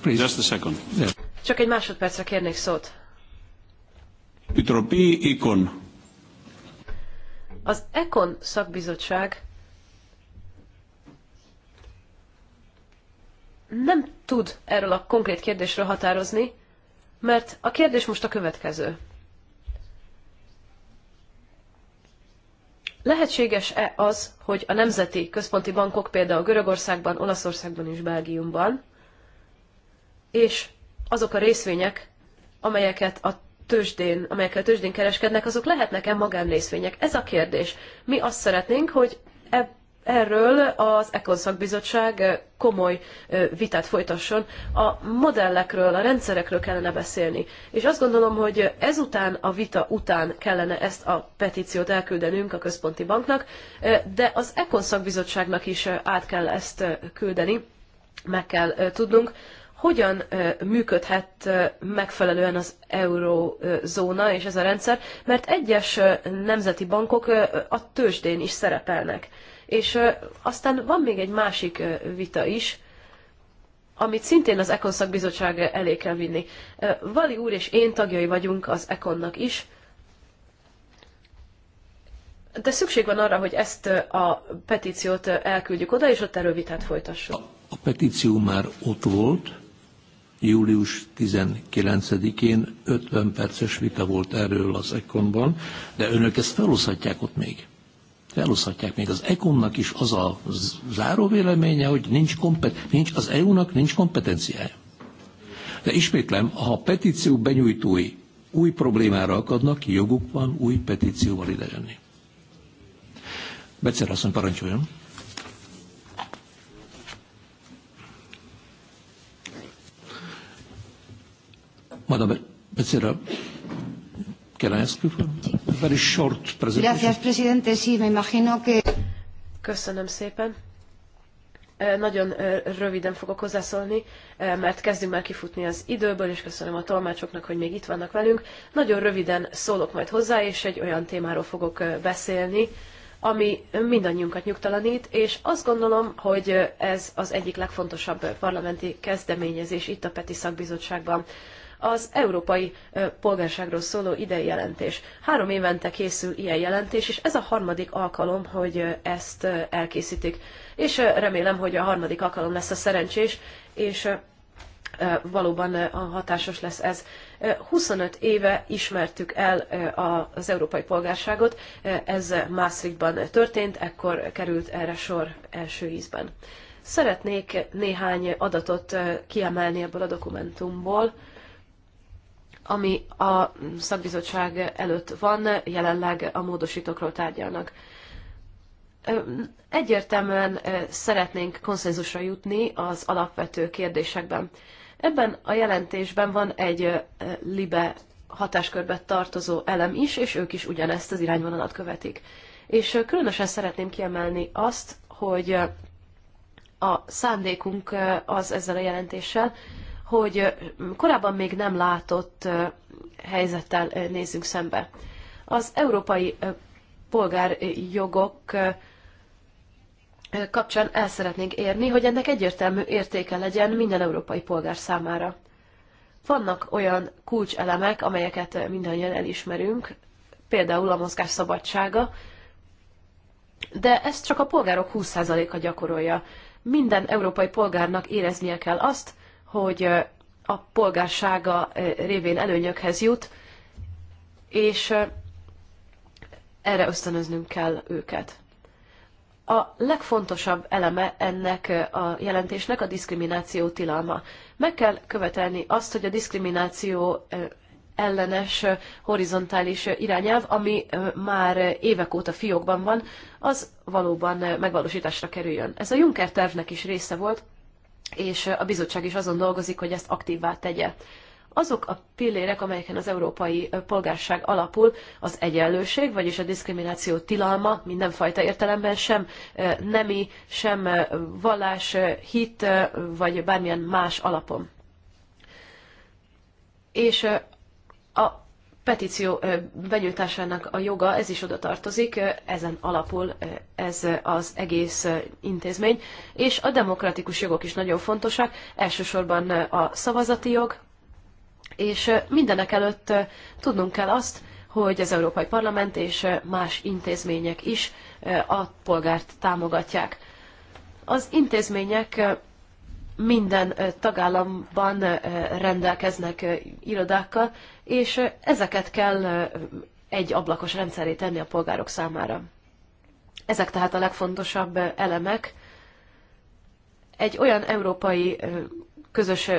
Please. Just a second. Yeah. Csak egy másodpercre kérnék szót. Ikon. Az Ekon szakbizottság nem tud erről a konkrét kérdésről határozni, mert a kérdés most a következő. Lehetséges-e az, hogy a nemzeti központi bankok például Görögországban, Olaszországban és Belgiumban, és azok a részvények, amelyeket a tőzsdén, amelyekkel tőzsdén kereskednek, azok lehetnek-e magánrészvények? Ez a kérdés. Mi azt szeretnénk, hogy eb- erről az Econ szakbizottság eh, komoly eh, vitát folytasson. A modellekről, a rendszerekről kellene beszélni. És azt gondolom, hogy ezután, a vita után kellene ezt a petíciót elküldenünk a központi banknak, eh, de az Econ szakbizottságnak is át kell ezt küldeni, meg kell tudnunk, hogyan működhet megfelelően az eurózóna és ez a rendszer, mert egyes nemzeti bankok a tőzsdén is szerepelnek. És aztán van még egy másik vita is, amit szintén az Ekon szakbizottság elé kell vinni. Vali úr és én tagjai vagyunk az Ekonnak is, de szükség van arra, hogy ezt a petíciót elküldjük oda, és ott erről vitát folytassuk. A petíció már ott volt, július 19-én 50 perces vita volt erről az Ekonban, de önök ezt felhozhatják ott még feloszhatják. Még az ECOM-nak is az a záró véleménye, hogy nincs, kompet, nincs az EU-nak nincs kompetenciája. De ismétlem, ha a petíció benyújtói új problémára akadnak, joguk van új petícióval jönni. Becer asszony, parancsoljon! Madame Becerra, Köszönöm szépen. Nagyon röviden fogok hozzászólni, mert kezdünk már kifutni az időből, és köszönöm a tolmácsoknak, hogy még itt vannak velünk. Nagyon röviden szólok majd hozzá, és egy olyan témáról fogok beszélni, ami mindannyiunkat nyugtalanít, és azt gondolom, hogy ez az egyik legfontosabb parlamenti kezdeményezés itt a Peti Szakbizottságban az európai polgárságról szóló idei jelentés. Három évente készül ilyen jelentés, és ez a harmadik alkalom, hogy ezt elkészítik. És remélem, hogy a harmadik alkalom lesz a szerencsés, és valóban hatásos lesz ez. 25 éve ismertük el az európai polgárságot, ez Maastrichtban történt, ekkor került erre sor első ízben. Szeretnék néhány adatot kiemelni ebből a dokumentumból, ami a szakbizottság előtt van, jelenleg a módosítókról tárgyalnak. Egyértelműen szeretnénk konszenzusra jutni az alapvető kérdésekben. Ebben a jelentésben van egy libe hatáskörbe tartozó elem is, és ők is ugyanezt az irányvonalat követik. És különösen szeretném kiemelni azt, hogy a szándékunk az ezzel a jelentéssel, hogy korábban még nem látott helyzettel nézzünk szembe. Az európai polgárjogok kapcsán el szeretnénk érni, hogy ennek egyértelmű értéke legyen minden európai polgár számára. Vannak olyan kulcselemek, amelyeket mindannyian elismerünk, például a mozgás szabadsága, de ezt csak a polgárok 20%-a gyakorolja. Minden európai polgárnak éreznie kell azt, hogy a polgársága révén előnyökhez jut, és erre ösztönöznünk kell őket. A legfontosabb eleme ennek a jelentésnek a diszkrimináció tilalma. Meg kell követelni azt, hogy a diszkrimináció ellenes horizontális irányelv, ami már évek óta fiókban van, az valóban megvalósításra kerüljön. Ez a Juncker tervnek is része volt, és a bizottság is azon dolgozik, hogy ezt aktívvá tegye. Azok a pillérek, amelyeken az európai polgárság alapul, az egyenlőség, vagyis a diszkrimináció tilalma mindenfajta értelemben sem nemi, sem vallás, hit, vagy bármilyen más alapon. És a petíció benyújtásának a joga, ez is oda tartozik, ezen alapul ez az egész intézmény, és a demokratikus jogok is nagyon fontosak, elsősorban a szavazati jog, és mindenek előtt tudnunk kell azt, hogy az Európai Parlament és más intézmények is a polgárt támogatják. Az intézmények minden tagállamban rendelkeznek irodákkal, és ezeket kell egy ablakos rendszeré tenni a polgárok számára. Ezek tehát a legfontosabb elemek. Egy olyan európai közös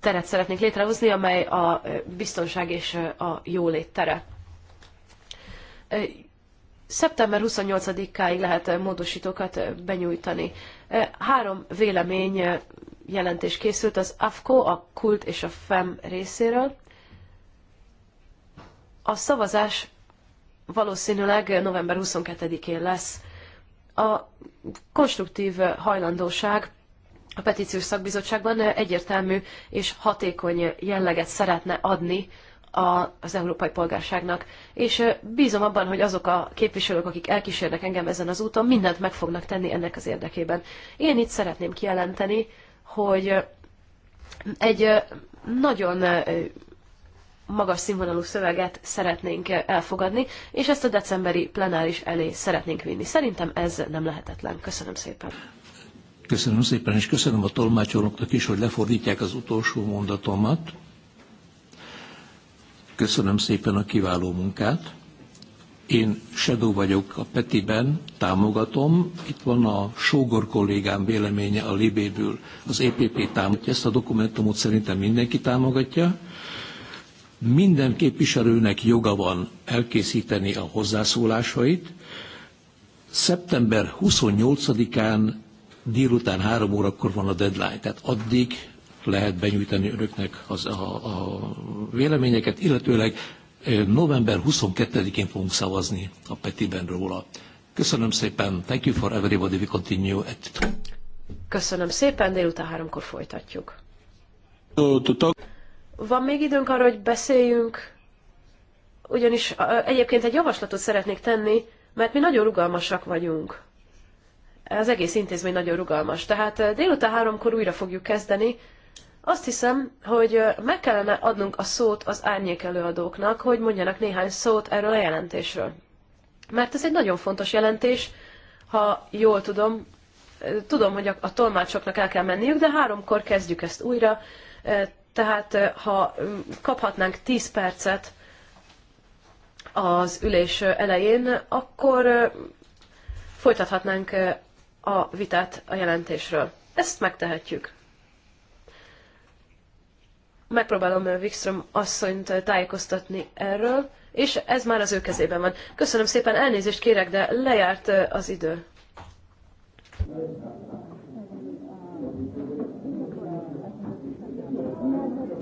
teret szeretnénk létrehozni, amely a biztonság és a jólét tere. Szeptember 28-áig lehet módosítókat benyújtani. Három vélemény jelentés készült az AFKO, a KULT és a FEM részéről. A szavazás valószínűleg november 22-én lesz. A konstruktív hajlandóság a petíciós szakbizottságban egyértelmű és hatékony jelleget szeretne adni az európai polgárságnak. És bízom abban, hogy azok a képviselők, akik elkísérnek engem ezen az úton, mindent meg fognak tenni ennek az érdekében. Én itt szeretném kijelenteni, hogy egy nagyon magas színvonalú szöveget szeretnénk elfogadni, és ezt a decemberi plenáris elé szeretnénk vinni. Szerintem ez nem lehetetlen. Köszönöm szépen. Köszönöm szépen, és köszönöm a tolmácsolóknak is, hogy lefordítják az utolsó mondatomat. Köszönöm szépen a kiváló munkát. Én Sedó vagyok a Petiben, támogatom. Itt van a Sógor kollégám véleménye a Libéből. Az EPP támogatja ezt a dokumentumot, szerintem mindenki támogatja. Minden képviselőnek joga van elkészíteni a hozzászólásait. Szeptember 28-án délután 3 órakor van a deadline, tehát addig lehet benyújtani önöknek az, a, a véleményeket, illetőleg november 22-én fogunk szavazni a Petiben róla. Köszönöm szépen, thank you for everybody, we continue at Köszönöm szépen, délután háromkor folytatjuk. Tudtok. Van még időnk arra, hogy beszéljünk? Ugyanis egyébként egy javaslatot szeretnék tenni, mert mi nagyon rugalmasak vagyunk. Az egész intézmény nagyon rugalmas. Tehát délután háromkor újra fogjuk kezdeni. Azt hiszem, hogy meg kellene adnunk a szót az árnyék előadóknak, hogy mondjanak néhány szót erről a jelentésről. Mert ez egy nagyon fontos jelentés, ha jól tudom, tudom, hogy a, a tolmácsoknak el kell menniük, de háromkor kezdjük ezt újra. Tehát ha kaphatnánk 10 percet az ülés elején, akkor folytathatnánk a vitát a jelentésről. Ezt megtehetjük. Megpróbálom Wikström asszonyt tájékoztatni erről, és ez már az ő kezében van. Köszönöm szépen, elnézést kérek, de lejárt az idő. Thank you.